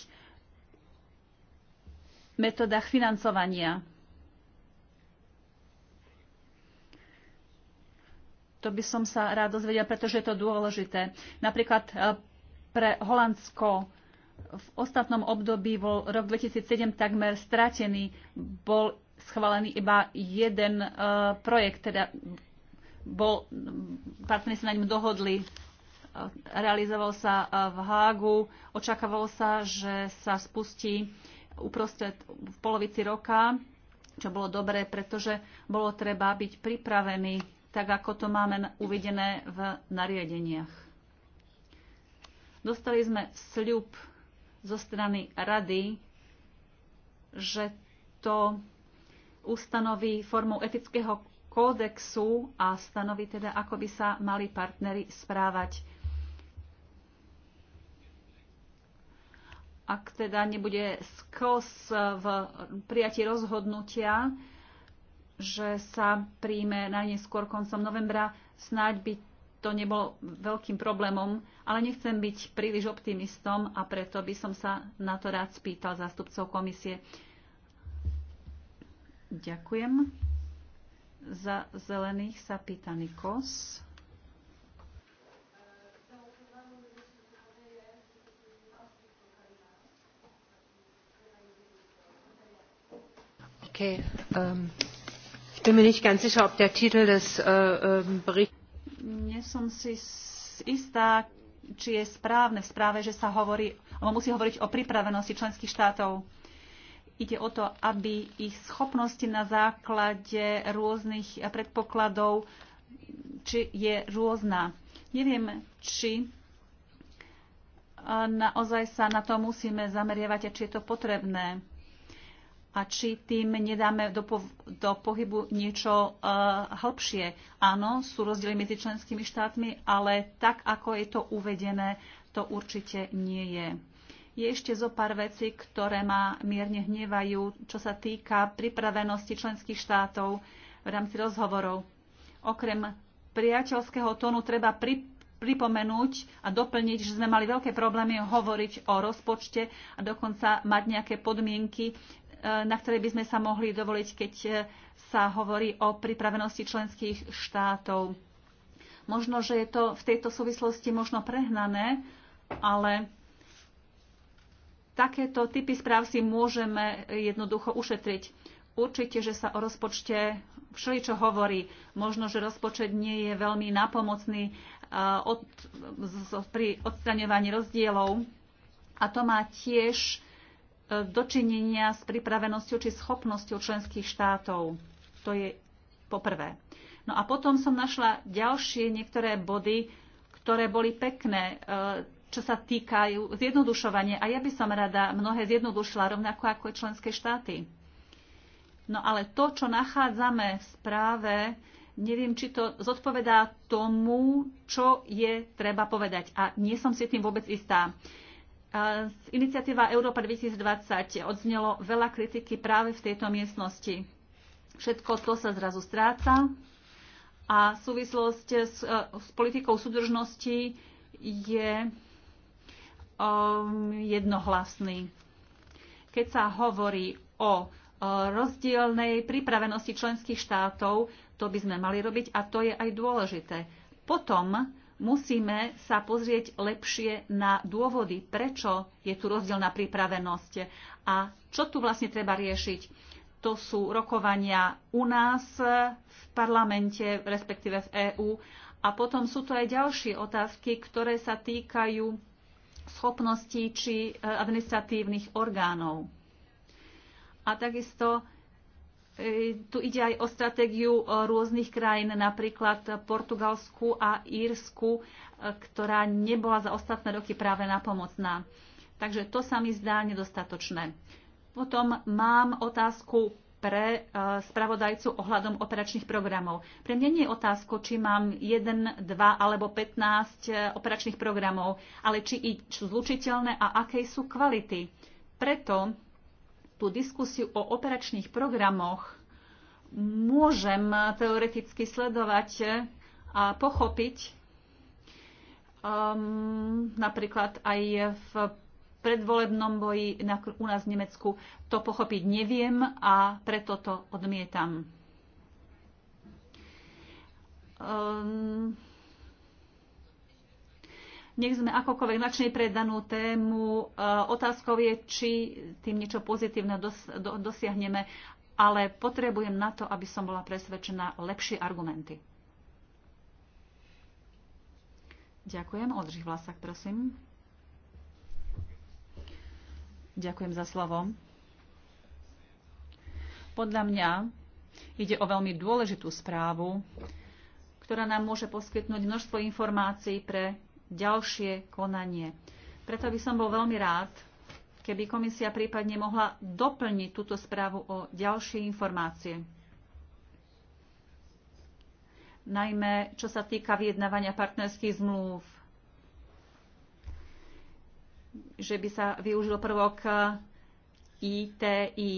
metodách financovania. To by som sa rád dozvedel, pretože je to dôležité. Napríklad e, pre Holandsko v ostatnom období bol rok 2007 takmer stratený. Bol schválený iba jeden projekt, teda bol, partneri sa na ňom dohodli realizoval sa eh, v Hágu. Očakávalo sa, že sa spustí uprostred v polovici roka, čo bolo dobré, pretože bolo treba byť pripravený, tak ako to máme uvedené v nariadeniach. Dostali sme sľub zo strany rady, že to ustanoví formou etického kódexu a stanoví teda, ako by sa mali partnery správať ak teda nebude skos v prijatí rozhodnutia, že sa príjme najneskôr koncom novembra, snáď by to nebolo veľkým problémom, ale nechcem byť príliš optimistom a preto by som sa na to rád spýtal zástupcov komisie. Ďakujem. Za zelených sa pýta Nikos. Okay. Um, ich bin mir nicht ganz sicher, ob der Titel des uh, äh, um, ähm, Berichts. Nie som si istá, či je správne v správe, že sa hovorí, alebo musí hovoriť o pripravenosti členských štátov. Ide o to, aby ich schopnosti na základe rôznych predpokladov, či je rôzna. Neviem, či naozaj sa na to musíme zameriavať a či je to potrebné a či tým nedáme do, po, do pohybu niečo uh, hĺbšie. Áno, sú rozdiely medzi členskými štátmi, ale tak, ako je to uvedené, to určite nie je. Je ešte zo pár vecí, ktoré ma mierne hnevajú, čo sa týka pripravenosti členských štátov v rámci rozhovorov. Okrem priateľského tónu treba pri, pripomenúť a doplniť, že sme mali veľké problémy hovoriť o rozpočte a dokonca mať nejaké podmienky, na ktoré by sme sa mohli dovoliť, keď e, sa hovorí o pripravenosti členských štátov. Možno, že je to v tejto súvislosti možno prehnané, ale takéto typy správ si môžeme jednoducho ušetriť. Určite, že sa o rozpočte všeličo hovorí. Možno, že rozpočet nie je veľmi napomocný e, od, pri odstraňovaní rozdielov. A to má tiež dočinenia s pripravenosťou či schopnosťou členských štátov. To je poprvé. No a potom som našla ďalšie niektoré body, ktoré boli pekné, e, čo sa týkajú zjednodušovania. A ja by som rada mnohé zjednodušila, rovnako ako aj členské štáty. No ale to, čo nachádzame v správe, neviem, či to zodpovedá tomu, čo je treba povedať. A nie som si tým vôbec istá. Uh, z iniciatíva Európa 2020 odznelo veľa kritiky práve v tejto miestnosti. Všetko to sa zrazu stráca a súvislosť s, e, s politikou súdržnosti je um, jednohlasný. Keď sa hovorí o e, rozdielnej pripravenosti členských štátov, to by sme mali robiť a to je aj dôležité. Potom musíme sa pozrieť lepšie na dôvody, prečo je tu rozdiel na pripravenosť a čo tu vlastne treba riešiť. To sú rokovania u nás v parlamente, respektíve v EÚ. A potom sú tu aj ďalšie otázky, ktoré sa týkajú schopností či eh, administratívnych orgánov. A takisto E, tu ide aj o stratégiu e, rôznych krajín, napríklad Portugalsku a Írsku, e, ktorá nebola za ostatné roky práve napomocná. Takže to sa mi zdá nedostatočné. Potom mám otázku pre spravodajcu ohľadom operačných programov. Pre mňa nie je otázka, či mám 1, 2 alebo 15 operačných programov, ale či sú zlučiteľné a aké sú kvality. Preto tú diskusiu o operačných programoch môžem teoreticky sledovať a pochopiť um, napríklad aj v predvolebnom boji na, u nás v Nemecku to pochopiť neviem a preto to odmietam. Um, nech sme akokoľvek načne predanú tému, e, otázkou je, či tým niečo pozitívne dosiahneme, ale potrebujem na to, aby som bola presvedčená lepšie argumenty. Ďakujem. Oldřich Vlasak, prosím. Ďakujem za slovo. Podľa mňa ide o veľmi dôležitú správu, ktorá nám môže poskytnúť množstvo informácií pre ďalšie konanie. Preto by som bol veľmi rád, keby komisia prípadne mohla doplniť túto správu o ďalšie informácie. Najmä čo sa týka vyjednávania partnerských zmluv, že by sa využil prvok ITI.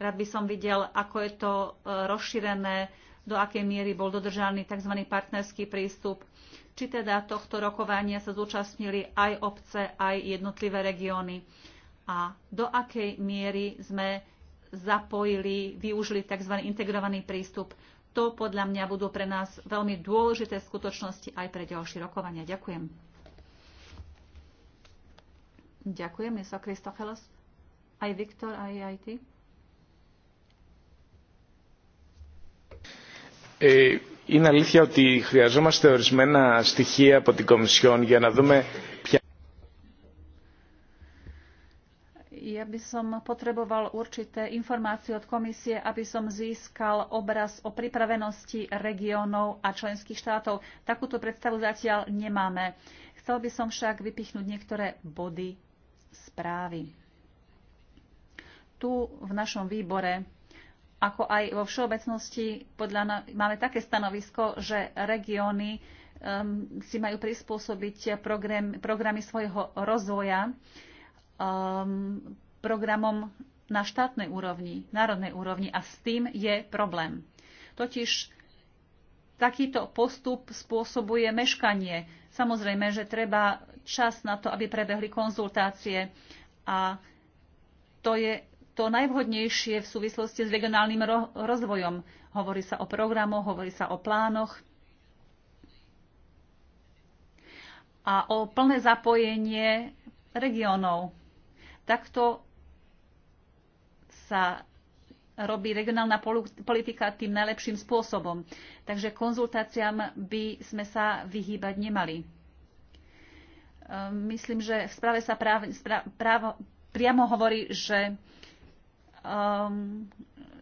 Rád by som videl, ako je to e, rozšírené, do akej miery bol dodržaný tzv. partnerský prístup či teda tohto rokovania sa zúčastnili aj obce, aj jednotlivé regióny a do akej miery sme zapojili, využili tzv. integrovaný prístup. To podľa mňa budú pre nás veľmi dôležité skutočnosti aj pre ďalšie rokovania. Ďakujem. Ďakujem, je Kristofelos. Aj Viktor, aj, aj ty. Eh, Είναι αλήθεια ότι χρειαζόμαστε ορισμένα στοιχεία από την Κομισιόν για να δούμε ποια... Ja by som potreboval určité informácie od komisie, aby som získal obraz o pripravenosti regiónov a členských štátov. Takúto predstavu zatiaľ nemáme. Chcel by som však vypichnúť niektoré body správy. Tu v našom výbore ako aj vo všeobecnosti podľa na, no, máme také stanovisko, že regióny um, si majú prispôsobiť program, programy svojho rozvoja um, programom na štátnej úrovni, národnej úrovni a s tým je problém. Totiž takýto postup spôsobuje meškanie. Samozrejme, že treba čas na to, aby prebehli konzultácie a to je to najvhodnejšie v súvislosti s regionálnym rozvojom. Hovorí sa o programoch, hovorí sa o plánoch a o plné zapojenie regiónov. Takto sa robí regionálna politika tým najlepším spôsobom. Takže konzultáciám by sme sa vyhýbať nemali. Ehm, myslím, že v správe sa správ, právo, priamo hovorí, že um, ehm,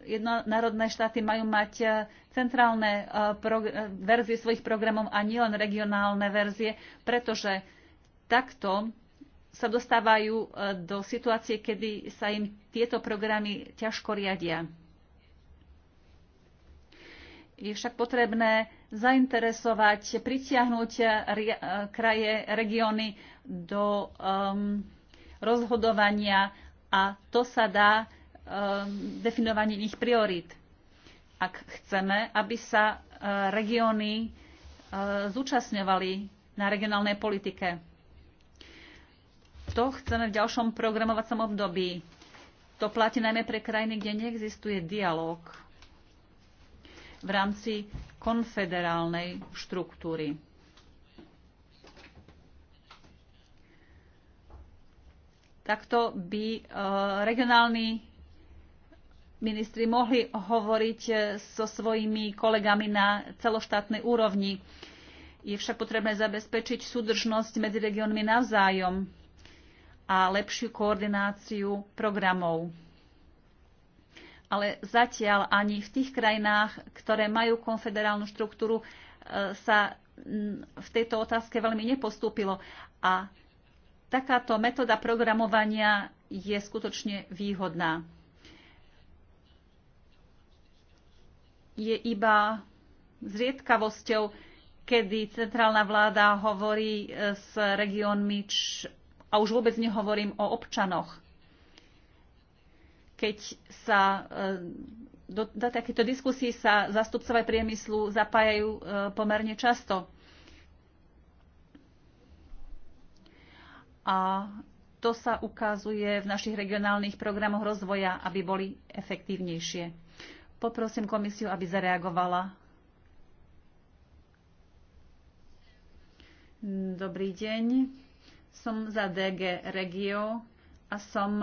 jednonárodné štáty majú mať e, centrálne e, e, verzie svojich programov a nielen regionálne verzie, pretože takto sa dostávajú do situácie, kedy sa im tieto programy ťažko riadia. Je však potrebné zainteresovať, pritiahnuť kraje, regióny do um, rozhodovania a to sa dá Eh, definovaní ich priorít. Ak chceme, aby sa eh, regióny eh, zúčastňovali na regionálnej politike. To chceme v ďalšom programovacom období. To platí najmä pre krajiny, kde neexistuje dialog v rámci konfederálnej štruktúry. Takto by regionálny ministri mohli hovoriť e, so svojimi kolegami na celoštátnej úrovni. Je však potrebné zabezpečiť súdržnosť medzi regiónmi navzájom a lepšiu koordináciu programov. Ale zatiaľ ani v tých krajinách, ktoré majú konfederálnu štruktúru, e, sa v tejto otázke veľmi nepostúpilo. A takáto metóda programovania je skutočne výhodná. je iba zriedkavosťou, kedy centrálna vláda hovorí e, s regiónmi a už vôbec nehovorím o občanoch. Keď sa e, do, do takýchto diskusí sa zastupcové priemyslu zapájajú e, pomerne často. A to sa ukazuje v našich regionálnych programoch rozvoja, aby boli efektívnejšie. Poprosím komisiu, aby zareagovala. Dobrý deň. Som za DG Regio a som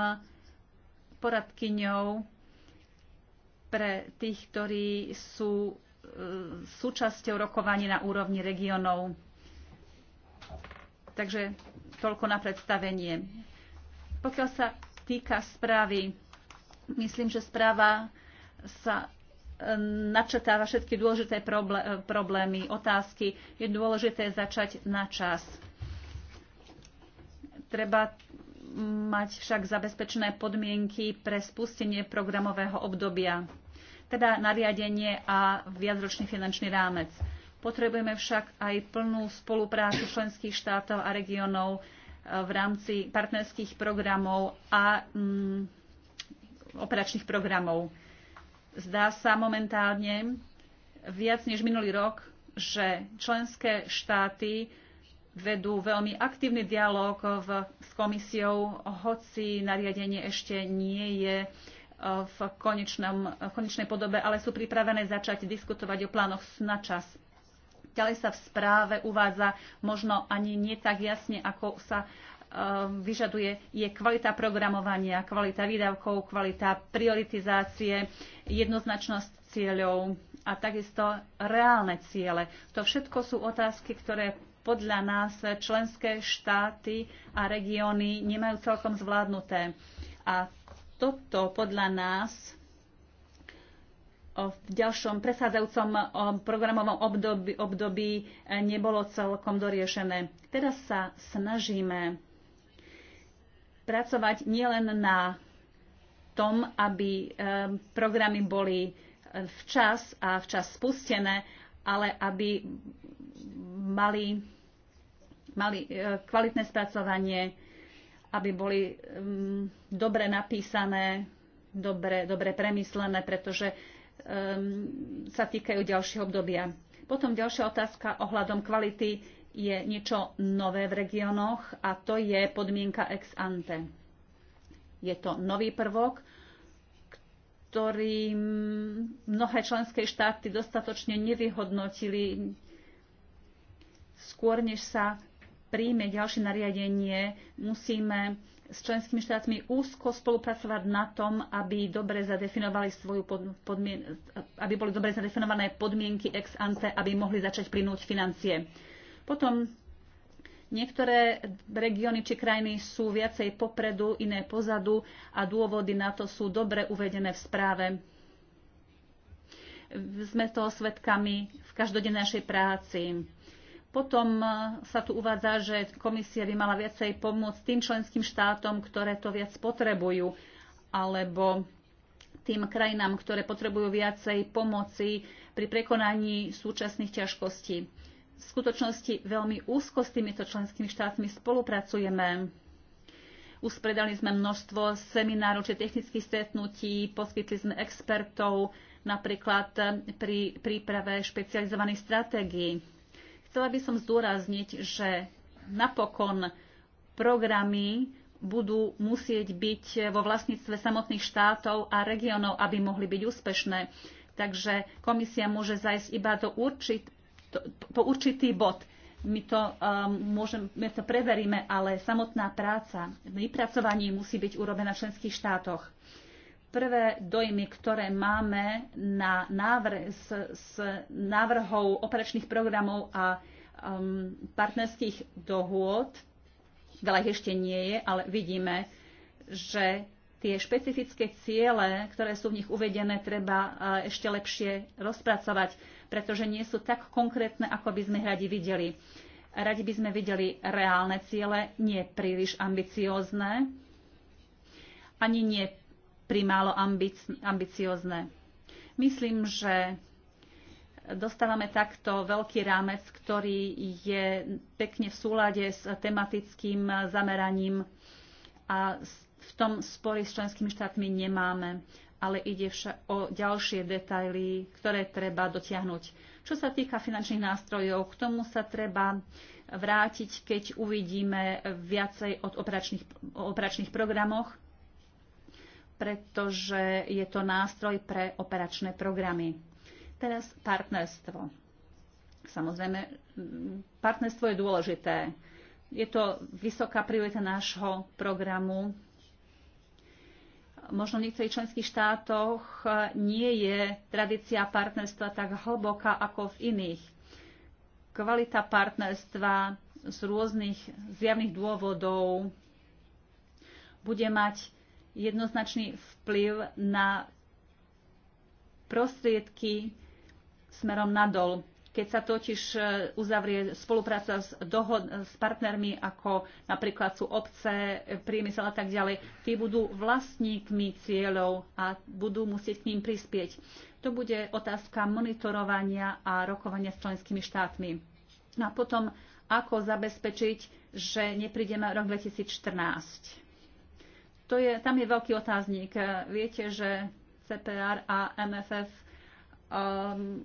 poradkyňou pre tých, ktorí sú e, súčasťou rokovaní na úrovni regionov. Takže toľko na predstavenie. Pokiaľ sa týka správy, myslím, že správa sa e, načetáva všetky dôležité e, problémy, otázky. Je dôležité začať na čas. Treba mať však zabezpečené podmienky pre spustenie programového obdobia, teda nariadenie a viacročný finančný rámec. Potrebujeme však aj plnú spoluprácu členských štátov a regiónov e, v rámci partnerských programov a mm, operačných programov Zdá sa momentálne viac než minulý rok, že členské štáty vedú veľmi aktívny dialog v, s komisiou, hoci nariadenie ešte nie je e, v, konečnom, v konečnej podobe, ale sú pripravené začať diskutovať o plánoch na čas. Ďalej sa v správe uvádza možno ani nie tak jasne, ako sa Um, vyžaduje, je kvalita programovania, kvalita výdavkov, kvalita prioritizácie, jednoznačnosť cieľov a takisto reálne ciele. To všetko sú otázky, ktoré podľa nás členské štáty a regióny nemajú celkom zvládnuté. A toto podľa nás v ďalšom presádzajúcom programovom období, období e, nebolo celkom doriešené. Teraz sa snažíme pracovať nielen na tom, aby ehm, programy boli e, včas a včas spustené, ale aby mali, mali e, kvalitné spracovanie, aby boli ehm, dobre napísané, dobre, dobre premyslené, pretože ehm, sa týkajú ďalšieho obdobia. Potom ďalšia otázka ohľadom kvality je niečo nové v regiónoch a to je podmienka ex ante. Je to nový prvok, ktorý mnohé členské štáty dostatočne nevyhodnotili skôr, než sa príjme ďalšie nariadenie, musíme s členskými štátmi úzko spolupracovať na tom, aby, dobre zadefinovali svoju podmien- aby boli dobre zadefinované podmienky ex ante, aby mohli začať plynúť financie. Potom Niektoré regióny či krajiny sú viacej popredu, iné pozadu a dôvody na to sú dobre uvedené v správe. Sme toho svetkami v každodennej našej práci. Potom e, sa tu uvádza, že komisia by mala viacej pomôcť tým členským štátom, ktoré to viac potrebujú, alebo tým krajinám, ktoré potrebujú viacej pomoci pri prekonaní súčasných ťažkostí v skutočnosti veľmi úzko s týmito členskými štátmi spolupracujeme. Uspredali sme množstvo seminárov či technických stretnutí, poskytli sme expertov napríklad pri príprave špecializovaných stratégií. Chcela by som zdôrazniť, že napokon programy budú musieť byť vo vlastníctve samotných štátov a regiónov, aby mohli byť úspešné. Takže komisia môže zajsť iba do určit, to, po určitý bod. My to, um, môžem, my to preveríme, ale samotná práca v vypracovaní musí byť urobená v členských štátoch. Prvé dojmy, ktoré máme na návrh, s, s návrhov operačných programov a um, partnerských dohôd, veľa ich ešte nie je, ale vidíme, že tie špecifické ciele, ktoré sú v nich uvedené, treba uh, ešte lepšie rozpracovať pretože nie sú tak konkrétne, ako by sme radi videli. Radi by sme videli reálne ciele, nie príliš ambiciózne, ani nie primálo ambic- ambiciózne. Myslím, že dostávame takto veľký rámec, ktorý je pekne v súlade s tematickým zameraním a v tom spory s členskými štátmi nemáme ale ide však o ďalšie detaily, ktoré treba dotiahnuť. Čo sa týka finančných nástrojov, k tomu sa treba vrátiť, keď uvidíme viacej od operačných, o operačných programoch, pretože je to nástroj pre operačné programy. Teraz partnerstvo. Samozrejme, partnerstvo je dôležité. Je to vysoká priorita nášho programu možno v niektorých členských štátoch eh, nie je tradícia partnerstva tak hlboká ako v iných. Kvalita partnerstva z rôznych zjavných dôvodov bude mať jednoznačný vplyv na prostriedky smerom nadol. Keď sa totiž e, uzavrie spolupráca s, dohod, s partnermi, ako napríklad sú obce, priemysel a tak ďalej, tí budú vlastníkmi cieľov a budú musieť k ním prispieť. To bude otázka monitorovania a rokovania s členskými štátmi. No a potom, ako zabezpečiť, že neprídeme rok 2014. To je, tam je veľký otáznik. Viete, že CPR a MFF um,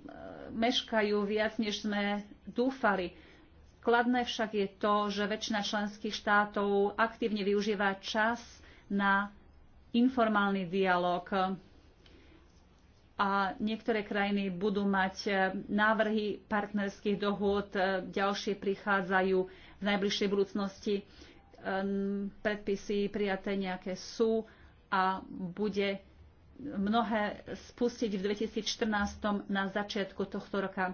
meškajú viac, než sme dúfali. Kladné však je to, že väčšina členských štátov aktívne využíva čas na informálny dialog a niektoré krajiny budú mať e, návrhy partnerských dohôd, e, ďalšie prichádzajú v najbližšej budúcnosti, ehm, predpisy prijaté nejaké sú a bude mnohé spustiť v 2014 na začiatku tohto roka.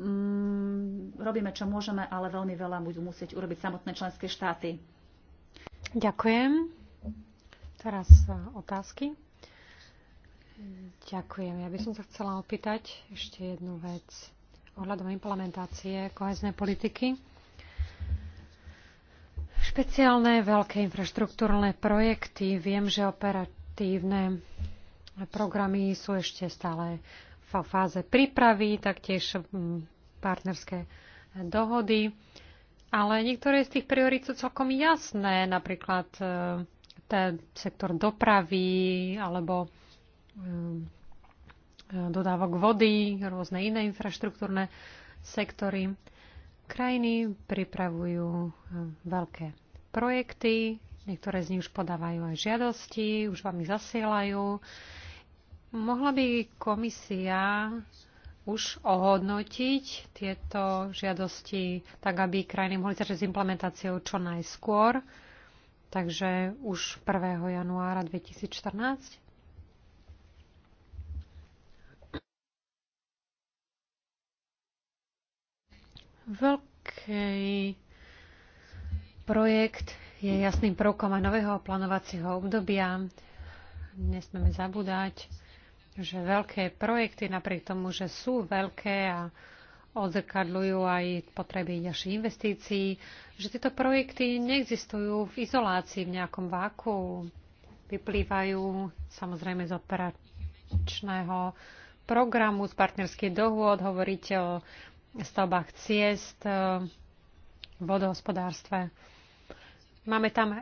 Mm, robíme, čo môžeme, ale veľmi veľa budú musieť urobiť samotné členské štáty. Ďakujem. Teraz e, otázky. Ďakujem. Ja by som sa chcela opýtať ešte jednu vec ohľadom implementácie koheznej politiky. Špeciálne veľké infraštruktúrne projekty. Viem, že operač legislatívne programy sú ešte stále v fáze prípravy, taktiež mm, partnerské dohody. Ale niektoré z tých priorít sú celkom jasné, napríklad e, ten sektor dopravy alebo e, e, dodávok vody, rôzne iné infraštruktúrne sektory. Krajiny pripravujú veľké projekty Niektoré z nich už podávajú aj žiadosti, už vám ich zasielajú. Mohla by komisia už ohodnotiť tieto žiadosti tak, aby krajiny mohli začať s implementáciou čo najskôr, takže už 1. januára 2014? Veľký projekt je jasným prvkom aj nového plánovacieho obdobia. Nesmeme zabúdať, že veľké projekty, napriek tomu, že sú veľké a odzrkadľujú aj potreby ďalších investícií, že tieto projekty neexistujú v izolácii, v nejakom váku. Vyplývajú samozrejme z operačného programu, z partnerských dohôd, hovoríte o stavbách ciest, vodohospodárstve. Máme tam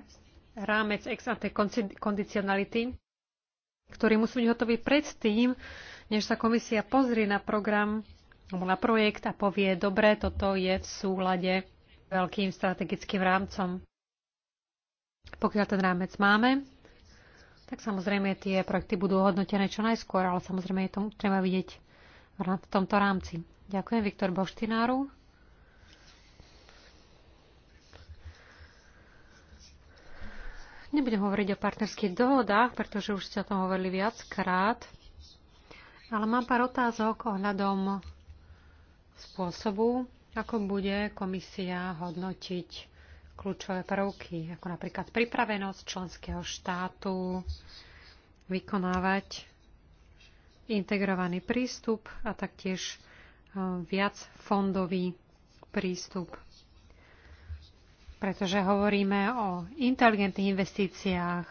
rámec ex ante kondicionality, ktorý musí byť hotový predtým, než sa komisia pozrie na program alebo na projekt a povie, dobre, toto je v súlade s veľkým strategickým rámcom. Pokiaľ ten rámec máme, tak samozrejme tie projekty budú hodnotené čo najskôr, ale samozrejme je to treba vidieť v tomto rámci. Ďakujem Viktor Boštináru. Nebudem hovoriť o partnerských dohodách, pretože už ste o tom hovorili viackrát, ale mám pár otázok ohľadom spôsobu, ako bude komisia hodnotiť kľúčové prvky, ako napríklad pripravenosť členského štátu vykonávať integrovaný prístup a taktiež eh, viac fondový prístup pretože hovoríme o inteligentných investíciách,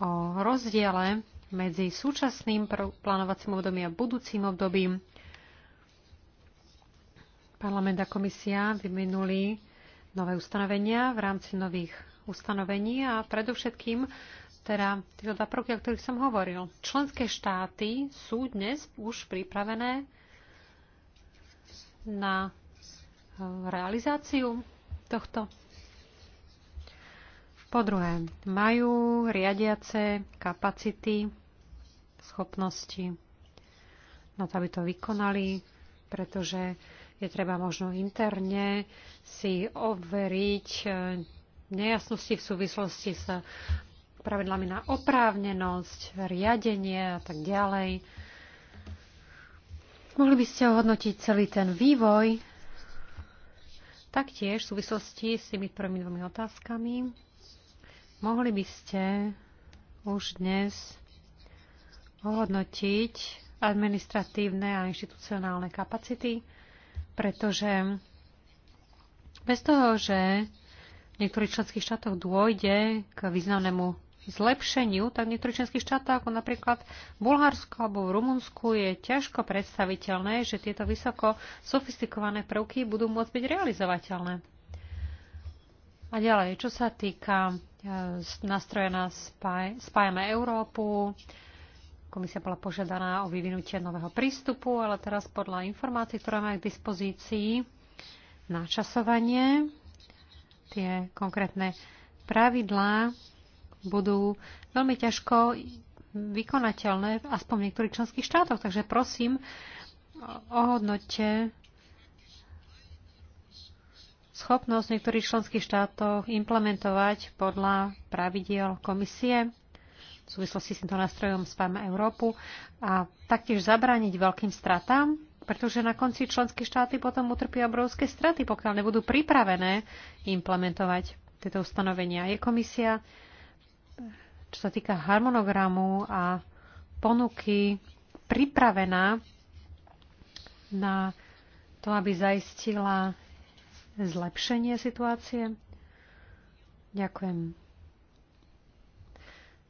o rozdiele medzi súčasným plánovacím obdobím a budúcim obdobím. Parlament a komisia vymenuli nové ustanovenia v rámci nových ustanovení a predovšetkým teda tieto dva prvky, o ktorých som hovoril. Členské štáty sú dnes už pripravené na realizáciu tohto? Po druhé, majú riadiace kapacity, schopnosti na to, aby to vykonali, pretože je treba možno interne si overiť e, nejasnosti v súvislosti s pravidlami na oprávnenosť, riadenie a tak ďalej. Mohli by ste ohodnotiť celý ten vývoj Taktiež v súvislosti s tými prvými dvomi otázkami mohli by ste už dnes ohodnotiť administratívne a inštitucionálne kapacity, pretože bez toho, že v niektorých členských štátoch dôjde k významnému zlepšeniu, tak v niektorých členských štátoch, ako napríklad v Bulharsku alebo v Rumunsku, je ťažko predstaviteľné, že tieto vysoko sofistikované prvky budú môcť byť realizovateľné. A ďalej, čo sa týka e, nástroja na spáj, spájame Európu, komisia bola požiadaná o vyvinutie nového prístupu, ale teraz podľa informácií, ktoré máme k dispozícii, načasovanie, tie konkrétne pravidlá budú veľmi ťažko vykonateľné, aspoň v niektorých členských štátoch. Takže prosím, ohodnoťte schopnosť v niektorých členských štátoch implementovať podľa pravidiel komisie v súvislosti s týmto nástrojom Spáme Európu a taktiež zabrániť veľkým stratám, pretože na konci členské štáty potom utrpia obrovské straty, pokiaľ nebudú pripravené implementovať tieto ustanovenia. Je komisia čo sa týka harmonogramu a ponuky, pripravená na to, aby zaistila zlepšenie situácie? Ďakujem.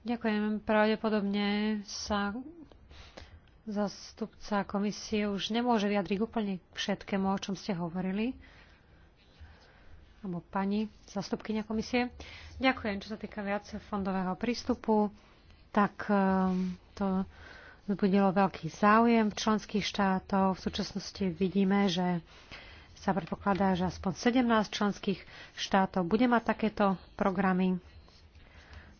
Ďakujem. Pravdepodobne sa zastupca komisie už nemôže vyjadriť úplne k všetkému, o čom ste hovorili alebo pani zastupkynia komisie. Ďakujem, čo sa týka viac fondového prístupu, tak eh, to vzbudilo veľký záujem v členských štátoch. V súčasnosti vidíme, že sa predpokladá, že aspoň 17 členských štátov bude mať takéto programy.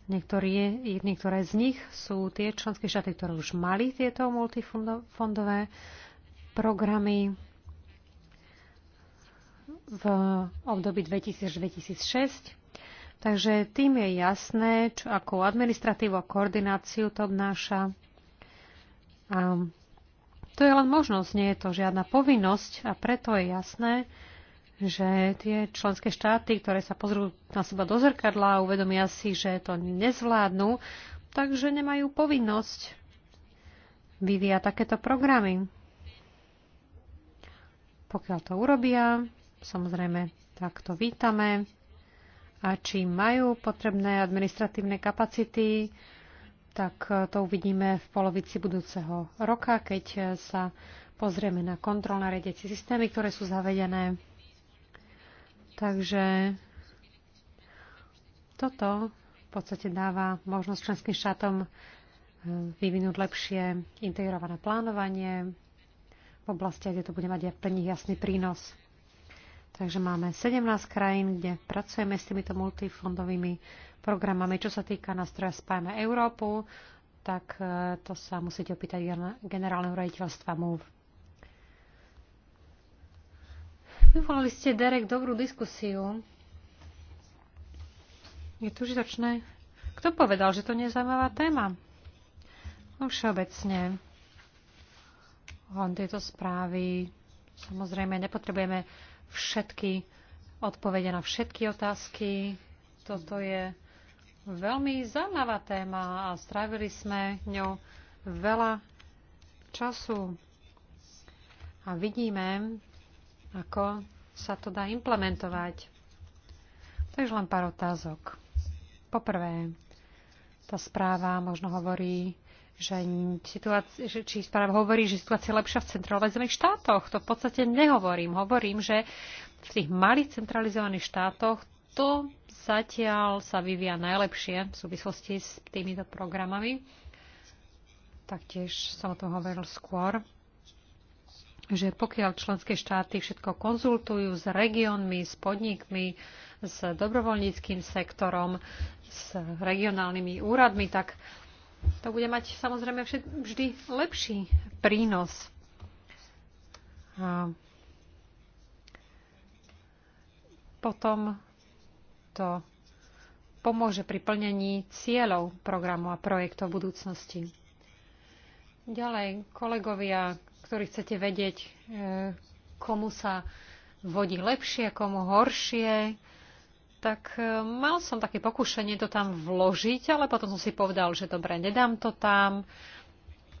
Niektorí, niektoré z nich sú tie členské štáty, ktoré už mali tieto multifondové programy v období 2000-2006. Takže tým je jasné, čo, akú administratívu a koordináciu to obnáša. A to je len možnosť, nie je to žiadna povinnosť a preto je jasné, že tie členské štáty, ktoré sa pozrú na seba do zrkadla a uvedomia si, že to nezvládnu, takže nemajú povinnosť vyvíjať takéto programy. Pokiaľ to urobia, samozrejme takto vítame. A či majú potrebné administratívne kapacity, tak to uvidíme v polovici budúceho roka, keď sa pozrieme na kontrolné riadiaci systémy, ktoré sú zavedené. Takže toto v podstate dáva možnosť členským štátom eh, vyvinúť lepšie integrované plánovanie v oblastiach, kde to bude mať pre nich jasný prínos. Takže máme 17 krajín, kde pracujeme s týmito multifondovými programami. Čo sa týka nástroja Spájame Európu, tak e, to sa musíte opýtať generálneho raditeľstva MOVE. Vyvolali ste, Derek, dobrú diskusiu. Je to užitočné. Kto povedal, že to nie je zaujímavá téma? No všeobecne. On tieto správy. Samozrejme, nepotrebujeme všetky odpovede na všetky otázky. Toto je veľmi zaujímavá téma a strávili sme ňou veľa času. A vidíme, ako sa to dá implementovať. Takže len pár otázok. Poprvé, tá správa možno hovorí že, situácia, že či správ hovorí, že situácia je lepšia v centralizovaných štátoch. To v podstate nehovorím. Hovorím, že v tých malých centralizovaných štátoch to zatiaľ sa vyvíja najlepšie v súvislosti s týmito programami. Taktiež som o tom hovoril skôr, že pokiaľ členské štáty všetko konzultujú s regiónmi, s podnikmi, s dobrovoľníckým sektorom, s regionálnymi úradmi, tak to bude mať samozrejme vždy lepší prínos. A potom to pomôže pri plnení cieľov programu a projektov budúcnosti. Ďalej, kolegovia, ktorí chcete vedieť, e, komu sa vodí lepšie, komu horšie, tak e, mal som také pokušenie to tam vložiť, ale potom som si povedal, že dobre, nedám to tam,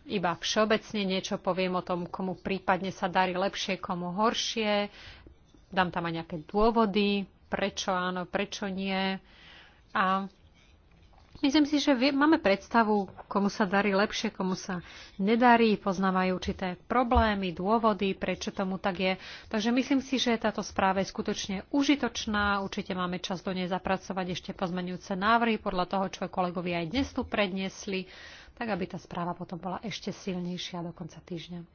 iba všeobecne niečo poviem o tom, komu prípadne sa darí lepšie, komu horšie, dám tam aj nejaké dôvody, prečo áno, prečo nie. A Myslím si, že máme predstavu, komu sa darí lepšie, komu sa nedarí, poznávajú určité problémy, dôvody, prečo tomu tak je. Takže myslím si, že táto správa je skutočne užitočná. Určite máme čas do nej zapracovať ešte pozmenujúce návrhy podľa toho, čo kolegovia aj dnes tu predniesli, tak aby tá správa potom bola ešte silnejšia do konca týždňa.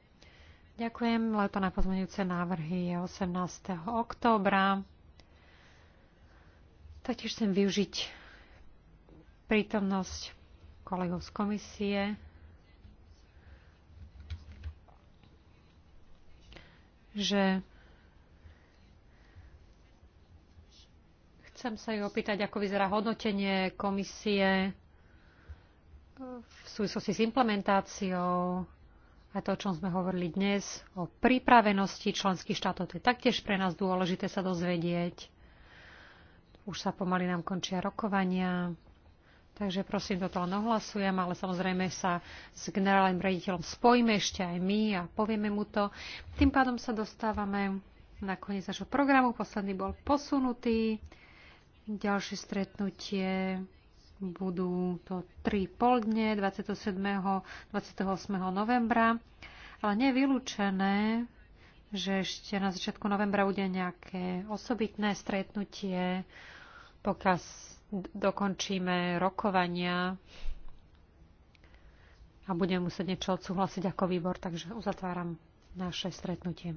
Ďakujem. Leto na pozmenujúce návrhy je 18. októbra. Taktiež chcem využiť prítomnosť kolegov z komisie. že chcem sa ju opýtať, ako vyzerá hodnotenie komisie v súvislosti s implementáciou a to, o čom sme hovorili dnes, o pripravenosti členských štátov. To je taktiež pre nás dôležité sa dozvedieť. Už sa pomaly nám končia rokovania. Takže prosím, do toho nohlasujem, ale samozrejme sa s generálnym rediteľom spojíme ešte aj my a povieme mu to. Tým pádom sa dostávame na koniec našho programu. Posledný bol posunutý. Ďalšie stretnutie budú to 3 pol dne 27. 28. novembra. Ale nevylúčené, že ešte na začiatku novembra bude nejaké osobitné stretnutie, pokiaľ dokončíme rokovania a budem musieť niečo odsúhlasiť ako výbor, takže uzatváram naše stretnutie.